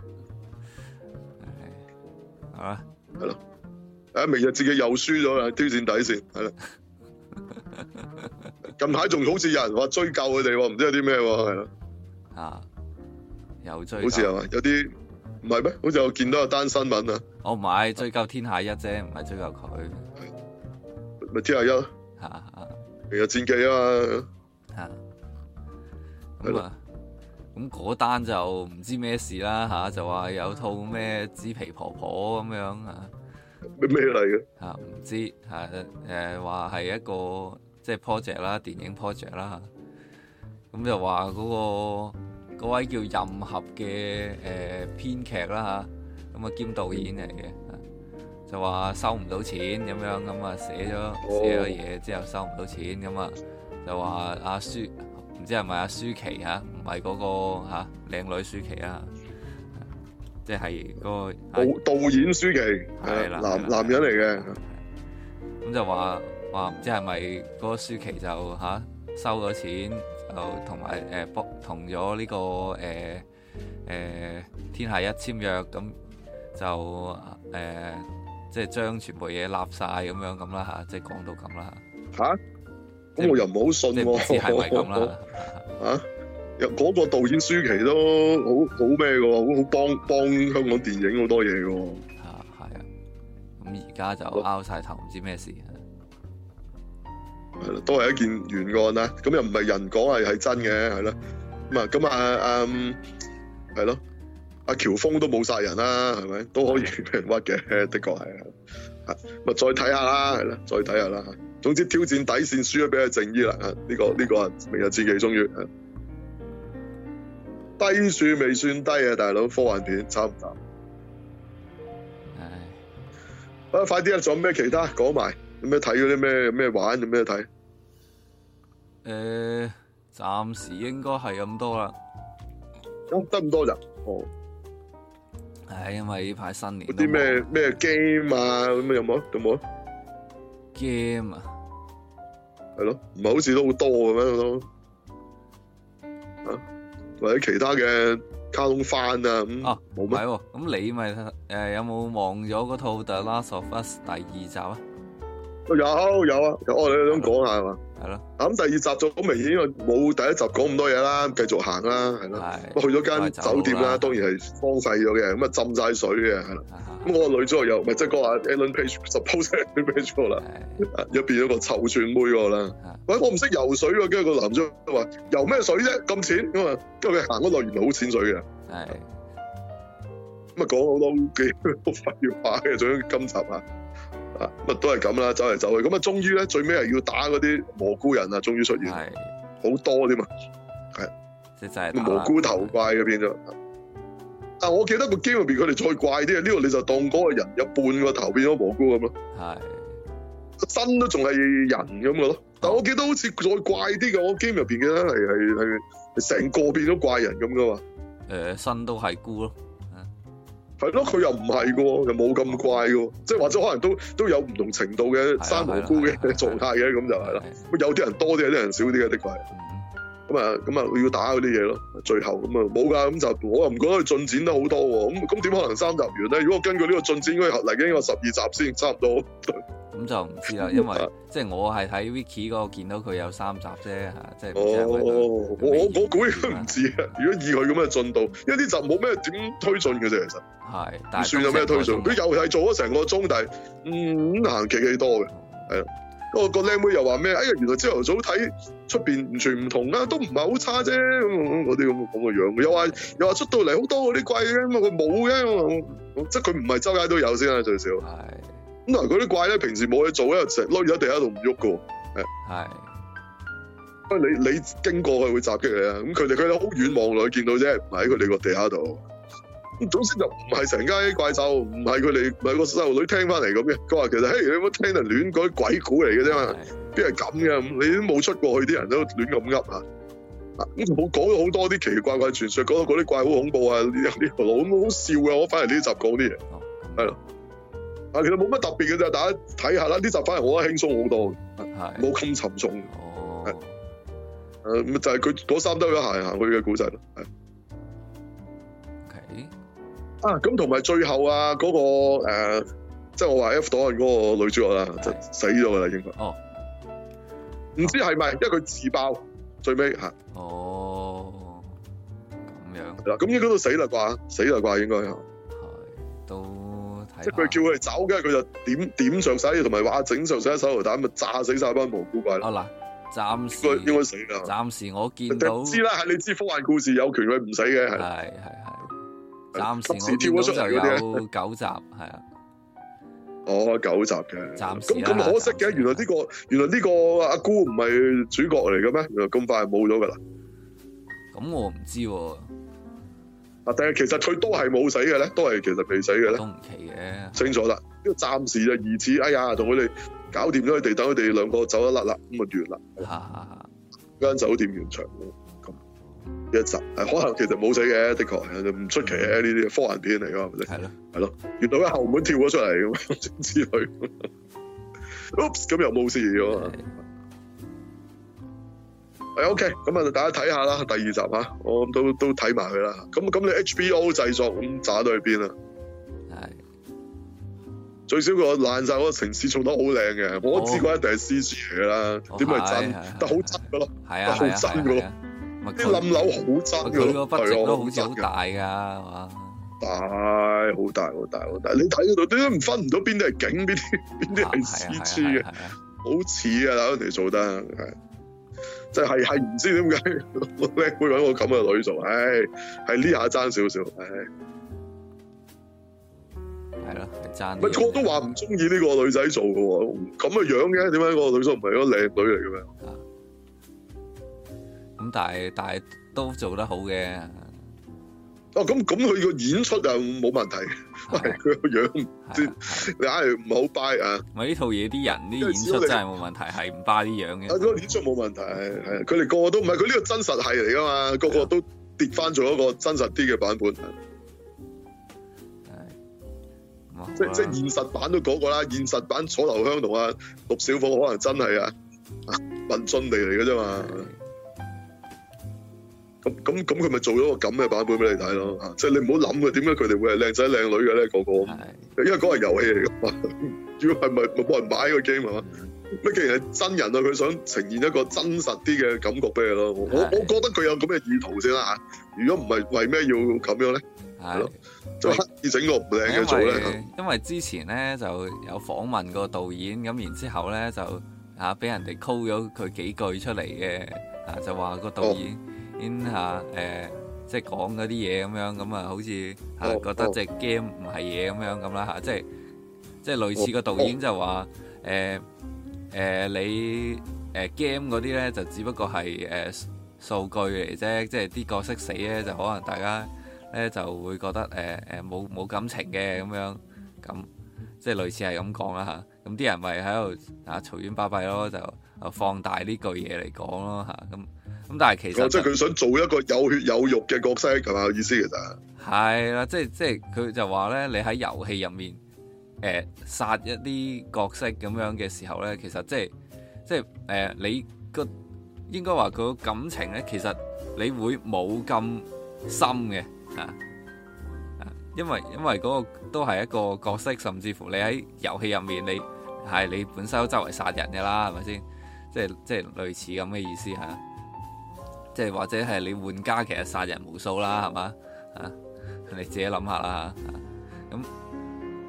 係嘛？係咯。啊，明日自己又輸咗啦，挑戰底線，係咯，近排仲好似有人話追究佢哋，唔知有啲咩喎，係咯。啊，又追好似係嘛？有啲唔係咩？好似我見到有單新聞啊，我唔係，追究天下一啫，唔係追究佢，咪天下一吓吓，成日戰機啊吓，咁啊，咁嗰單就唔知咩事啦吓，啊，就話有套咩紙皮婆婆咁樣啊，咩嚟嘅吓？唔知吓，誒話係一個即係 project 啦，就是，pro ject，電影 project 啦，咁，啊，就話嗰、嗰個。嗰位叫任合嘅誒編劇啦吓，咁、呃、啊兼導演嚟嘅，就話收唔到錢咁樣，咁啊寫咗寫咗嘢之後收唔到錢，咁啊就話阿舒唔知係咪阿舒琪吓，唔係嗰個吓靚、啊、女舒淇啊，即係嗰個導導演舒琪係啦，男男人嚟嘅，咁、啊、就話話唔知係咪嗰個舒琪就吓、啊、收咗錢。就同埋誒同咗呢個、呃呃、天下一簽約，咁就、呃、即係將全部嘢立晒。咁樣咁啦嚇，即係講到咁啦吓？嚇、啊！咁即我又唔好信喎、啊，唔知係咪咁啦嚇。啊啊、又嗰個導演舒淇都好好咩嘅喎，好好幫幫香港電影好多嘢嘅喎。嚇係啊！咁而家就拗晒頭，唔好知咩事。係啦，都係一件懸案啦，咁又唔係人講係係真嘅，係咯。咁啊，咁啊，嗯，係咯。阿喬峰都冇殺人啦，係咪？都可以俾人屈嘅，的確係啊。啊，咪再睇下啦，係、啊、咯，再睇下啦。總之挑戰底線輸，輸咗俾阿正依啦。呢個呢個，明日之己終於低算未算低啊，大佬！科幻片差唔多。唉的，好啦，快啲啊！仲有咩其他講埋？有咩睇？嗰啲咩有咩玩？有咩睇？誒、呃，暫時應該係咁多啦，哦。得咁多咋？哦，係、哎、因為呢排新年嗰啲咩咩 game 啊，咁有冇啊？有冇啊？game 啊，係咯，唔係好似都好多咁樣咯。啊，或者其他嘅卡通番啊？咁、嗯、啊，冇咪咁你咪誒、呃？有冇望咗嗰套《The Last of Us》第二集啊？有有啊，有哦，你想講下係嘛？係咯了。咁、嗯、第二集就好明顯，冇第一集講咁多嘢啦，繼續行啦，係咯。的去咗間酒店啦，是當然係荒廢咗嘅，咁啊浸晒水嘅。咁的我個女主角又咪即係個阿 Ellen Page，suppose Ellen Page 啦，又變咗個臭串妹個啦。喂、哎，我唔識游水嘅，跟住個男主角話游咩水啫？咁淺咁啊，跟住佢行嗰度原來好淺水嘅。係的。咁啊講好多幾多廢話嘅，仲要今集啊。咁啊都係咁啦，走嚟走去咁啊，終於咧最尾係要打嗰啲蘑菇人啊，終於出現好是多添嘛，係蘑菇頭怪嘅變咗。啊的，但我記得個 game 入邊佢哋再怪啲啊，呢度你就當嗰個人有半個頭變咗蘑菇咁咯，係的身都仲係人咁嘅咯。但我記得好似再怪啲嘅，我 game 入邊嘅咧係係係成個變咗怪人咁噶嘛，誒、呃、身都係菇咯。係咯，佢又唔係喎，又冇咁怪喎，即係或者可能都都有唔同程度嘅三蘑菇嘅狀態嘅，咁就係啦。有啲人多啲，有啲人少啲嘅啲鬼。咁啊，咁啊，要打嗰啲嘢咯。最後咁啊，冇㗋，咁就我又唔覺得佢進展得好多喎。咁咁點可能三集完咧？如果根據呢個進展，應該合嚟經個十二集先，差唔多。咁就唔知啦，因為、嗯、即係我係喺 Wiki 嗰個見到佢有三集啫，吓即係。哦，哦我我估應該唔知啊。的如果以佢咁嘅進度，一啲集冇咩點推進嘅啫，其實係，唔算有咩推進。佢又係做咗成個鐘，但係嗯行幾幾多嘅，係啦。個個靚妹又話咩？哎呀，原來朝頭早睇出邊完全唔同啦，都唔係好差啫。咁嗰啲咁咁嘅樣，又話又話出到嚟好多嗰啲貴嘅，咁啊佢冇嘅，即係佢唔係周街都有先啦，最少係。嗱，嗰啲怪咧，平時冇嘢做咧，成日踎喺地下度唔喐噶。係的，不過你你經過佢會襲擊你啊。咁佢哋佢哋好遠望落去見到啫，唔係喺佢哋個地下度。咁總之就唔係成間啲怪獸，唔係佢哋，唔係個細路女聽翻嚟咁嘅。佢話其實，嘿、hey，你冇聽人亂講鬼故嚟嘅啫嘛，邊係咁嘅？你都冇出過去，啲人都亂咁噏啊。咁仲好講咗好多啲奇奇怪怪傳說，講到嗰啲怪好恐怖啊，呢條路咁好笑啊。我反而呢集講啲嘢，係咯、哦。啊，其實冇乜特別嘅啫，大家睇下啦，呢集反而好得輕鬆好多嘅，係冇咁沉重的。哦，誒咁、呃、就係佢嗰三對咗鞋行去嘅古仔。係，是 okay? 啊，咁同埋最後啊，嗰、那個誒、呃，即係我話 F 朵係嗰個女主角啦，okay? 就死咗噶啦應該。哦，唔知係咪，因為佢自爆最尾吓。哦，咁樣。嗱，咁應該都死啦啩，死啦啩應該。係，都。即係佢叫佢哋走嘅，佢就點點上手，同埋話整上手，手榴彈，咪炸死晒班蘑菇怪。好嗱、啊，暫時應該死噶。暫時我見到知啦，係你知科幻故事有權佢唔死嘅，係係係。暫時跳咗出嚟啲，九集，係啊的，哦九集嘅。暫時咁咁可惜嘅、這個，原來呢個來原來呢個阿姑唔係主角嚟嘅咩？原來咁快冇咗噶啦？咁我唔知喎。但係其實佢都係冇死嘅咧，都係其實未死嘅咧，都唔奇嘅。清楚啦，呢個暫時就疑似。哎呀，同佢哋搞掂咗佢哋，等佢哋兩個走得甩啦，咁的啊完啦。間酒店完場咁一集，可能其實冇死嘅，的確唔對了 出奇嘅，呢啲科幻片嚟噶係咪咯係咯，原來喺後門跳咗出嚟咁之類 o 咁是的、 嗯、又冇事喎。係 OK，咁啊，大家睇下啦，第二集吓，我都都睇埋佢啦。咁咁，你 HBO 製作咁渣到去邊啊？係的最少個爛晒嗰個城市做得好靚嘅，的 oh. 我知佢一定係 CG 嚟噶啦，點咪、oh. 真？但好真噶咯，係啊，好真噶咯。啲冧樓好真嘅，佢嗰筆好真嘅，大噶係嘛？大好大好大好大，你睇到你都唔分唔到邊啲係景，邊啲邊啲係 CG 嘅，好似啊，人哋、oh. 做得。就係係唔知為找我、哎、點解會搵個咁嘅女做，唉、哎，係呢下爭少少，唉，係咯，係爭。不我都話唔中意呢個女仔做嘅，咁嘅樣嘅，點解個女仔唔係個靚女嚟嘅咩？咁、啊、但係但係都做得好嘅。哦，咁咁佢個演出又冇問題，喂佢個樣你硬係唔好 buy 啊！我呢套嘢啲人啲演出真係冇問題，係唔 buy 啲樣嘅。演出冇問題，係佢哋個個都唔係佢呢個真實係嚟噶嘛，個個都跌翻咗一個真實啲嘅版本。即即現實版都嗰個啦，現實版楚留香同阿陸小鳳可能真係啊，文俊地嚟噶啫嘛。咁咁咁，佢咪做咗個咁嘅版本俾你睇咯，即係你唔好諗佢點解佢哋會係靚仔靚女嘅咧，個個因為嗰係遊戲嚟嘅嘛，主要係咪咪冇人買個 game 啊？咩？既然係真人啊，佢想呈現一個真實啲嘅感覺俾你咯。我我覺得佢有咁嘅意圖先啦吓。如果唔係為咩要咁樣咧？係咯，就刻意整個唔靚嘅做咧。因為之前咧就有訪問個導演咁，然之後咧就吓俾人哋 call 咗佢幾句出嚟嘅啊，就話個導演。演下誒，即係講嗰啲嘢咁樣，咁啊，好似嚇覺得即係 game 唔係嘢咁樣咁啦嚇，即係即係類似個導演就話誒誒你誒、呃、game 嗰啲咧就只不過係誒、呃、數據嚟啫，即係啲角色死咧就可能大家咧就會覺得誒誒冇冇感情嘅咁樣，咁即係類似係咁講啦嚇，咁啲人咪喺度啊，嘈冤巴閉咯，就放大呢句嘢嚟講咯嚇，咁、啊。啊咁但係其實、就是，即係佢想做一個有血有肉嘅角色，係嘛，意思其實係啦，即係即係佢就話咧，你喺遊戲入面誒殺、欸、一啲角色咁樣嘅時候咧，其實即係即係誒、欸、你個應該話佢個感情咧，其實你會冇咁深嘅吓、啊、因為因為嗰個都係一個角色，甚至乎你喺遊戲入面，你係你本身周圍殺人嘅啦，係咪先？即係即係類似咁嘅意思吓。啊即係或者係你玩家其實殺人無數啦，係嘛啊？你自己諗下啦吓，咁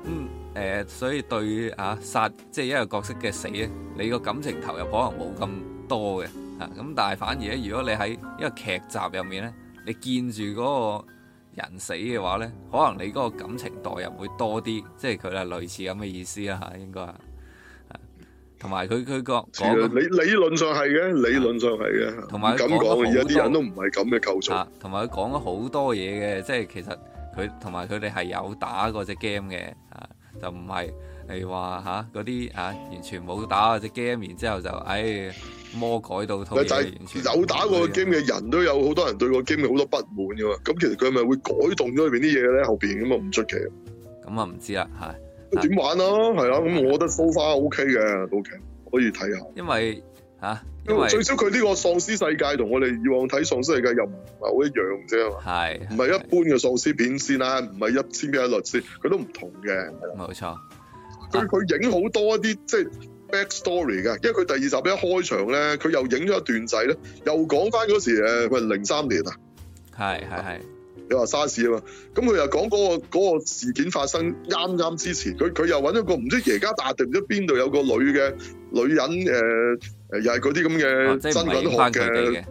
嗯誒，所以對啊殺即係一個角色嘅死咧，你個感情投入可能冇咁多嘅吓，咁但係反而咧，如果你喺一個劇集入面咧，你見住嗰個人死嘅話咧，可能你嗰個感情代入會多啲，即係佢係類似咁嘅意思啦吓，應該啊。同埋佢佢覺，理理論上係嘅，理論上係嘅。同埋咁講，而家啲人都唔係咁嘅構造。同埋佢講咗好多嘢嘅，即係其實佢同埋佢哋係有打過隻 game 嘅，啊就唔係，例如話吓嗰啲吓完全冇打嗰隻 game，然之後就唉、哎、魔改到，有打過 game 嘅人都有，好多人對個 game 好多不滿噶嘛，咁其實佢咪會改動咗裏邊啲嘢咧，後邊咁啊唔出奇。咁啊唔知啦吓。點玩咯，啊，係啦，啊，咁，啊、我覺得 so far OK 嘅，都 OK，可以睇下因，啊。因為吓，就是，因為最少佢呢個喪屍世界同我哋以往睇喪屍世界又唔係好一樣啫嘛。係，唔係一般嘅喪屍片先啦，唔係一千米一律先，佢都唔同嘅。冇錯，佢佢影好多一啲即係 back story 嘅，因為佢第二集一開場咧，佢又影咗一段仔咧，又講翻嗰時誒，喂零三年啊，係係係。你話沙士 r 啊嘛，咁佢又講嗰、那個那個事件發生啱啱之前，佢佢又揾咗個唔知耶家大定唔知邊度有個女嘅女人，誒、呃、誒、呃、又、啊、係嗰啲咁嘅真物學嘅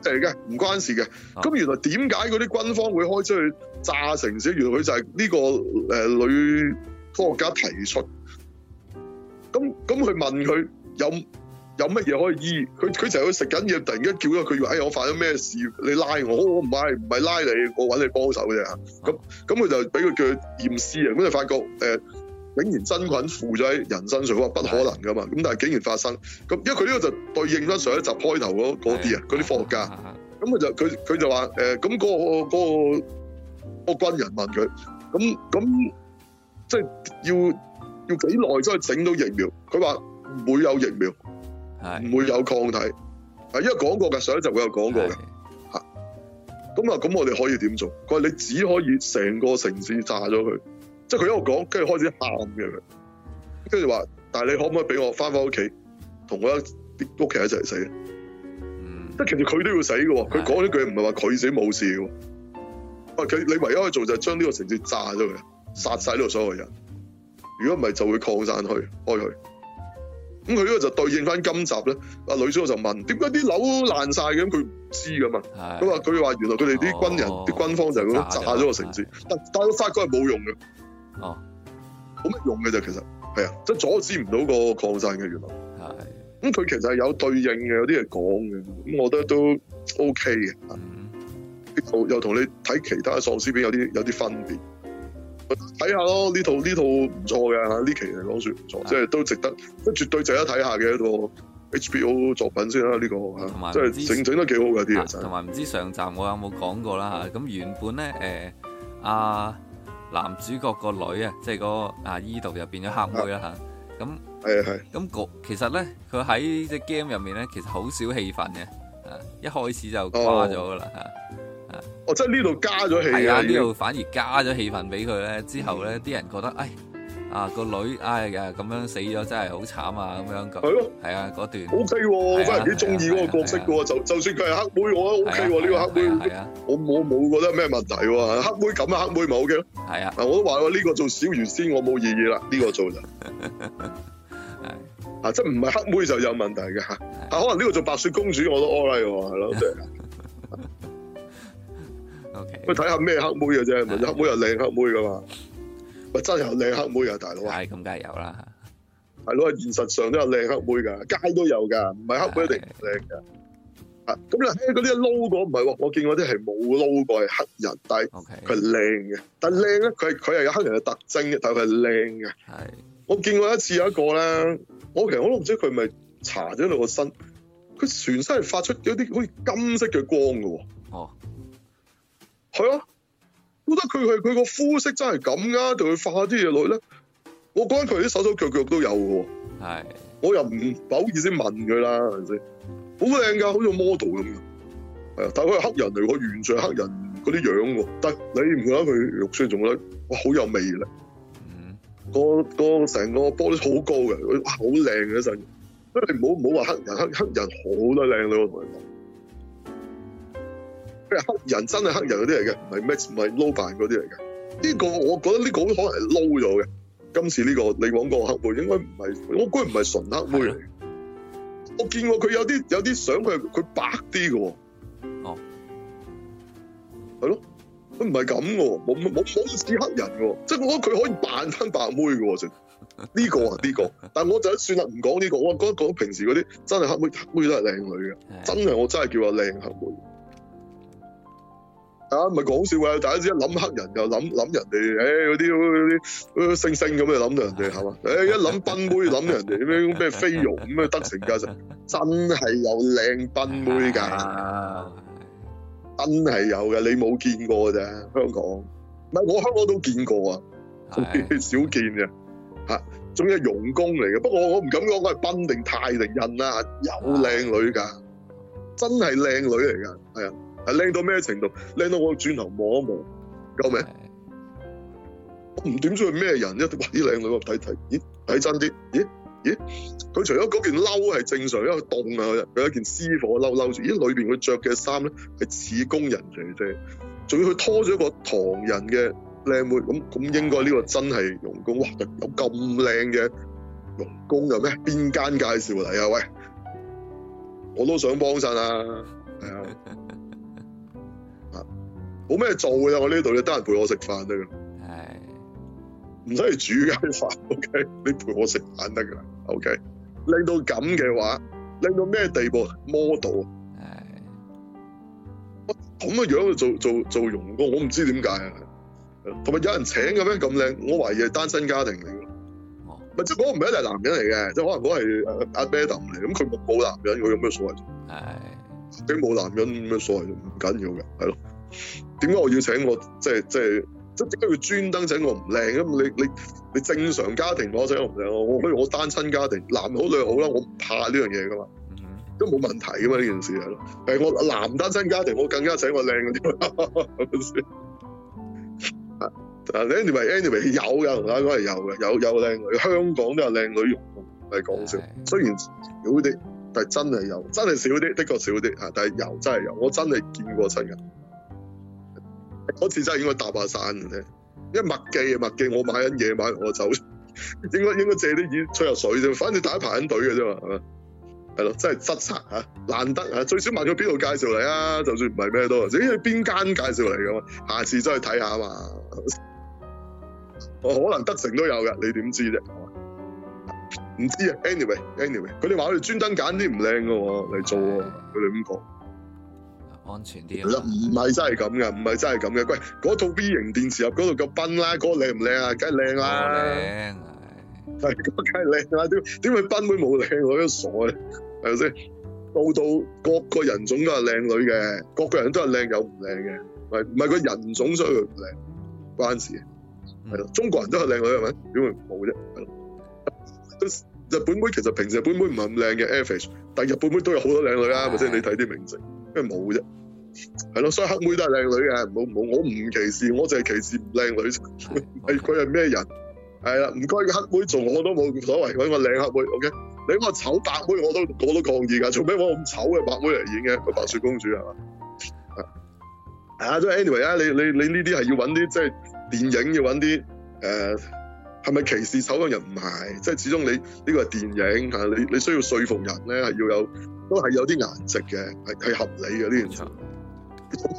嚟嘅，唔關事嘅。咁原來點解嗰啲軍方會開出去炸成小？原來佢就係呢、這個誒、呃、女科學家提出。咁咁佢問佢有。有乜嘢可以醫？佢佢成日去食緊嘢，突然間叫咗佢話：哎呀，我發咗咩事？你拉我，我唔係，唔係拉你，我搵你幫手啫。咁咁佢就俾佢叫驗屍人，咁就發覺誒，竟然真菌附咗喺人身上，話不可能㗎嘛。咁但係竟然發生。咁因為佢呢個就對應得上一集開頭嗰嗰啲啊，嗰啲科學家。咁佢就佢佢就話誒，咁嗰個嗰個嗰軍人問佢，咁咁即係要要幾耐先整到疫苗？佢話唔會有疫苗。唔會有抗體，啊，因為講過嘅上一集會有講過嘅，吓，咁啊，咁我哋可以點做？佢話你只可以成個城市炸咗佢，即係佢一路講，跟住開始喊嘅，跟住話，但係你可唔可以俾我翻翻屋企，同我一啲屋企一齊死？即係其實佢都要死嘅，佢講呢句唔係話佢死冇事嘅，啊，佢你唯一可以做就係將呢個城市炸咗佢，殺晒呢度所有人，如果唔係就會擴散去開去。咁佢呢個就對應翻今集咧，阿女主就問，點解啲樓爛晒嘅？咁佢唔知噶嘛。咁啊佢話原來佢哋啲軍人、啲、哦、軍方就咁炸咗個城市，的但但係我發覺係冇用嘅。哦，冇乜用嘅啫，其實係啊，即係阻止唔到個擴散嘅原來。係的。咁佢其實係有對應嘅，有啲嘢講嘅。咁我覺得都 OK 嘅。呢部、嗯、又同你睇其他喪屍片有啲有啲分別。睇下咯，呢套呢套唔錯嘅吓，呢期嚟講算唔錯，啊、即係都值得，跟絕對值得睇下嘅一個 HBO 作品先啦，呢、呢個吓。真係整整得幾好嘅啲，同埋唔知上集我有冇講過啦吓，咁、嗯、原本咧誒，阿、呃啊、男主角個女、那個女啊，即係個阿伊度又變咗黑妹啦吓，咁係係，咁其實咧佢喺隻 game 入面咧，其實好少戲份嘅，一開始就瓜咗噶啦吓。哦哦，即係呢度加咗氣啊！呢度反而加咗氣氛俾佢咧，之後咧啲人覺得，哎，啊個女，哎呀咁樣死咗，真係好慘啊！咁樣咁係咯，係啊嗰段。O K，我反而幾中意嗰個角色噶喎，就就算佢係黑妹，我都 O K。呢個黑妹，我我冇覺得咩問題。黑妹咁啊，黑妹冇嘅係啊，我都話我呢個做小魚仙，我冇意義啦。呢個做就，啊，即係唔係黑妹就有問題嘅吓，可能呢個做白雪公主我都 all right 係咯。喂，睇下咩黑妹嘅啫，對黑妹又靚黑妹噶嘛？喂對，真係有靚黑妹啊，大佬啊！係咁，梗係有啦，係咯，現實上都有靚黑妹噶，街都有噶，唔係黑妹一定唔靚噶。啊對，咁咧，嗰啲撈過唔係喎，我見嗰啲係冇撈過，係黑人，但係佢係靚嘅。但係靚咧，佢佢係有黑人嘅特徵但係佢係靚嘅。係對，我見過一次有一個咧，我其實我都唔知佢咪搽咗佢個身，佢全身係發出一啲好似金色嘅光噶。係啊，我覺得佢係佢個膚色真係咁啊，定佢化啲嘢落去咧。我講佢啲手手腳腳都有喎。係的，我又唔唔好意思問佢啦，係咪先？好靚噶，好似 model 咁樣。係啊，但係佢係黑人嚟，我完全係黑人嗰啲樣喎。但係你唔覺得佢肉酸仲覺得，哇好有味嘅。嗯，個個成個玻璃好高嘅，哇好靚嘅一身。所以唔好唔好話黑人黑黑人好多靚女，我同你講。黑人真係黑人嗰啲嚟嘅，唔係 Mix 唔係 Low 扮嗰啲嚟嘅。呢個我覺得呢個可能撈咗嘅。今次呢個你講個黑妹應該唔係，我估唔係純黑妹嚟。我見過佢有啲有啲相佢佢白啲嘅。哦，係咯，佢唔係咁嘅，冇冇冇似黑人嘅，即係我覺得佢可以扮翻白妹嘅。呢個啊呢個，但我就算啦，唔講呢個。我覺得講平時嗰啲真係黑妹黑妹都係靚女嘅，的真係我真係叫話靚黑妹。啊，唔係講笑啊！大家知一諗黑人就諗諗人哋，誒嗰啲嗰啲星星咁就諗到人哋係嘛？誒一諗賓妹諗人哋咩咩菲傭咁啊得成教授真係有靚賓妹㗎，真係有㗎，你冇見過咋香港？唔係我香港都見過啊，少見嘅吓，總之係傭工嚟嘅。不過我我唔敢講，我係賓定泰定印啊，有靚女㗎，真係靚女嚟㗎，係啊。係靚到咩程度？靚到我轉頭望一望，救命！唔點的知係咩人？一啲靚女入睇睇，咦睇真啲？咦咦？佢除咗嗰件褸係正常，因為凍啊，佢佢一件絲貨褸褸住，咦裏邊佢着嘅衫咧係似工人嚟啫，仲要佢拖咗個唐人嘅靚妹，咁咁應該呢個真係傭工。哇，有咁靚嘅傭工有咩？邊間介紹嚟啊？喂，我都想幫襯啊，係啊。冇咩做嘅我呢度你得閒陪我食飯得噶，係的，唔使你煮雞飯，O K，你陪我食飯得噶，O K，靚到咁嘅話，靚到咩地步？model，係的，我咁嘅樣做做做容我唔知點解啊，同埋有人請咁樣咁靚，我懷疑係單身家庭嚟嘅，哦，咪即係我唔係一定男人嚟嘅，即係可能我係阿 Madam 嚟，咁佢冇男人，佢有咩所謂？係的，你冇男人冇咩所謂，唔緊的要嘅，係咯。 點解我要請我即係即係即係點解要專登請我唔靚咁？你你你正常家庭我請我唔靚我，比如我單親家庭男好女好啦，我唔怕呢樣嘢噶嘛，都冇問題噶嘛呢件事係咯。但係我男單親家庭我更加請我靚嗰啲，係咪先？啊 Anyway，Anyway 有嘅，同阿哥係有嘅，有有靚女。香港都有靚女容，唔係講笑。的雖然少啲，但係真係有，真係少啲，的確少啲嚇，但係有真係有，我真係見過親人。嗰次真係應該搭下傘嘅，因為麥記啊，麥記，我買緊嘢買我走，應該應該借啲錢吹下水啫，反正打一排緊隊嘅啫嘛，係嘛，係咯，真係失策吓，難得啊，最少問佢邊度介紹嚟啊，就算唔係咩都，去邊間介紹嚟咁嘛。下次真係睇下嘛，我可能德成都有嘅，你點知啫？唔知啊，anyway anyway，佢哋話佢哋專登揀啲唔靚嘅喎嚟做喎，佢哋咁講。安全啲，唔係真係咁嘅，唔係真係咁嘅。喂，嗰套 V 型電池入嗰度個賓啦，嗰個靚唔靚啊？梗係靚啦，靚係，但係嗰個靚啦，點點會賓妹冇靚女都傻嘅？係咪先？到到各個人種都係靚女嘅，各個人都係靚又唔靚嘅，咪唔係個人種所以佢唔靚，關事係咯。中國人都係靚女係咪？點會冇啫？日本妹其實平時日本妹唔係咁靚嘅，Average，但係日本妹都有好多靚女啊，係咪先？你睇啲明星。咩冇啫？係咯，所以黑妹都係靚女嘅，冇冇，我唔歧視，我淨係歧視唔靚女。係佢係咩人？係啦，唔該黑妹做我都冇所謂，揾個靚黑妹，OK。你揾個醜白妹我都我都抗議㗎，做咩揾咁醜嘅白妹嚟演嘅？白雪公主係嘛？係啊，都 anyway 啊，你你你呢啲係要揾啲即係電影要揾啲誒。呃係咪歧視醜樣人？唔係，即係始終你呢、這個係電影嚇，你你需要說服人咧係要有，都係有啲顏值嘅，係係合理嘅呢樣。嗯、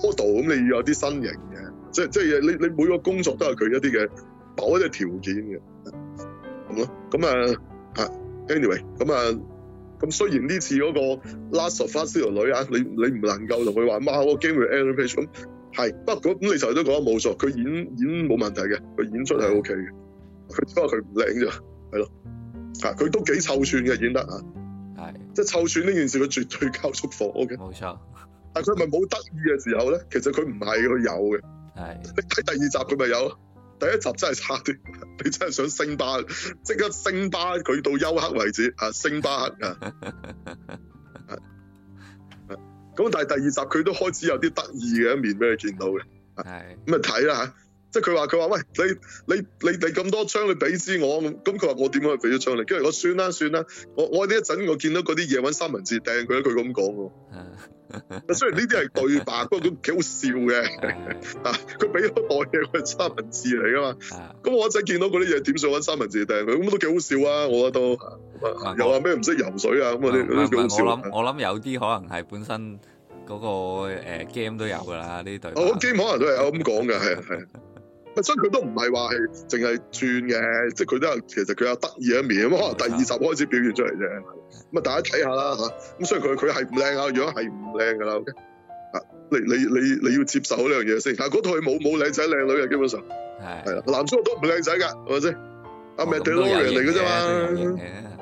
model 咁你要有啲身形嘅，即係即係你你每個工作都係佢一啲嘅某一啲條件嘅，咁咯。咁啊嚇，anyway，咁啊咁雖然呢次嗰、那個 of Last of Us 女啊，你你唔能夠同佢話媽，我驚佢 animation 咁係，不過咁你頭先都講得冇錯，佢演演冇問題嘅，佢演出係 O K 嘅。嗯佢只係話佢唔領咋，係咯，嚇佢都幾臭串嘅演得嚇，係，即係的臭串呢件事佢絕對交足火嘅，冇錯。但係佢咪冇得意嘅時候咧？其實佢唔係，佢有嘅。係的。你睇第二集佢咪有？第一集真係差啲，你真係想升巴。即刻升巴，佢到休克為止，嚇升巴啊！咁 但係第二集佢都開始有啲得意嘅一面俾你見到嘅，係的。咁咪睇啦嚇。即係佢話：佢話喂，你你你你咁多槍，你俾支我咁。咁佢話我點樣俾啲槍你？跟住我算啦算啦。我我呢一陣我見到嗰啲嘢揾三文治掟佢一句咁講喎。 雖然呢啲係對白，不過 都幾好笑嘅。佢俾咗袋嘢，佢三文治嚟噶嘛？咁 我一陣見到嗰啲嘢點想揾三文治掟佢？咁都幾好笑啊！我覺得都又話咩唔識游水啊？咁啊啲嗰啲幾好笑我。我諗我諗有啲可能係本身嗰個誒 game 都有㗎啦。呢對，我 game 可能都係咁講㗎，係啊係啊。咪所以佢都唔係話係淨係轉嘅，即係佢都有其實佢有得意一面，可能第二集開始表現出嚟啫。咁啊，大家睇下啦嚇。咁雖然佢佢係唔靚啊，樣係唔靚噶啦，OK。啊，你你你你要接受呢樣嘢先。但係嗰套冇冇靚仔靚女嘅基本上，係係啦。男主角都唔靚仔㗎，係咪先？阿 Mandalorian 嚟㗎啫嘛。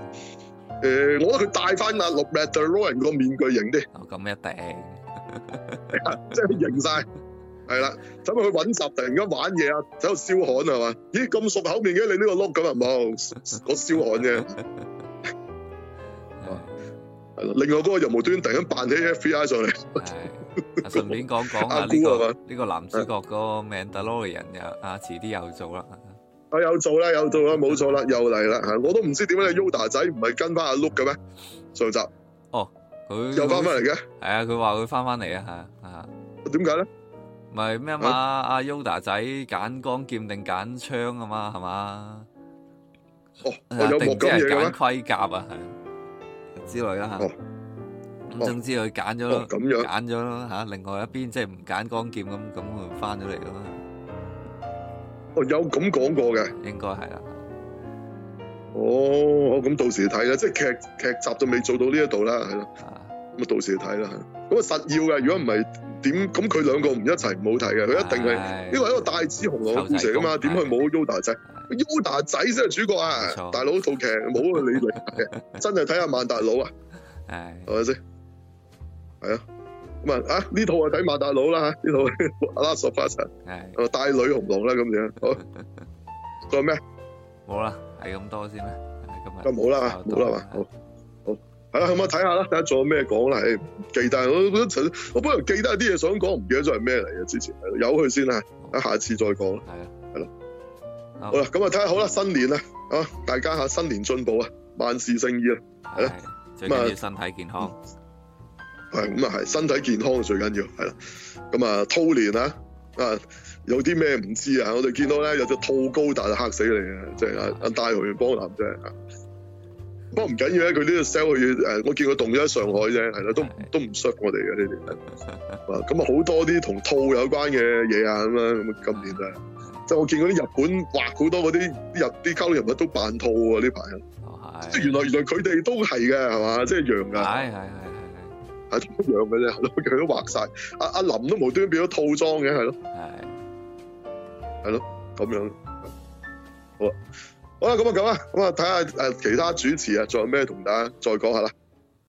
誒，我覺得佢戴翻阿 Mandalorian 個面具型啲。咁咩頂？即係型曬。係啦，咁去揾集突然間玩嘢啊，走，度燒汗係嘛？咦咁熟口面嘅，你呢個碌 o o k 咁係冇？我燒汗嘅。另外嗰個又無端突然間扮起 FBI 上嚟。係，順便講講、這個、阿姑啊嘛，呢個男主角個名 t a l o r 人又啊，遲啲又做啦。我有做啦，有做啦，冇錯啦，又嚟啦。我都唔知點解 Uta 仔唔係跟翻阿碌嘅咩？上集哦，佢又翻翻嚟嘅。係啊，佢話佢翻翻嚟啊，吓啊，點解咧？唔係咩嘛？阿 Yoda 仔揀光劍定揀槍啊嘛？係嘛、哦？哦，定係揀盔甲啊？係，之類啦、啊、吓。咁、哦、總之佢揀咗咯，揀咗咯吓。另外一邊即係唔揀光劍咁，咁佢翻咗嚟咯。哦，有咁講過嘅，應該係啦。哦，咁到時睇啦，即係劇劇集就未做到呢一度啦，係咯。咁、啊、到時睇啦，係。咁啊實要嘅，如果唔係點咁佢兩個唔一齊唔好睇嘅，佢一定係呢個係一個大紫紅狼嘅故事嚟噶嘛，點去冇 Uda 仔？Uda 仔先係主角啊！大佬套劇冇啊，理嚟真係睇下《萬大佬》啊，係咪先？係啊，咁啊啊呢套啊睇《萬大佬》啦嚇，呢套《阿拉索 t 神，a s s 女紅狼啦咁樣，講咩？冇啦，係咁多先啦，咁咁冇啦啊，冇啦嘛。係啦，咁啊睇下啦，睇下仲有咩講啦。唉，記得我我本人記得有啲嘢想講，唔記得咗係咩嚟嘅。之前由佢先啦，啊、嗯，下次再講啦，係啦的，係啦的。好啦，咁啊睇下好啦，新年啦，啊，大家嚇新年進步啊，萬事勝意啊，係啦。咁啊，身體健康。係，咁啊係，身體健康最緊要，係啦。咁啊，兔年啊，啊，有啲咩唔知啊？我哋見到咧的有隻兔高達嚇死你啊！即係阿阿大雄嘅幫男即係。就是不過唔緊要咧，佢呢度 sell 佢誒，我見佢動咗喺上海啫，係咯，都都唔 s 我哋嘅呢啲。咁啊好多啲同兔有關嘅嘢啊，咁樣咁今年啊，就我見嗰啲日本畫好多嗰啲日啲溝人物都扮兔啊，呢排。哦，即係原來原來佢哋都係嘅，係嘛？即係羊㗎。係係係係係，係都嘅啫，佢都畫晒，阿阿林都無端端變咗套裝嘅，係咯。係的。係咯，咁樣。好啊。好啦，咁就，咁啦，咁就，睇下誒其他主持啊，仲有咩同大家再講下啦。